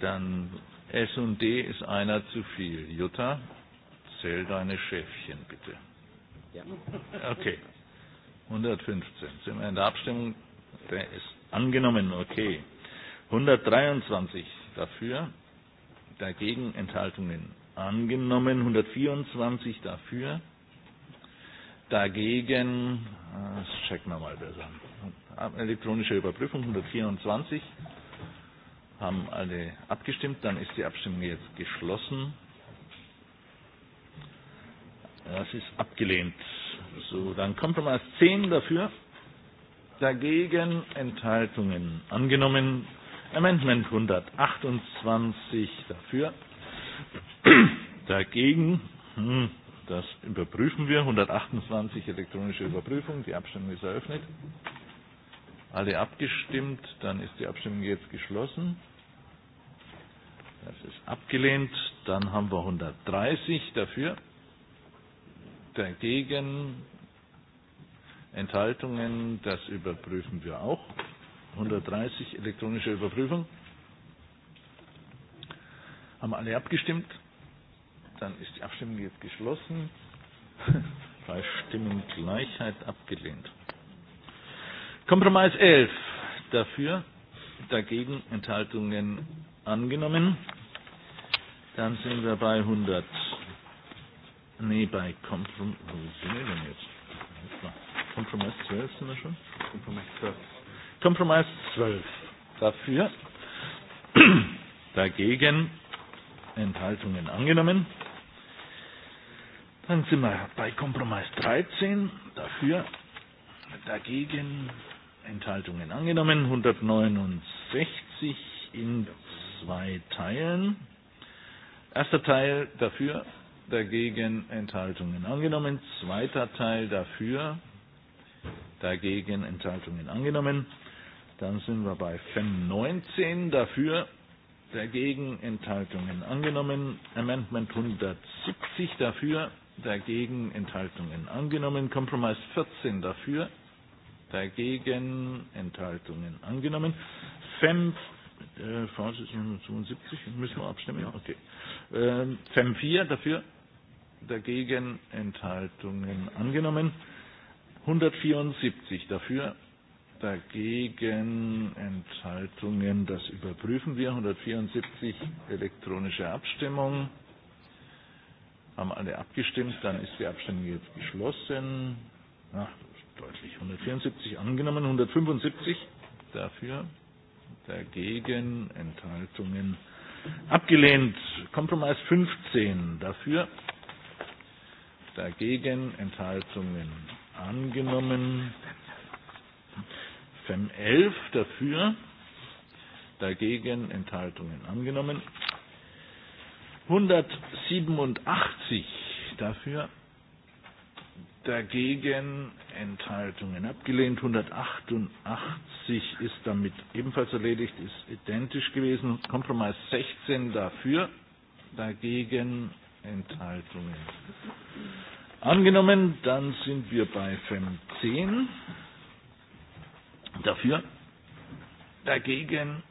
Dann S und D ist einer zu viel. Jutta, zähl deine Schäfchen bitte. Ja. Okay. 115. Sind wir in der Abstimmung? Der ist Angenommen, okay. 123 dafür, dagegen Enthaltungen angenommen, 124 dafür, dagegen, ah, das checken wir mal besser. Ah, elektronische Überprüfung 124 haben alle abgestimmt, dann ist die Abstimmung jetzt geschlossen. Das ist abgelehnt. So, dann Kompromiss 10 dafür, dagegen Enthaltungen angenommen. Amendment 128 dafür, dagegen, hm, das überprüfen wir, 128 elektronische Überprüfung, die Abstimmung ist eröffnet. Alle abgestimmt, dann ist die Abstimmung jetzt geschlossen. Das ist abgelehnt. Dann haben wir 130 dafür, dagegen Enthaltungen, das überprüfen wir auch. 130 elektronische Überprüfung. Haben alle abgestimmt? Dann ist die Abstimmung jetzt geschlossen. Bei Stimmengleichheit abgelehnt. Kompromiss 11. Dafür, dagegen Enthaltungen angenommen. Dann sind wir bei 100. Nee, bei Kompromiss. Wo sind wir denn jetzt? Kompromiss 12 sind wir schon? Kompromiss 12. Kompromiss 12. Dafür. Dagegen. Enthaltungen angenommen. Dann sind wir bei Kompromiss 13. Dafür. Dagegen. Enthaltungen angenommen. 169 in zwei Teilen. Erster Teil dafür, dagegen Enthaltungen angenommen. Zweiter Teil dafür, dagegen Enthaltungen angenommen. Dann sind wir bei FEM 19 dafür, dagegen Enthaltungen angenommen. Amendment 170 dafür, dagegen Enthaltungen angenommen. Kompromiss 14 dafür, dagegen Enthaltungen angenommen. FEM äh, 72 müssen wir abstimmen. Okay. Ähm, FEM 4 dafür, dagegen Enthaltungen angenommen. 174 dafür, dagegen Enthaltungen, das überprüfen wir. 174 elektronische Abstimmung. Haben alle abgestimmt, dann ist die Abstimmung jetzt geschlossen. Ach, deutlich. 174 angenommen, 175 dafür, dagegen Enthaltungen abgelehnt. Kompromiss 15 dafür, dagegen Enthaltungen angenommen. FEM 11 dafür, dagegen Enthaltungen angenommen. 187 dafür, dagegen Enthaltungen abgelehnt. 188 ist damit ebenfalls erledigt, ist identisch gewesen. Kompromiss 16 dafür, dagegen Enthaltungen Angenommen, dann sind wir bei FEM 10. Dafür, dagegen,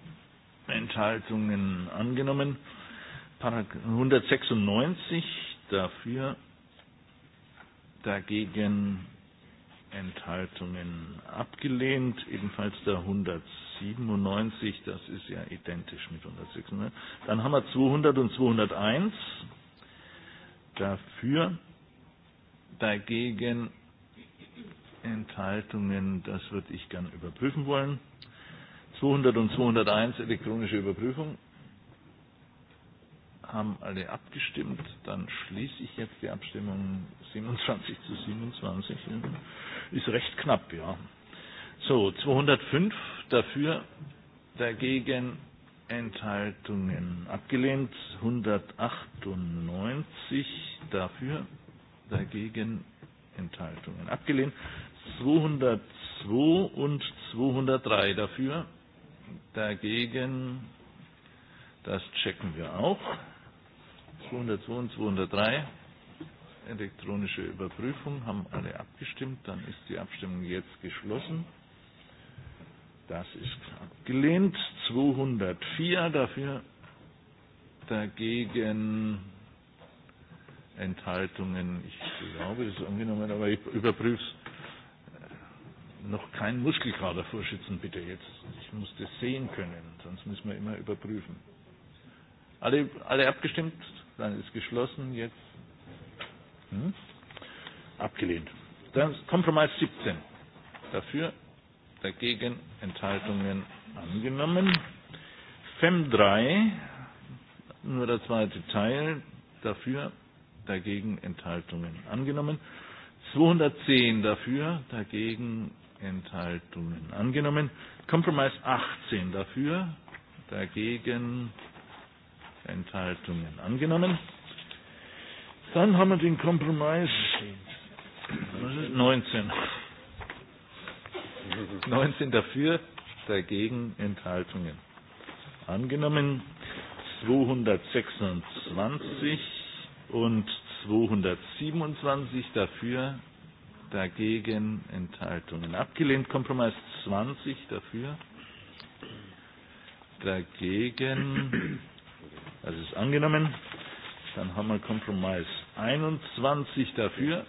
Enthaltungen angenommen. 196 dafür, dagegen Enthaltungen abgelehnt. Ebenfalls der 197, das ist ja identisch mit 196. Dann haben wir 200 und 201 dafür, dagegen Enthaltungen, das würde ich gern überprüfen wollen. 200 und 201 elektronische Überprüfung haben alle abgestimmt. Dann schließe ich jetzt die Abstimmung 27 zu 27. Ist recht knapp, ja. So, 205 dafür, dagegen Enthaltungen abgelehnt. 198 dafür, dagegen Enthaltungen. Abgelehnt 202 und 203 dafür, dagegen, das checken wir auch. 202 und 203, elektronische Überprüfung, haben alle abgestimmt, dann ist die Abstimmung jetzt geschlossen. Das ist abgelehnt. 204 dafür, dagegen Enthaltungen. Ich glaube, das ist angenommen, aber ich überprüfe es. Äh, noch kein vorschützen, bitte jetzt. Ich muss das sehen können, sonst müssen wir immer überprüfen. Alle, alle abgestimmt? Dann ist geschlossen jetzt. Hm? Abgelehnt. Dann Kompromiss 17. Dafür, dagegen, Enthaltungen angenommen. FEM 3, nur der zweite Teil, dafür, dagegen Enthaltungen angenommen. 210 dafür, dagegen Enthaltungen angenommen. Kompromiss 18 dafür, dagegen Enthaltungen angenommen. Dann haben wir den Kompromiss 19. 19 dafür, dagegen Enthaltungen angenommen. 226 und 227 dafür, dagegen Enthaltungen. Abgelehnt Kompromiss 20 dafür, dagegen, das ist angenommen. Dann haben wir Kompromiss 21 dafür,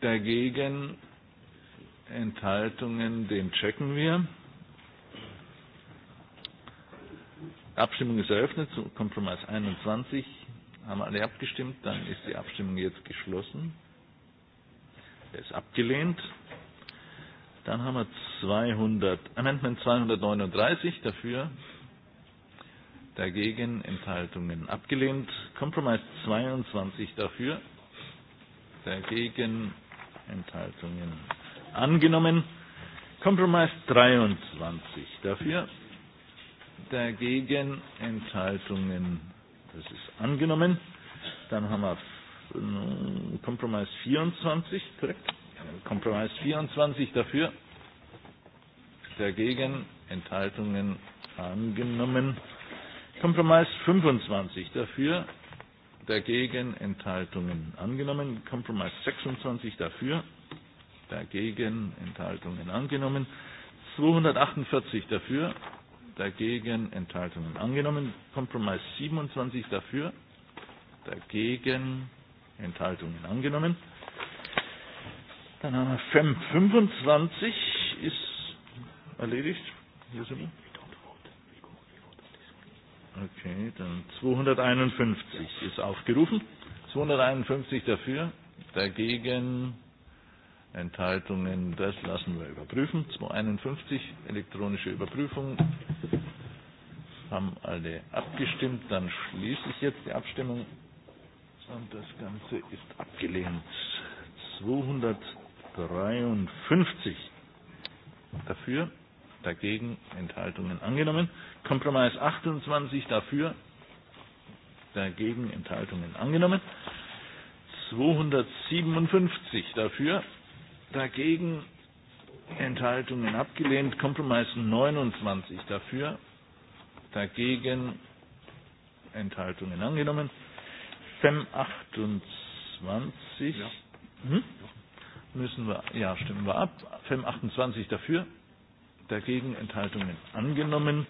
dagegen Enthaltungen, den checken wir. Abstimmung ist eröffnet zu Kompromiss 21. Haben alle abgestimmt? Dann ist die Abstimmung jetzt geschlossen. Er ist abgelehnt. Dann haben wir 200, Amendment 239 dafür, dagegen Enthaltungen abgelehnt. Compromise 22 dafür, dagegen Enthaltungen angenommen. Compromise 23 dafür, dagegen Enthaltungen angenommen. Das ist angenommen. Dann haben wir äh, Kompromiss 24, korrekt? Kompromiss 24 dafür, dagegen, Enthaltungen angenommen. Kompromiss 25 dafür, dagegen, Enthaltungen angenommen. Kompromiss 26 dafür, dagegen, Enthaltungen angenommen. 248 dafür, dagegen Enthaltungen angenommen. Kompromiss 27 dafür, dagegen Enthaltungen angenommen. Dann haben wir FEM 25 ist erledigt. Hier sind wir. Okay, dann 251 ist aufgerufen. 251 dafür, dagegen Enthaltungen. Das lassen wir überprüfen. 251 elektronische Überprüfung. Haben alle abgestimmt. Dann schließe ich jetzt die Abstimmung. Und das Ganze ist abgelehnt. 253 dafür, dagegen Enthaltungen angenommen. Kompromiss 28 dafür, dagegen Enthaltungen angenommen. 257 dafür, dagegen Enthaltungen abgelehnt. Kompromiss 29 dafür, dagegen Enthaltungen angenommen. FEM 28 ja. hm? müssen wir, ja, stimmen wir ab. FEM 28 dafür, dagegen Enthaltungen angenommen.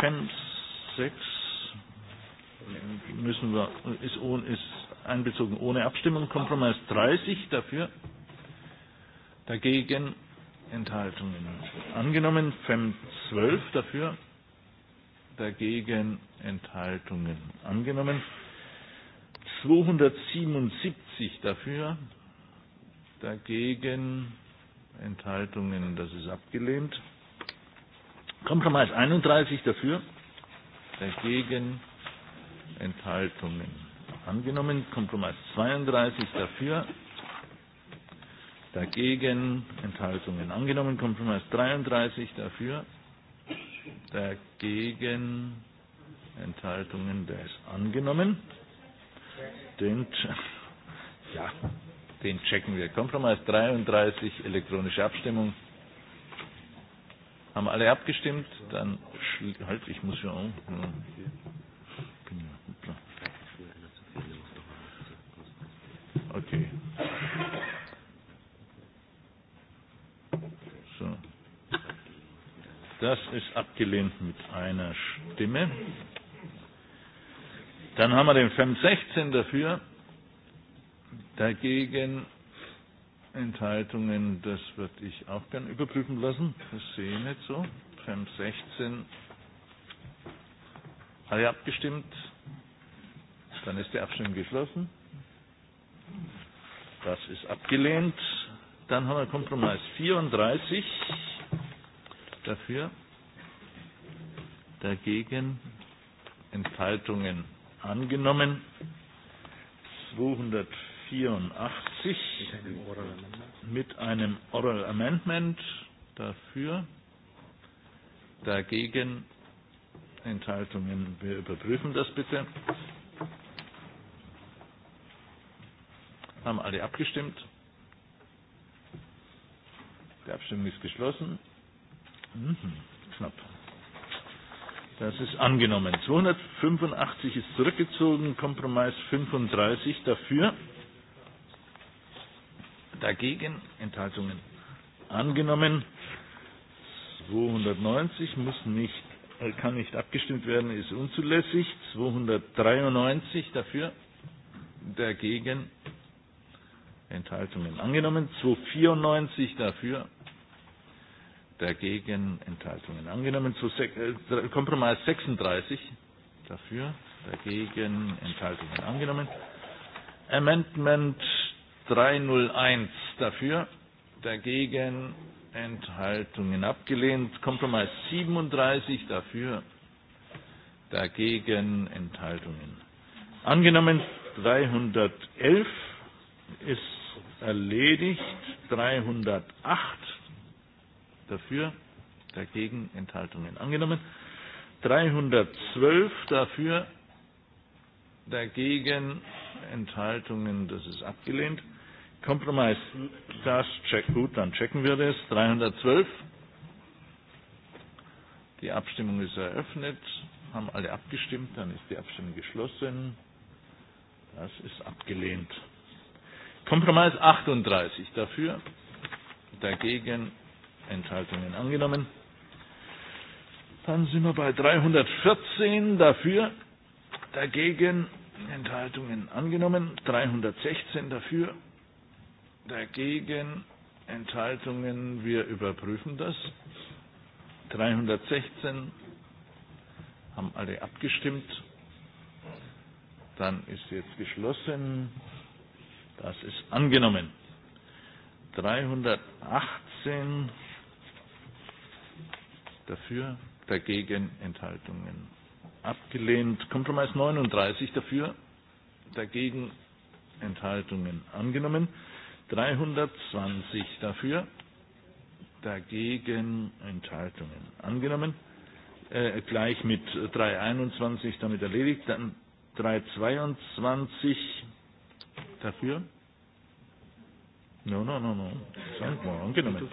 FEM 6 müssen wir, ist, ohne, ist einbezogen ohne Abstimmung. Kompromiss 30 dafür, dagegen Enthaltungen. Angenommen, FEM 12 dafür, dagegen Enthaltungen. Angenommen, 277 dafür, dagegen Enthaltungen, das ist abgelehnt. Kompromiss 31 dafür, dagegen Enthaltungen. Angenommen, Kompromiss 32 dafür, dagegen, Enthaltungen angenommen, Kompromiss 33 dafür, dagegen, Enthaltungen, der ist angenommen. Den, ja, den checken wir. Kompromiss 33, elektronische Abstimmung. Haben alle abgestimmt? Dann, halt, ich muss schon. Ja. Hm. Das ist abgelehnt mit einer Stimme. Dann haben wir den 516 dafür. Dagegen Enthaltungen, das würde ich auch gern überprüfen lassen. Das sehe ich nicht so. 516. Alle abgestimmt? Dann ist die Abstimmung geschlossen. Das ist abgelehnt. Dann haben wir Kompromiss 34 dafür, dagegen Enthaltungen angenommen. 284 mit einem Oral Amendment dafür, dagegen Enthaltungen. Wir überprüfen das bitte. Haben alle abgestimmt? Die Abstimmung ist geschlossen. Mhm, knapp. Das ist angenommen. 285 ist zurückgezogen, Kompromiss 35 dafür. Dagegen Enthaltungen angenommen. 290 muss nicht, äh, kann nicht abgestimmt werden, ist unzulässig. 293 dafür, dagegen Enthaltungen angenommen. 294 dafür, dagegen Enthaltungen angenommen. Zu äh, Kompromiss 36 dafür, dagegen Enthaltungen angenommen. Amendment 301 dafür, dagegen Enthaltungen abgelehnt. Kompromiss 37 dafür, dagegen Enthaltungen angenommen. 311 ist erledigt. 308 dafür, dagegen Enthaltungen angenommen. 312 dafür, dagegen Enthaltungen, das ist abgelehnt. Kompromiss, das checkt gut, dann checken wir das. 312. Die Abstimmung ist eröffnet. Haben alle abgestimmt, dann ist die Abstimmung geschlossen. Das ist abgelehnt. Kompromiss 38 dafür, dagegen Enthaltungen angenommen. Dann sind wir bei 314 dafür, dagegen Enthaltungen angenommen, 316 dafür, dagegen Enthaltungen, wir überprüfen das. 316 haben alle abgestimmt. Dann ist jetzt geschlossen. Das ist angenommen. 318 dafür, dagegen Enthaltungen abgelehnt. Kompromiss 39 dafür, dagegen Enthaltungen angenommen. 320 dafür, dagegen Enthaltungen angenommen. Äh, gleich mit 321 damit erledigt. Dann 322 dafür. No, no, no, no. Angenommen.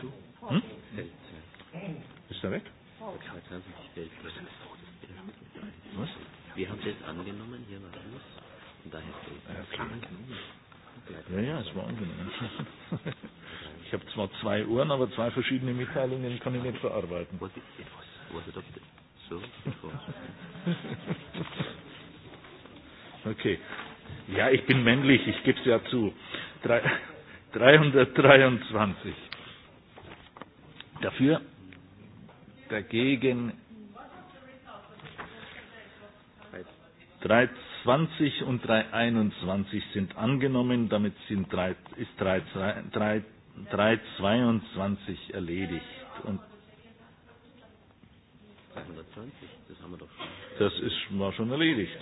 Hm? Ist er weg? Was? Wir haben es jetzt angenommen, hier war Fuß. Und daher ja, ja, es war angenommen. Ich habe zwar zwei Uhren, aber zwei verschiedene Mitteilungen kann ich nicht verarbeiten. Was ist was? So? Okay. Ja, ich bin männlich, ich gebe es ja zu. 323. Dafür dagegen 320 und 321 sind angenommen, damit sind 3, ist 322 erledigt. Und Das ist, war schon erledigt.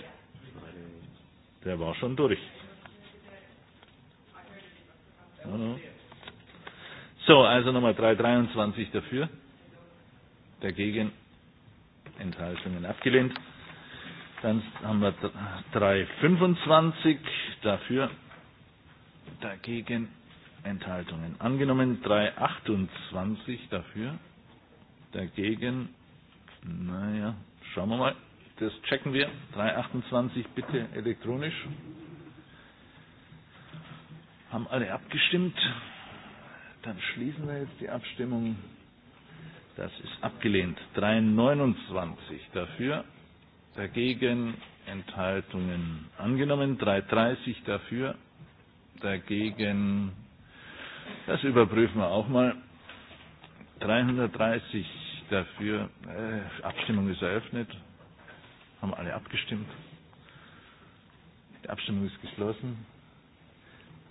Der war schon durch. So, also nochmal 323 dafür dagegen, Enthaltungen abgelehnt. Dann haben wir 325 dafür, dagegen, Enthaltungen angenommen. 328 dafür, dagegen, naja, schauen wir mal. Das checken wir. 328 bitte elektronisch. Haben alle abgestimmt. Dann schließen wir jetzt die Abstimmung. Das ist abgelehnt. 329 dafür, dagegen Enthaltungen angenommen. 330 dafür, dagegen. Das überprüfen wir auch mal. 330 dafür. Äh, Abstimmung ist eröffnet. Haben alle abgestimmt. Die Abstimmung ist geschlossen.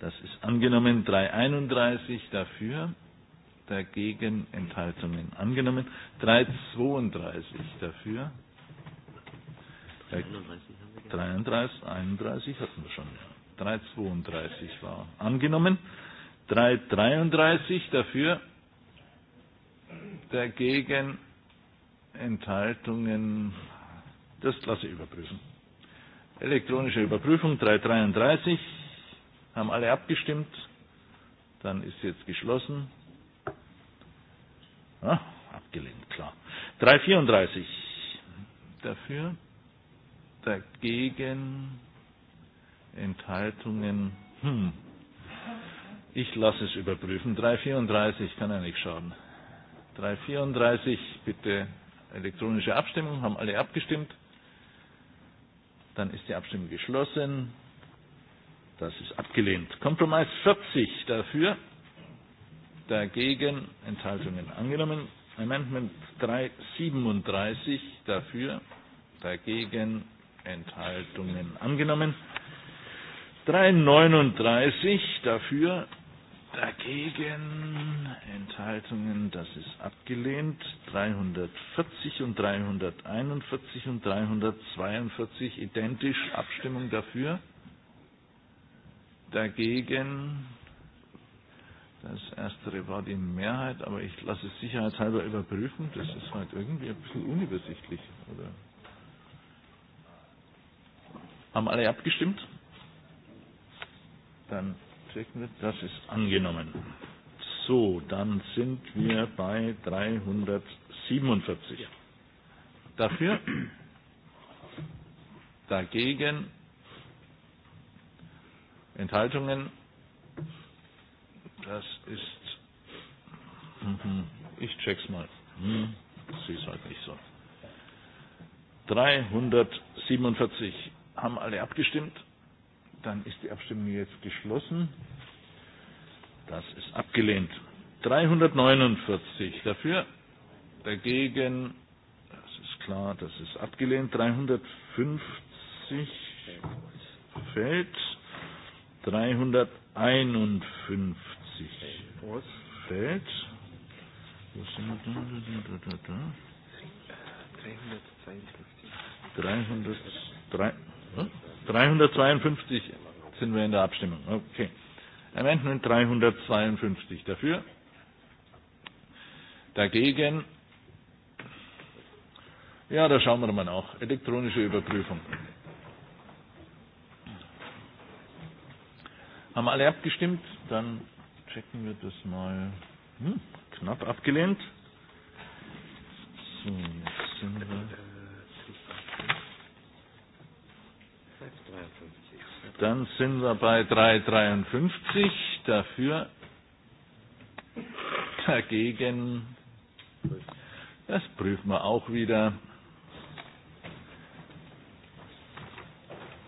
Das ist angenommen. 331 dafür dagegen, Enthaltungen angenommen. 332 dafür. 33, 31 hatten wir schon. 332 war angenommen. 333 dafür, dagegen, Enthaltungen. Das lasse ich überprüfen. Elektronische Überprüfung 333. Haben alle abgestimmt. Dann ist jetzt geschlossen. Ja, ah, abgelehnt, klar. 334 dafür, dagegen, Enthaltungen, hm. Ich lasse es überprüfen. 334 kann ja nicht schaden. 334, bitte elektronische Abstimmung. Haben alle abgestimmt? Dann ist die Abstimmung geschlossen. Das ist abgelehnt. Kompromiss 40 dafür, dagegen, Enthaltungen angenommen. Amendment 337 dafür, dagegen, Enthaltungen angenommen. 339 dafür, dagegen, Enthaltungen, das ist abgelehnt. 340 und 341 und 342 identisch, Abstimmung dafür, dagegen, Das erstere war die Mehrheit, aber ich lasse es sicherheitshalber überprüfen. Das ist halt irgendwie ein bisschen unübersichtlich. Oder? Haben alle abgestimmt? Dann checken wir, das ist angenommen. So, dann sind wir bei 347. Dafür? Dagegen? Enthaltungen? Das ist. Mhm. Ich check's mal. Hm. Sie ist halt nicht so. 347 haben alle abgestimmt. Dann ist die Abstimmung jetzt geschlossen. Das ist abgelehnt. 349 dafür, dagegen, das ist klar, das ist abgelehnt. 350 fällt. 351 352 sind wir in der Abstimmung. Okay. Amendment 352 dafür. Dagegen. Ja, da schauen wir mal nach. Elektronische Überprüfung. Haben alle abgestimmt? Dann checken wir das mal. Hm, knapp abgelehnt. So, jetzt sind wir. 53. Dann sind wir bei 353. Dafür, dagegen, das prüfen wir auch wieder.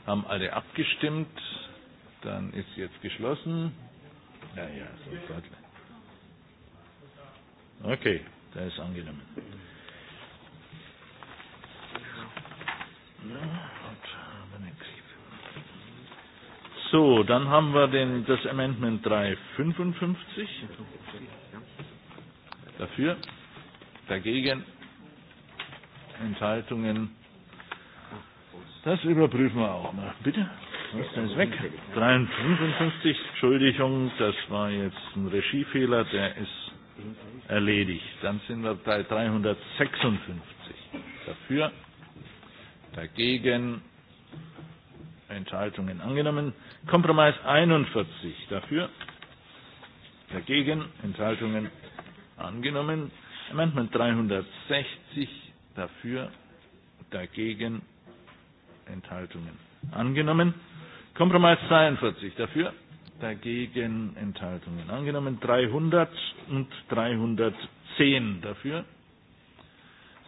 Haben alle abgestimmt. Dann ist jetzt geschlossen. Ja, ja, sofort. Okay, der ist angenommen. So, dann haben wir den, das Amendment 355. Dafür, dagegen, Enthaltungen. Das überprüfen wir auch mal. Bitte? Was ist weg? 53, Entschuldigung, das war jetzt ein Regiefehler, der ist erledigt. Dann sind wir bei 356. Dafür, dagegen, Enthaltungen angenommen. Kompromiss 41 dafür, dagegen, Enthaltungen angenommen. Amendment 360 dafür, dagegen, Enthaltungen angenommen. Kompromiss 42 dafür, dagegen Enthaltungen angenommen. 300 und 310 dafür,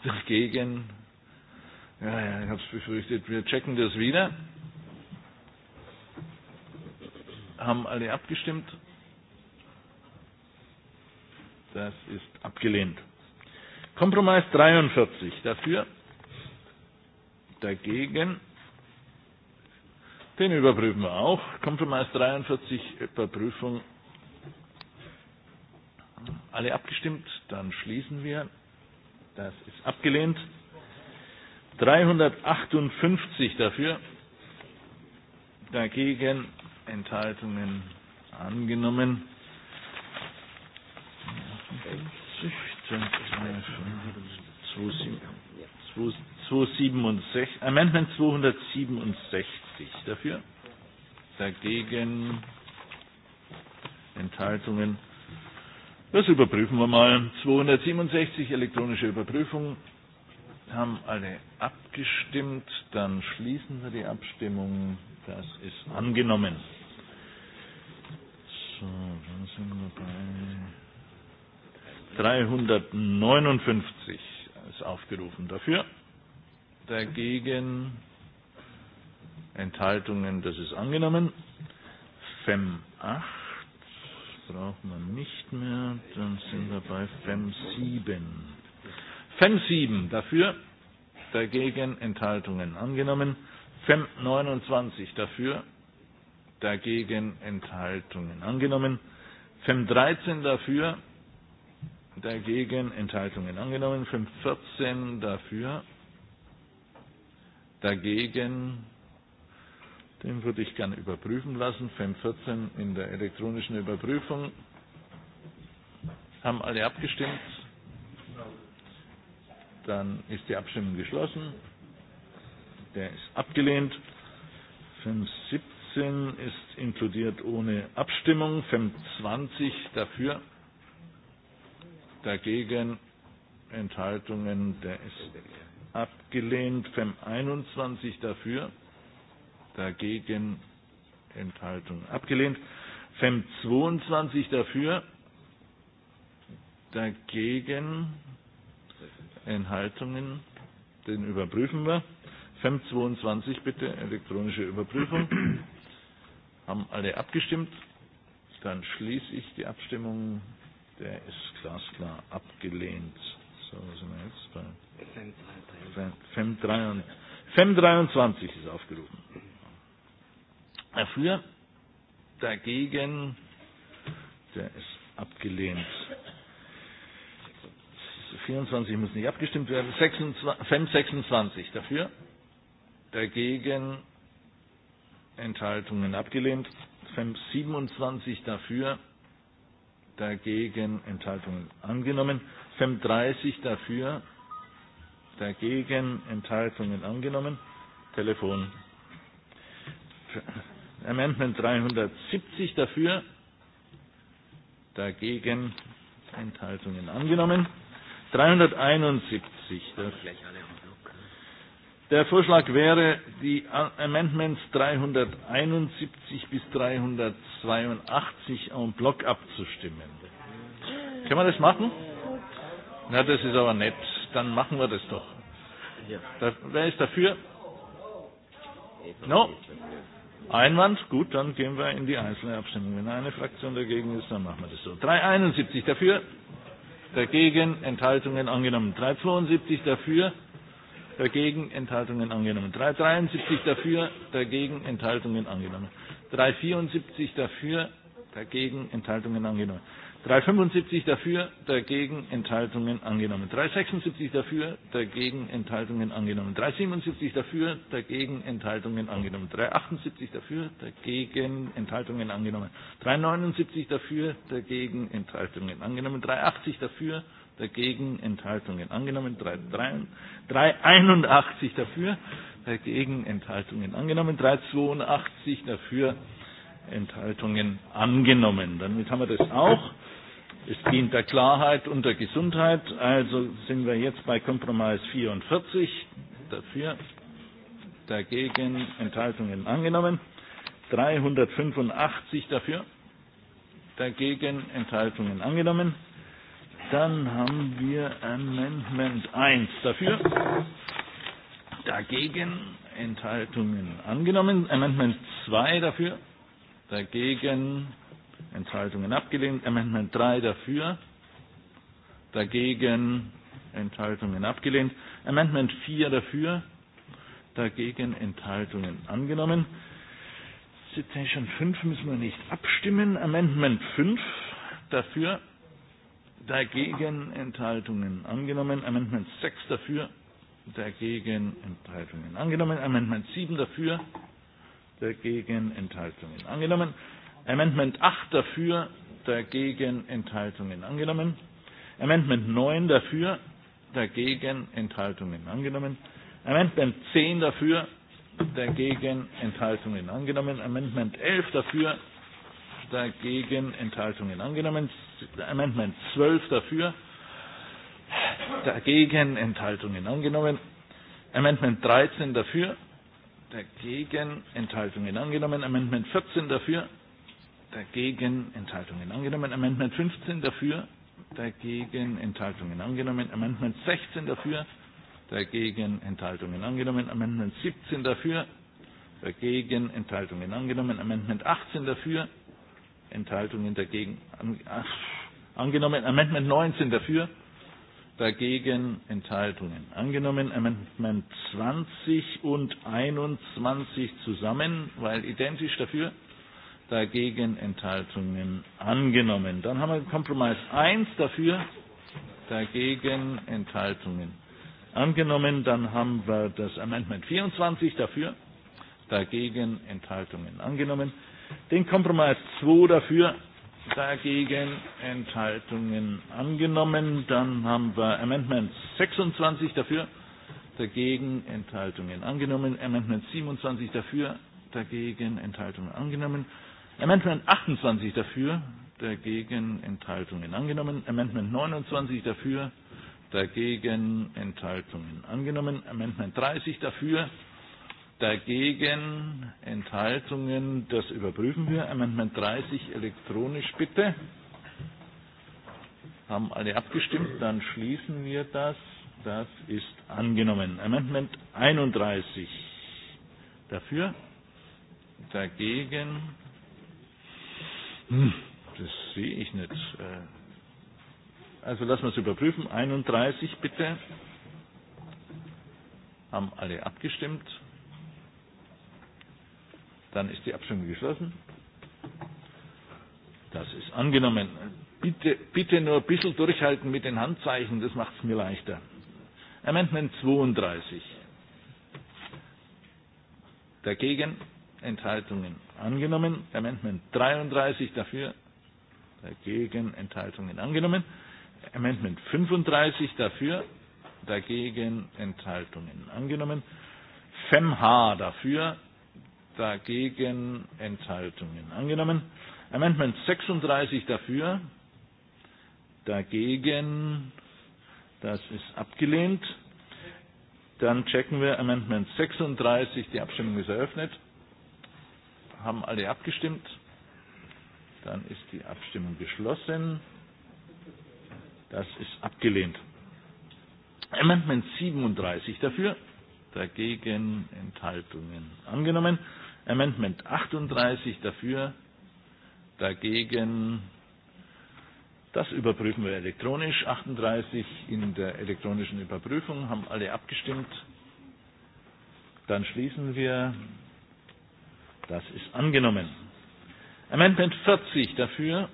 dagegen, ja, ja, ich habe es befürchtet, wir checken das wieder. Haben alle abgestimmt? Das ist abgelehnt. Kompromiss 43 dafür, dagegen Den überprüfen wir auch. Kommt meist 43 Überprüfung. Alle abgestimmt, dann schließen wir. Das ist abgelehnt. 358 dafür. Dagegen Enthaltungen angenommen. 2, 7, 2, 267, Amendment 267 dafür, dagegen Enthaltungen. Das überprüfen wir mal. 267 elektronische Überprüfung. Haben alle abgestimmt. Dann schließen wir die Abstimmung. Das ist angenommen. So, dann sind wir bei 359 ist aufgerufen dafür dagegen Enthaltungen, das ist angenommen. FEM 8 braucht man nicht mehr, dann sind wir bei FEM 7. FEM 7 dafür, dagegen Enthaltungen angenommen. FEM 29 dafür, dagegen Enthaltungen angenommen. FEM 13 dafür, dagegen Enthaltungen angenommen. FEM 14 dafür, dagegen, den würde ich gerne überprüfen lassen, FEM 14 in der elektronischen Überprüfung. Haben alle abgestimmt? Dann ist die Abstimmung geschlossen. Der ist abgelehnt. FEM 17 ist inkludiert ohne Abstimmung. FEM 20 dafür. Dagegen Enthaltungen. Der ist abgelehnt. FEM 21 dafür, dagegen Enthaltung abgelehnt. FEM 22 dafür, dagegen Enthaltungen, den überprüfen wir. FEM 22 bitte, elektronische Überprüfung. Haben alle abgestimmt? Dann schließe ich die Abstimmung. Der ist glasklar abgelehnt. So sind wir jetzt bei 523 ist aufgerufen. Dafür, äh, dagegen, der ist abgelehnt. 24 muss nicht abgestimmt werden. 26, 526 dafür, dagegen, Enthaltungen abgelehnt. 527 dafür, dagegen, Enthaltungen angenommen. 530 dafür, dagegen, Enthaltungen angenommen. Telefon. Amendment 370 dafür, dagegen, Enthaltungen angenommen. 371 dafür. Der Vorschlag wäre, die Amendments 371 bis 382 en bloc abzustimmen. Können wir das machen? Na, das ist aber nett dann machen wir das doch. Da, wer ist dafür? No? Einwand? Gut, dann gehen wir in die einzelne Abstimmung. Wenn eine Fraktion dagegen ist, dann machen wir das so. 371 dafür, dagegen, Enthaltungen angenommen. 372 dafür, dagegen, Enthaltungen angenommen. 373 dafür, dagegen, Enthaltungen angenommen. 374 dafür, dagegen, Enthaltungen angenommen. 375 dafür, dagegen Enthaltungen angenommen. 376 dafür, dagegen Enthaltungen angenommen. 377 dafür, dagegen Enthaltungen angenommen. 378 dafür, dagegen Enthaltungen angenommen. 379 dafür, dagegen Enthaltungen angenommen. 380 dafür, dagegen Enthaltungen angenommen. 381 dafür, dagegen Enthaltungen angenommen. 382 dafür, Enthaltungen angenommen. Damit haben wir das auch. Es dient der Klarheit und der Gesundheit. Also sind wir jetzt bei Kompromiss 44. Dafür, dagegen, Enthaltungen angenommen. 385 dafür, dagegen, Enthaltungen angenommen. Dann haben wir Amendment 1 dafür, dagegen, Enthaltungen angenommen. Amendment 2 dafür, dagegen, Enthaltungen abgelehnt. Amendment 3 dafür, dagegen Enthaltungen abgelehnt. Amendment 4 dafür, dagegen Enthaltungen angenommen. Citation 5 müssen wir nicht abstimmen. Amendment 5 dafür, dagegen Enthaltungen angenommen. Amendment 6 dafür, dagegen Enthaltungen angenommen. Amendment 7 dafür, dagegen Enthaltungen angenommen. Amendment 8 dafür, dagegen Enthaltungen angenommen. Amendment 9 dafür, dagegen Enthaltungen angenommen. Amendment 10 dafür, dagegen Enthaltungen angenommen. Amendment 11 dafür, dagegen Enthaltungen angenommen. Amendment 12 dafür, dagegen Enthaltungen angenommen. Amendment 13 dafür, dagegen Enthaltungen angenommen. Amendment 14 dafür, dagegen Enthaltungen angenommen. Amendment 15 dafür, dagegen Enthaltungen angenommen. Amendment 16 dafür, dagegen Enthaltungen angenommen. Amendment 17 dafür, dagegen Enthaltungen angenommen. Amendment 18 dafür, Enthaltungen dagegen an, ach, angenommen. Amendment 19 dafür, dagegen Enthaltungen angenommen. Amendment 20 und 21 zusammen, weil identisch dafür dagegen Enthaltungen angenommen. Dann haben wir den Kompromiss 1 dafür, dagegen Enthaltungen angenommen. Dann haben wir das Amendment 24 dafür, dagegen Enthaltungen angenommen. Den Kompromiss 2 dafür, dagegen Enthaltungen angenommen. Dann haben wir Amendment 26 dafür, dagegen Enthaltungen angenommen. Amendment 27 dafür, dagegen Enthaltungen angenommen. Amendment 28 dafür, dagegen Enthaltungen angenommen. Amendment 29 dafür, dagegen Enthaltungen angenommen. Amendment 30 dafür, dagegen Enthaltungen. Das überprüfen wir. Amendment 30 elektronisch bitte. Haben alle abgestimmt, dann schließen wir das. Das ist angenommen. Amendment 31 dafür, dagegen Hm, das sehe ich nicht. Äh. Also lassen wir es überprüfen. 31 bitte. Haben alle abgestimmt. Dann ist die Abstimmung geschlossen. Das ist angenommen. Bitte, bitte nur ein bisschen durchhalten mit den Handzeichen, das macht es mir leichter. Amendment 32. Dagegen Enthaltungen angenommen. Amendment 33 dafür, dagegen Enthaltungen angenommen. Amendment 35 dafür, dagegen Enthaltungen angenommen. FemH dafür, dagegen Enthaltungen angenommen. Amendment 36 dafür, dagegen, das ist abgelehnt. Dann checken wir Amendment 36, die Abstimmung ist eröffnet. Haben alle abgestimmt? Dann ist die Abstimmung geschlossen. Das ist abgelehnt. Amendment 37 dafür, dagegen Enthaltungen angenommen. Amendment 38 dafür, dagegen. Das überprüfen wir elektronisch. 38 in der elektronischen Überprüfung haben alle abgestimmt. Dann schließen wir. Das ist angenommen. Amendment 40 dafür,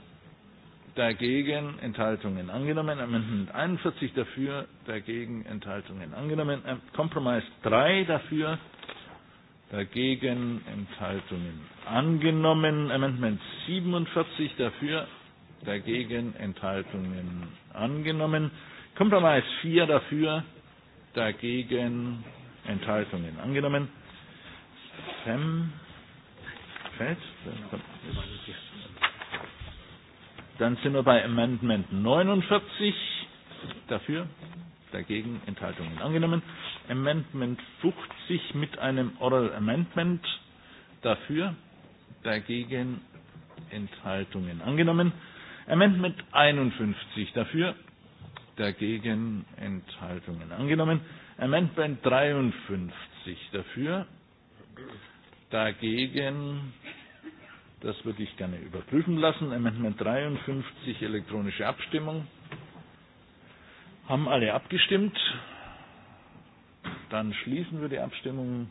dagegen Enthaltungen angenommen. Amendment 41 dafür, dagegen Enthaltungen angenommen. Kompromiss 3 dafür, dagegen Enthaltungen angenommen. Amendment 47 dafür, dagegen Enthaltungen angenommen. Kompromiss 4 dafür, dagegen Enthaltungen angenommen. Fem fällt. Dann sind wir bei Amendment 49. Dafür, dagegen, Enthaltungen angenommen. Amendment 50 mit einem Oral Amendment. Dafür, dagegen, Enthaltungen angenommen. Amendment 51 dafür, dagegen, Enthaltungen angenommen. Amendment 53 dafür, dagegen, das würde ich gerne überprüfen lassen, Amendment 53, elektronische Abstimmung. Haben alle abgestimmt? Dann schließen wir die Abstimmung.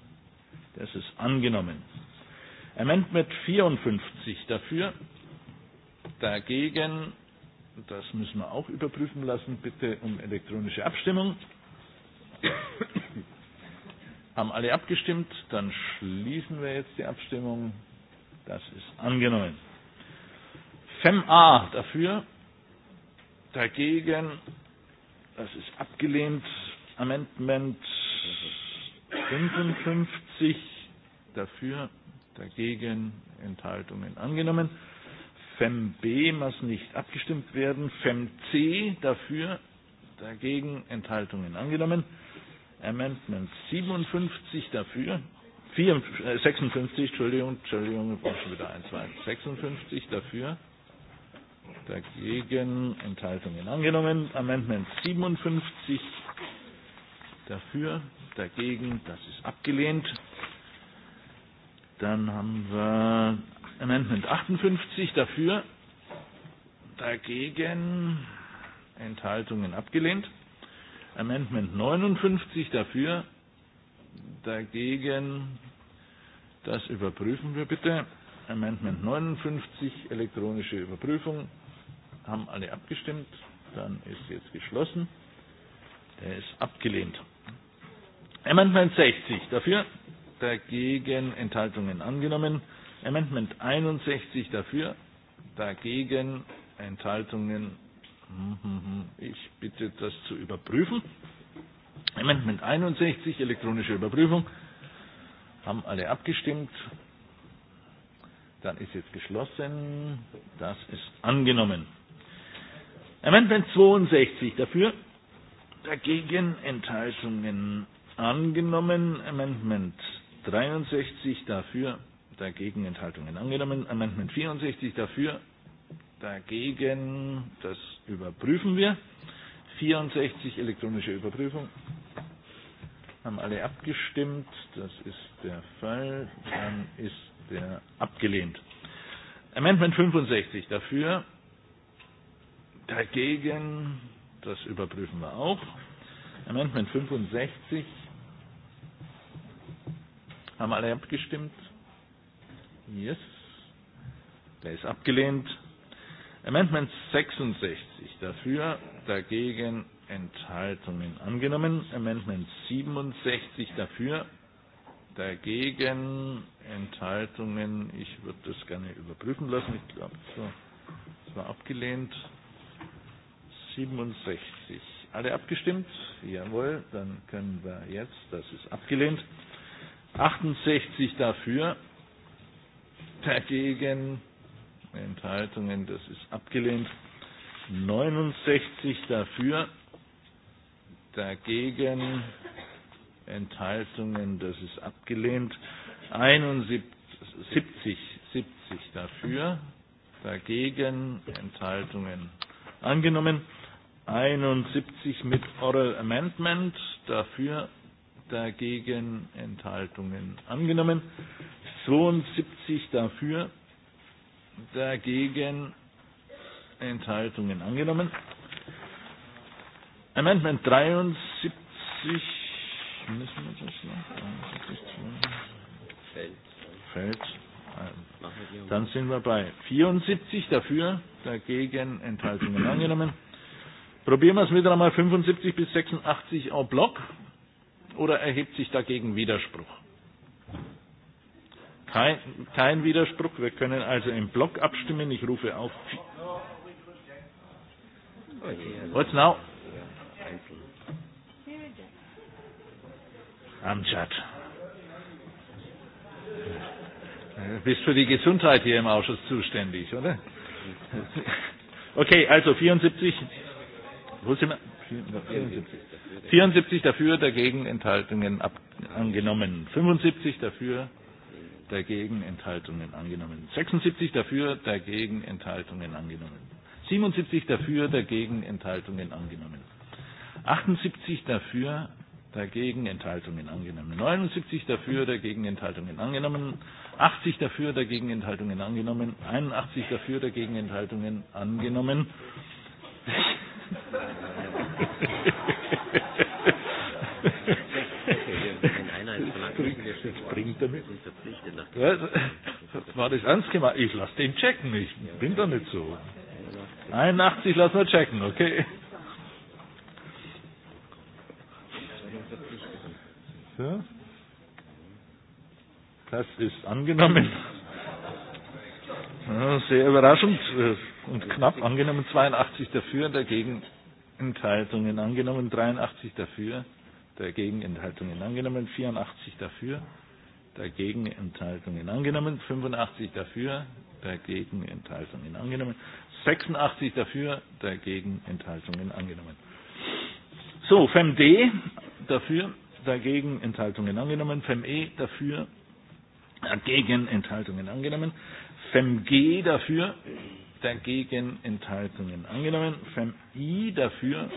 Das ist angenommen. Amendment 54 dafür, dagegen, das müssen wir auch überprüfen lassen, bitte um elektronische Abstimmung. Haben alle abgestimmt? Dann schließen wir jetzt die Abstimmung. Das ist angenommen. Fem A dafür, dagegen, das ist abgelehnt. Amendment 55 dafür, dagegen, Enthaltungen angenommen. Fem B muss nicht abgestimmt werden. Fem C dafür, dagegen, Enthaltungen angenommen. Amendment 57 dafür, 54, 56, äh, Entschuldigung, Entschuldigung, ich brauche schon wieder ein, zwei, 56 dafür, dagegen Enthaltungen angenommen. Amendment 57 dafür, dagegen, das ist abgelehnt. Dann haben wir Amendment 58 dafür, dagegen, Enthaltungen abgelehnt. Amendment 59 dafür, dagegen, das überprüfen wir bitte. Amendment 59, elektronische Überprüfung. Haben alle abgestimmt. Dann ist jetzt geschlossen. Der ist abgelehnt. Amendment 60 dafür, dagegen Enthaltungen angenommen. Amendment 61 dafür, dagegen Enthaltungen Ich bitte, das zu überprüfen. Amendment 61, elektronische Überprüfung. Haben alle abgestimmt. Dann ist jetzt geschlossen. Das ist angenommen. Amendment 62 dafür. Dagegen Enthaltungen angenommen. Amendment 63 dafür. Dagegen Enthaltungen angenommen. Amendment 64 dafür dagegen, das überprüfen wir. 64 elektronische Überprüfung. Haben alle abgestimmt, das ist der Fall, dann ist der abgelehnt. Amendment 65 dafür, dagegen, das überprüfen wir auch. Amendment 65 haben alle abgestimmt. Yes. Der ist abgelehnt. Amendment 66 dafür, dagegen Enthaltungen angenommen. Amendment 67 dafür, dagegen Enthaltungen. Ich würde das gerne überprüfen lassen. Ich glaube, es war abgelehnt. 67. Alle abgestimmt? Jawohl, dann können wir jetzt, das ist abgelehnt. 68 dafür, dagegen Enthaltungen, das ist abgelehnt. 69 dafür, dagegen, Enthaltungen, das ist abgelehnt. 71, 70, 70 dafür, dagegen, Enthaltungen angenommen. 71 mit Oral Amendment, dafür, dagegen, Enthaltungen angenommen. 72 dafür, dagegen Enthaltungen angenommen. Amendment 73 müssen wir das noch? Fällt. Fällt. Dann sind wir bei 74 dafür, dagegen Enthaltungen angenommen. Probieren wir es wieder einmal 75 bis 86 en bloc oder erhebt sich dagegen Widerspruch? Kein, kein Widerspruch. Wir können also im Block abstimmen. Ich rufe auf. What's now? Amjad. Du äh, bist für die Gesundheit hier im Ausschuss zuständig, oder? Okay, also 74. Wo sind wir? 74. 74 dafür, dagegen Enthaltungen ab, angenommen. 75 dafür, dagegen Enthaltungen angenommen. 76 dafür, dagegen Enthaltungen angenommen. 77 dafür, dagegen Enthaltungen angenommen. 78 dafür, dagegen Enthaltungen angenommen. 79 dafür, dagegen Enthaltungen angenommen. 80 dafür, dagegen Enthaltungen angenommen. 81 dafür, dagegen Enthaltungen angenommen. jetzt bringt er mich. Das war das ernst gemeint. Ich lasse den checken. Ich bin da nicht so. 81 lassen wir checken, okay? So. Das ist angenommen. Ja, sehr überraschend äh, und knapp angenommen. 82 dafür, dagegen Enthaltungen angenommen. 83 dafür, dagegen Enthaltungen angenommen, 84 dafür, dagegen Enthaltungen angenommen, 85 dafür, dagegen Enthaltungen angenommen, 86 dafür, dagegen Enthaltungen angenommen. So, FemD dafür, dagegen Enthaltungen angenommen, FemE dafür, dagegen Enthaltungen angenommen, FemG dafür, dagegen Enthaltungen angenommen, FemI dafür,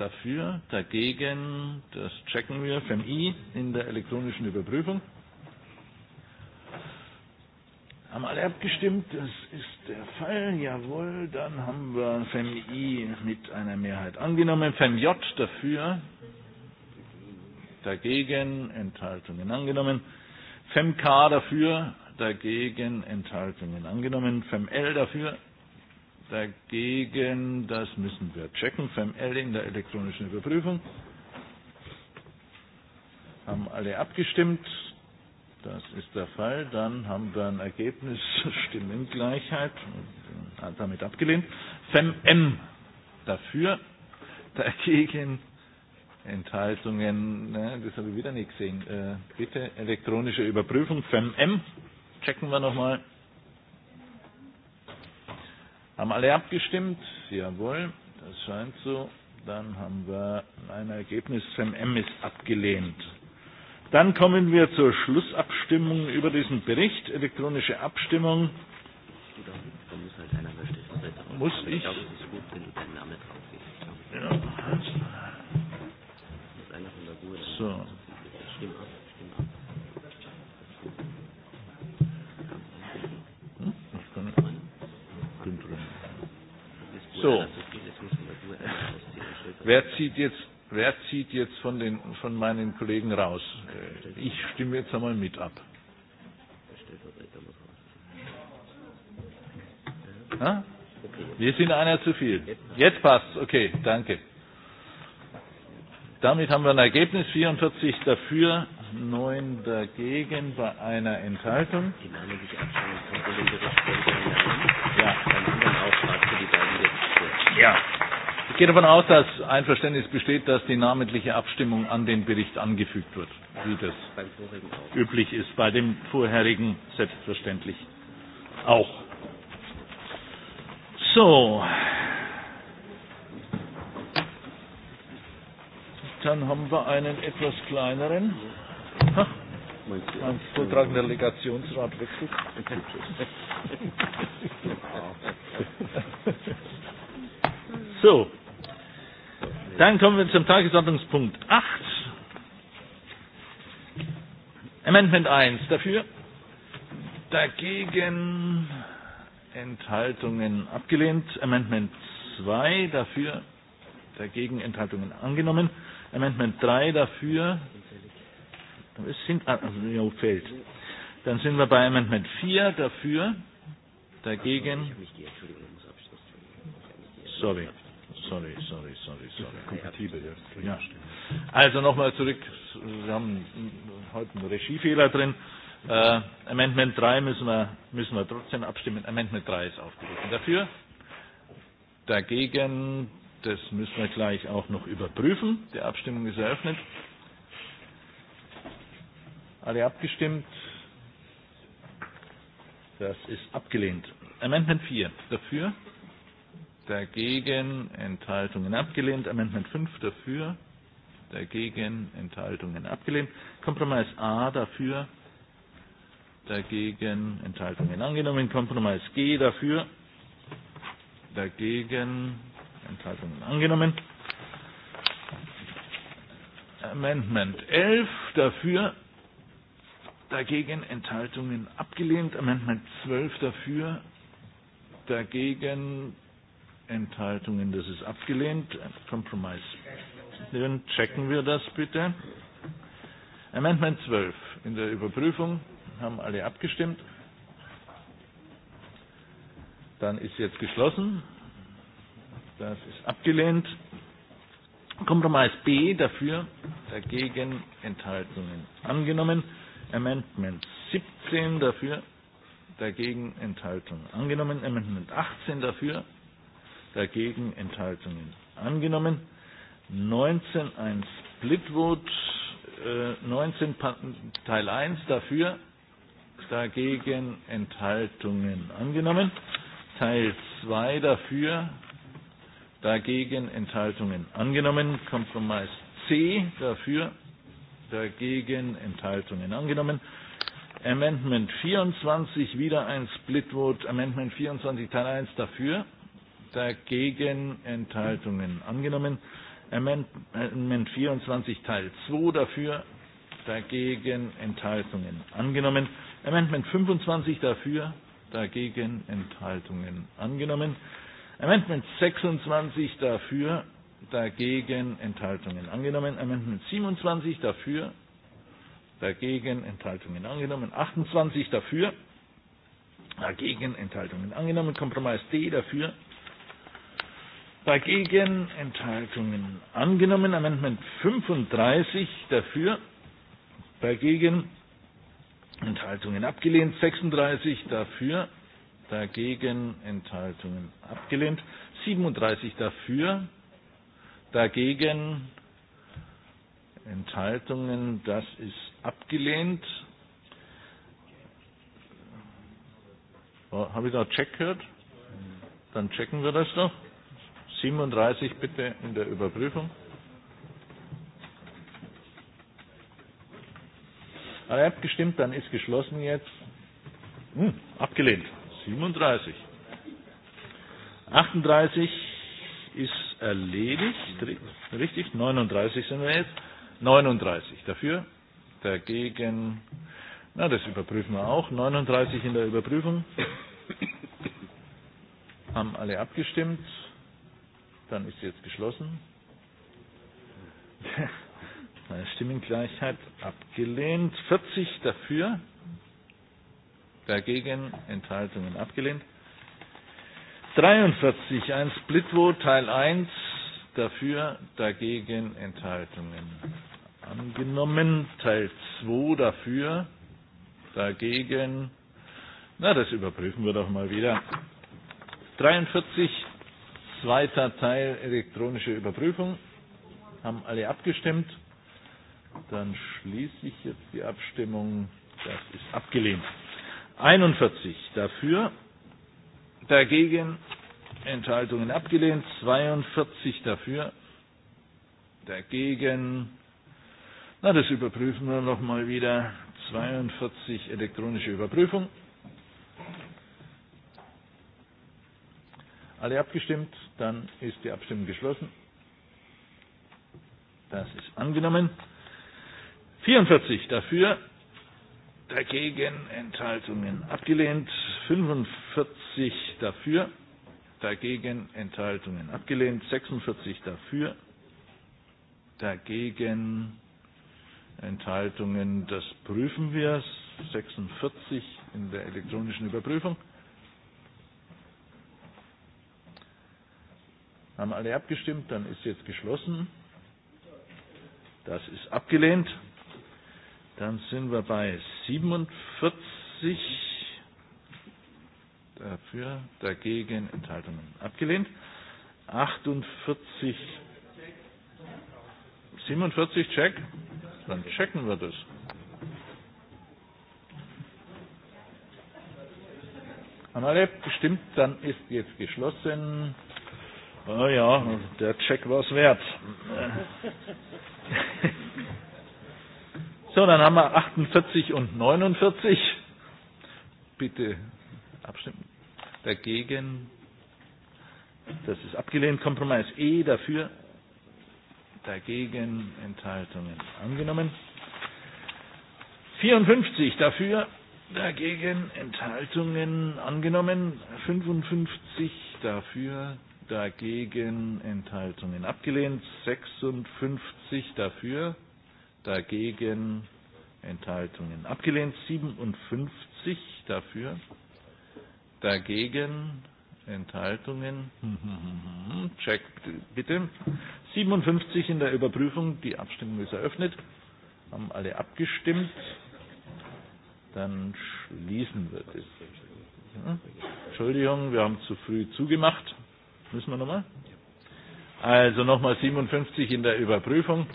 dafür, dagegen, das checken wir, FMI in der elektronischen Überprüfung. Haben alle abgestimmt? Das ist der Fall. Jawohl, dann haben wir FMI mit einer Mehrheit angenommen. FemJ dafür, dagegen, Enthaltungen angenommen. FemK dafür, dagegen, Enthaltungen angenommen. FemL dafür, dagegen, das müssen wir checken, L in der elektronischen Überprüfung. Haben alle abgestimmt? Das ist der Fall. Dann haben wir ein Ergebnis, Stimmengleichheit, hat damit abgelehnt. FEMM dafür, dagegen, Enthaltungen, ne, das habe ich wieder nicht gesehen. Äh, bitte elektronische Überprüfung, FEMM, checken wir nochmal. mal. Haben alle abgestimmt? Jawohl, das scheint so. Dann haben wir ein Ergebnis, M ist abgelehnt. Dann kommen wir zur Schlussabstimmung über diesen Bericht, elektronische Abstimmung. Muss ich? So. So. Wer zieht jetzt, wer zieht jetzt von, den, von meinen Kollegen raus? Äh, ich stimme jetzt einmal mit ab. Ha? Wir sind einer zu viel. Jetzt passt. Okay, danke. Damit haben wir ein Ergebnis 44 dafür, 9 dagegen bei einer Enthaltung. Ja für die beiden Berichte. Ja. Ich gehe davon aus, dass Einverständnis besteht, dass die namentliche Abstimmung an den Bericht angefügt wird, wie das üblich ist, bei dem vorherigen selbstverständlich auch. So. Dann haben wir einen etwas kleineren. Ha. Mein der Legationsrat wechselt. So, dann kommen wir zum Tagesordnungspunkt 8. Amendment 1 dafür, dagegen Enthaltungen abgelehnt. Amendment 2 dafür, dagegen Enthaltungen angenommen. Amendment 3 dafür, Es sind, ah, also, jo, fehlt. Dann sind wir bei Amendment 4 dafür, dagegen. Sorry, sorry, sorry, sorry, sorry. Kompatibel, ja. Also nochmal zurück, wir haben heute einen Regiefehler drin. Äh, Amendment 3 müssen wir, müssen wir trotzdem abstimmen. Amendment 3 ist aufgerufen. Dafür? Dagegen? Das müssen wir gleich auch noch überprüfen. Die Abstimmung ist eröffnet. Alle abgestimmt? Das ist abgelehnt. Amendment 4 dafür, dagegen Enthaltungen abgelehnt. Amendment 5 dafür, dagegen Enthaltungen abgelehnt. Kompromiss A dafür, dagegen Enthaltungen angenommen. Kompromiss G dafür, dagegen Enthaltungen angenommen. Amendment 11 dafür, dagegen Enthaltungen abgelehnt. Amendment 12 dafür, dagegen Enthaltungen, das ist abgelehnt. Kompromiss. Dann checken wir das bitte. Amendment 12 in der Überprüfung haben alle abgestimmt. Dann ist jetzt geschlossen. Das ist abgelehnt. Kompromiss B dafür, dagegen Enthaltungen angenommen. Amendment 17 dafür, dagegen Enthaltungen angenommen. Amendment 18 dafür, dagegen Enthaltungen angenommen. 19 ein Split Vote, äh, 19 Teil 1 dafür, dagegen Enthaltungen angenommen. Teil 2 dafür, dagegen Enthaltungen angenommen. Kompromiss C dafür, dagegen Enthaltungen angenommen. Amendment 24, wieder ein Split Vote. Amendment 24 Teil 1 dafür, dagegen Enthaltungen angenommen. Amendment 24 Teil 2 dafür, dagegen Enthaltungen angenommen. Amendment 25 dafür, dagegen Enthaltungen angenommen. Amendment 26 dafür, dagegen Enthaltungen angenommen. Amendment 27 dafür, dagegen Enthaltungen angenommen. 28 dafür, dagegen Enthaltungen angenommen. Kompromiss D dafür, dagegen Enthaltungen angenommen. Amendment 35 dafür, dagegen Enthaltungen abgelehnt. 36 dafür, dagegen Enthaltungen abgelehnt. 37 dafür, dagegen Enthaltungen, das ist abgelehnt. Oh, Habe ich da Check gehört? Dann checken wir das doch. 37 bitte in der Überprüfung. Alle ah, er abgestimmt, dann ist geschlossen jetzt. Hm, abgelehnt. 37. 38 ist erledigt. Richtig, 39 sind wir jetzt. 39 dafür, dagegen, na, das überprüfen wir auch. 39 in der Überprüfung. Haben alle abgestimmt. Dann ist sie jetzt geschlossen. Stimmengleichheit abgelehnt. 40 dafür, dagegen Enthaltungen abgelehnt. 43, ein Splitvote Teil 1, dafür, dagegen, Enthaltungen. Angenommen, Teil 2 dafür, dagegen, na, das überprüfen wir doch mal wieder. 43, zweiter Teil, elektronische Überprüfung. Haben alle abgestimmt? Dann schließe ich jetzt die Abstimmung. Das ist abgelehnt. 41 dafür, dagegen Enthaltungen abgelehnt, 42 dafür, dagegen, na das überprüfen wir nochmal wieder, 42 elektronische Überprüfung. Alle abgestimmt, dann ist die Abstimmung geschlossen. Das ist angenommen. 44 dafür, dagegen Enthaltungen abgelehnt. 45 dafür, dagegen Enthaltungen abgelehnt. 46 dafür, dagegen Enthaltungen. Das prüfen wir. 46 in der elektronischen Überprüfung. Haben alle abgestimmt, dann ist jetzt geschlossen. Das ist abgelehnt. Dann sind wir bei 47 dafür, dagegen Enthaltungen abgelehnt. 48, 47 Check, dann checken wir das. Haben alle bestimmt, dann ist jetzt geschlossen. Oh ja, der Check war es wert. So, dann haben wir 48 und 49. Bitte abstimmen. Dagegen. Das ist abgelehnt. Kompromiss E dafür. Dagegen. Enthaltungen angenommen. 54 dafür. Dagegen. Enthaltungen angenommen. 55 dafür. Dagegen. Enthaltungen abgelehnt. 56 dafür dagegen Enthaltungen abgelehnt. 57 dafür, dagegen Enthaltungen. Check bitte. 57 in der Überprüfung. Die Abstimmung ist eröffnet. Haben alle abgestimmt. Dann schließen wir das. Ja. Entschuldigung, wir haben zu früh zugemacht. Müssen wir nochmal? Also nochmal 57 in der Überprüfung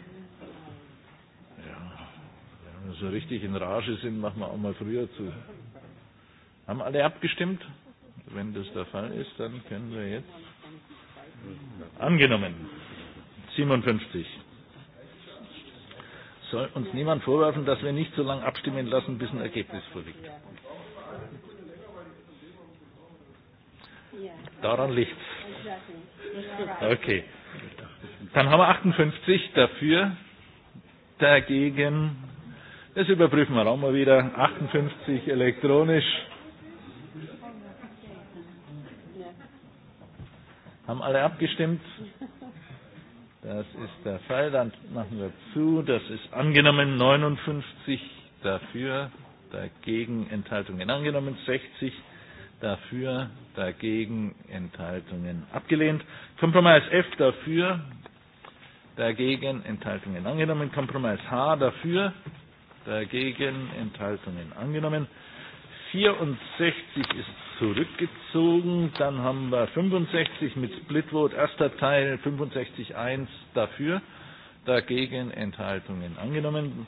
so richtig in Rage sind, machen wir auch mal früher zu. Haben alle abgestimmt? Wenn das der Fall ist, dann können wir jetzt. Angenommen. 57. Soll uns niemand vorwerfen, dass wir nicht so lange abstimmen lassen, bis ein Ergebnis vorliegt. Daran es. Okay. Dann haben wir 58 dafür, dagegen Das überprüfen wir auch mal wieder. 58 elektronisch. Haben alle abgestimmt? Das ist der Fall. Dann machen wir zu. Das ist angenommen. 59 dafür, dagegen Enthaltungen angenommen. 60 dafür, dagegen Enthaltungen abgelehnt. Kompromiss F dafür, dagegen Enthaltungen angenommen. Kompromiss H dafür, dagegen Enthaltungen angenommen. 64 ist zurückgezogen. Dann haben wir 65 mit Splitvote, erster Teil 65.1 dafür, dagegen Enthaltungen angenommen.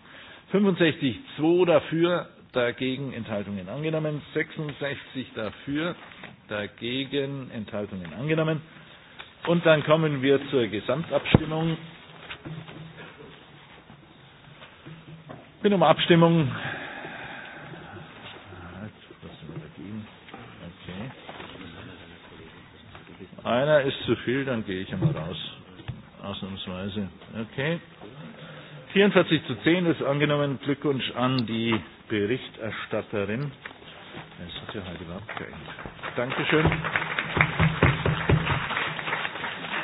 65.2 dafür, dagegen Enthaltungen angenommen. 66 dafür, dagegen Enthaltungen angenommen. Und dann kommen wir zur Gesamtabstimmung. Bin um Abstimmung. Einer ist zu viel, dann gehe ich einmal raus. Ausnahmsweise. Okay. 44 zu 10 ist angenommen. Glückwunsch an die Berichterstatterin. Es hat ja heute überhaupt kein. Dankeschön.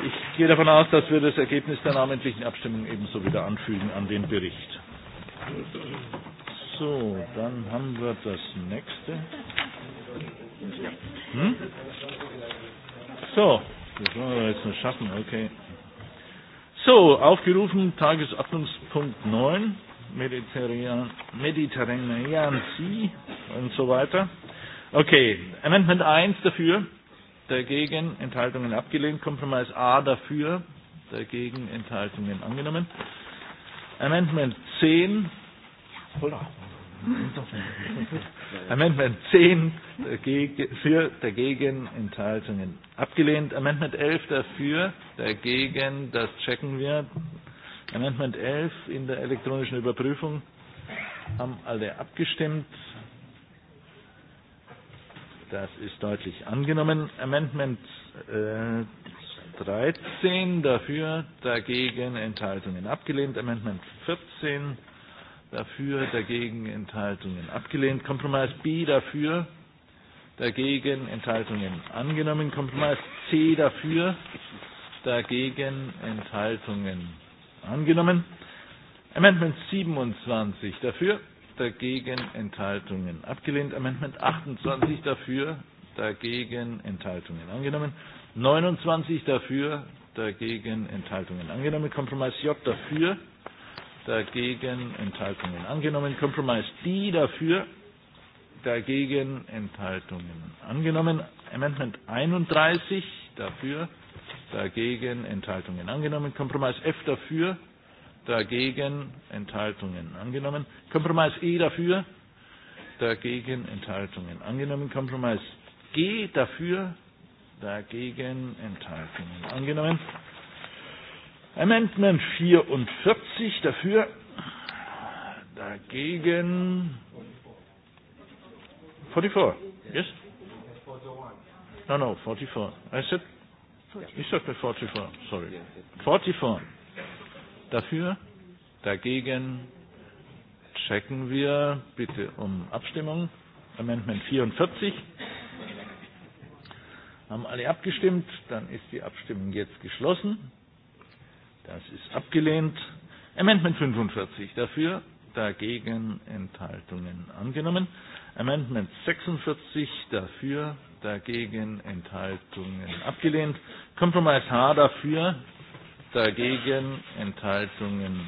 Ich gehe davon aus, dass wir das Ergebnis der namentlichen Abstimmung ebenso wieder anfügen an den Bericht. So, dann haben wir das nächste. Hm? So, das wollen wir jetzt noch schaffen, okay. So, aufgerufen Tagesordnungspunkt 9, Mediterranean, Mediterranean Sea und so weiter. Okay, Amendment 1 dafür, dagegen Enthaltungen abgelehnt, Kompromiss A dafür, dagegen Enthaltungen angenommen. Amendment 10. Hola. Amendment 10 dagegen, für, dagegen, Enthaltungen. Abgelehnt. Amendment 11 dafür, dagegen, das checken wir. Amendment 11 in der elektronischen Überprüfung haben alle abgestimmt. Das ist deutlich angenommen. Amendment äh, 13 dafür, dagegen Enthaltungen abgelehnt. Amendment 14 dafür, dagegen Enthaltungen abgelehnt. Kompromiss B dafür, dagegen Enthaltungen angenommen. Kompromiss C dafür, dagegen Enthaltungen angenommen. Amendment 27 dafür, dagegen Enthaltungen abgelehnt. Amendment 28 dafür, dagegen Enthaltungen angenommen. 29 dafür, dagegen Enthaltungen angenommen. Kompromiss J dafür, dagegen Enthaltungen angenommen. Kompromiss D dafür, dagegen Enthaltungen angenommen. Amendment 31 dafür, dagegen Enthaltungen angenommen. Kompromiss F dafür, dagegen Enthaltungen angenommen. Kompromiss E dafür, dagegen Enthaltungen angenommen. Kompromiss G dafür, dagegen Enthaltungen angenommen. Amendment 44 dafür, dagegen 44, yes? No, no, 44. I said, ich sagte 44, sorry. 44. Dafür, dagegen checken wir bitte um Abstimmung. Amendment 44. Haben alle abgestimmt? Dann ist die Abstimmung jetzt geschlossen. Das ist abgelehnt. Amendment 45 dafür, dagegen Enthaltungen angenommen. Amendment 46 dafür, dagegen Enthaltungen abgelehnt. Kompromiss H dafür, dagegen Enthaltungen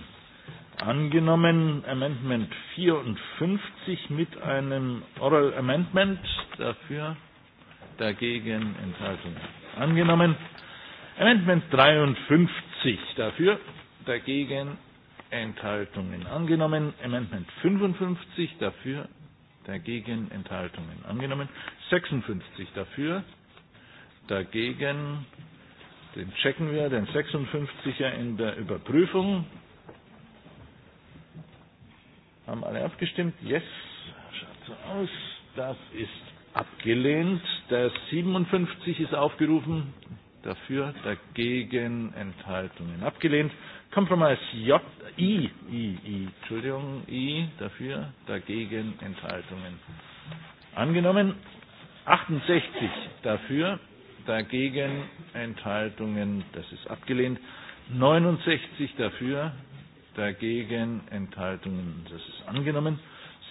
angenommen. Amendment 54 mit einem Oral Amendment dafür, dagegen, Enthaltungen angenommen. Amendment 53 dafür, dagegen, Enthaltungen angenommen. Amendment 55 dafür, dagegen, Enthaltungen angenommen. 56 dafür, dagegen, den checken wir, den 56er in der Überprüfung. Haben alle abgestimmt? Yes, schaut so aus. Das ist abgelehnt. Der 57 ist aufgerufen. Dafür, dagegen, Enthaltungen abgelehnt. Kompromiss J, I, I, I, Entschuldigung, I, dafür, dagegen, Enthaltungen angenommen. 68 dafür, dagegen, Enthaltungen, das ist abgelehnt. 69 dafür, dagegen, Enthaltungen, das ist angenommen.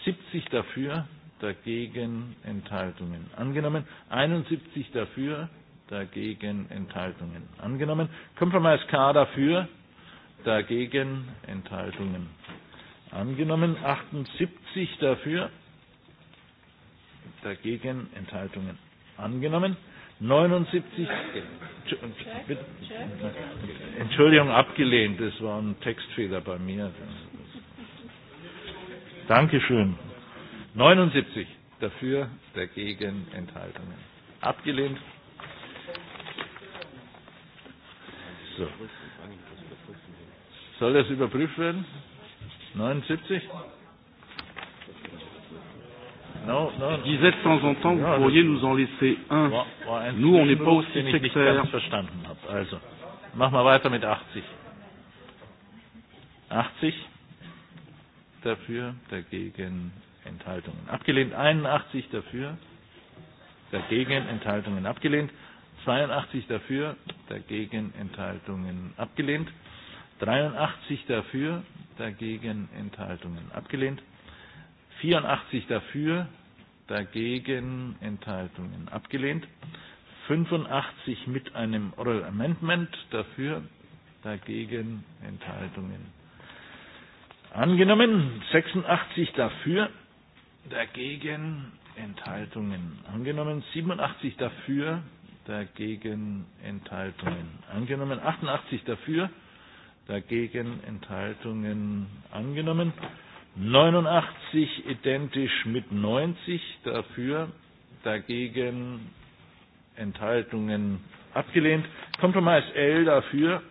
70 dafür, dagegen Enthaltungen angenommen. 71 dafür, dagegen Enthaltungen angenommen. Kompromiss K dafür, dagegen Enthaltungen angenommen. 78 dafür, dagegen Enthaltungen angenommen. 79 Entschuldigung abgelehnt, das war ein Textfehler bei mir. Dankeschön. 79 dafür, dagegen Enthaltungen. Abgelehnt. So. Soll das überprüft werden? 79? Non, non. Je disais de temps en temps, vous pourriez nous en laisser un. Nous, on n'est pas aussi sectaires. Also, machen wir weiter mit 80. 80 dafür, dagegen Enthaltungen abgelehnt. 81 dafür, dagegen Enthaltungen abgelehnt. 82 dafür, dagegen Enthaltungen abgelehnt. 83 dafür, dagegen Enthaltungen abgelehnt. 84 dafür, dagegen Enthaltungen abgelehnt. 85 mit einem Oral Amendment dafür, dagegen Enthaltungen angenommen. 86 dafür, dagegen Enthaltungen angenommen. 87 dafür, dagegen Enthaltungen angenommen. 88 dafür, dagegen Enthaltungen angenommen. 89 identisch mit 90 dafür, dagegen Enthaltungen abgelehnt. Kompromiss L dafür,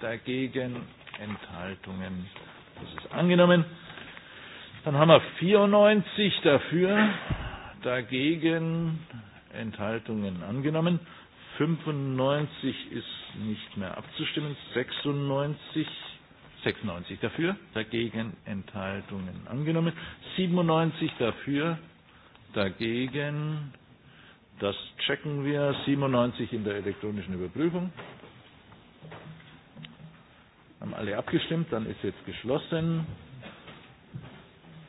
dagegen Enthaltungen. Das ist angenommen. Dann haben wir 94 dafür, dagegen Enthaltungen angenommen. 95 ist nicht mehr abzustimmen. 96, 96 dafür, dagegen Enthaltungen angenommen. 97 dafür, dagegen, das checken wir, 97 in der elektronischen Überprüfung. Haben alle abgestimmt, dann ist jetzt geschlossen.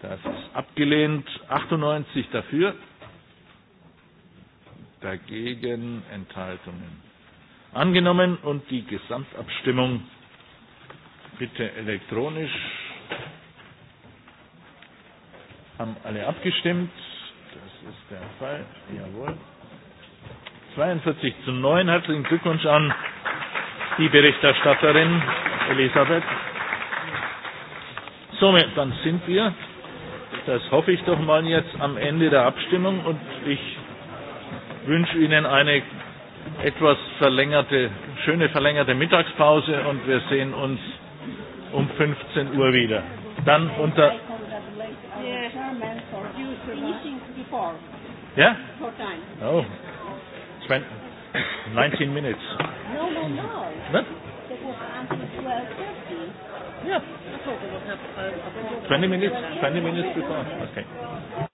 Das ist abgelehnt. 98 dafür. Dagegen Enthaltungen. Angenommen und die Gesamtabstimmung bitte elektronisch. Haben alle abgestimmt? Das ist der Fall. Jawohl. 42 zu 9. Herzlichen Glückwunsch an die Berichterstatterin Elisabeth. Somit, dann sind wir Das hoffe ich doch mal jetzt am Ende der Abstimmung und ich wünsche Ihnen eine etwas verlängerte, schöne verlängerte Mittagspause und wir sehen uns um 15 Uhr wieder. Dann unter. Ja? Yeah? Oh. 19 minutes. No, no, no. What? Yeah. 20 minutes, 20 minutes before. Okay.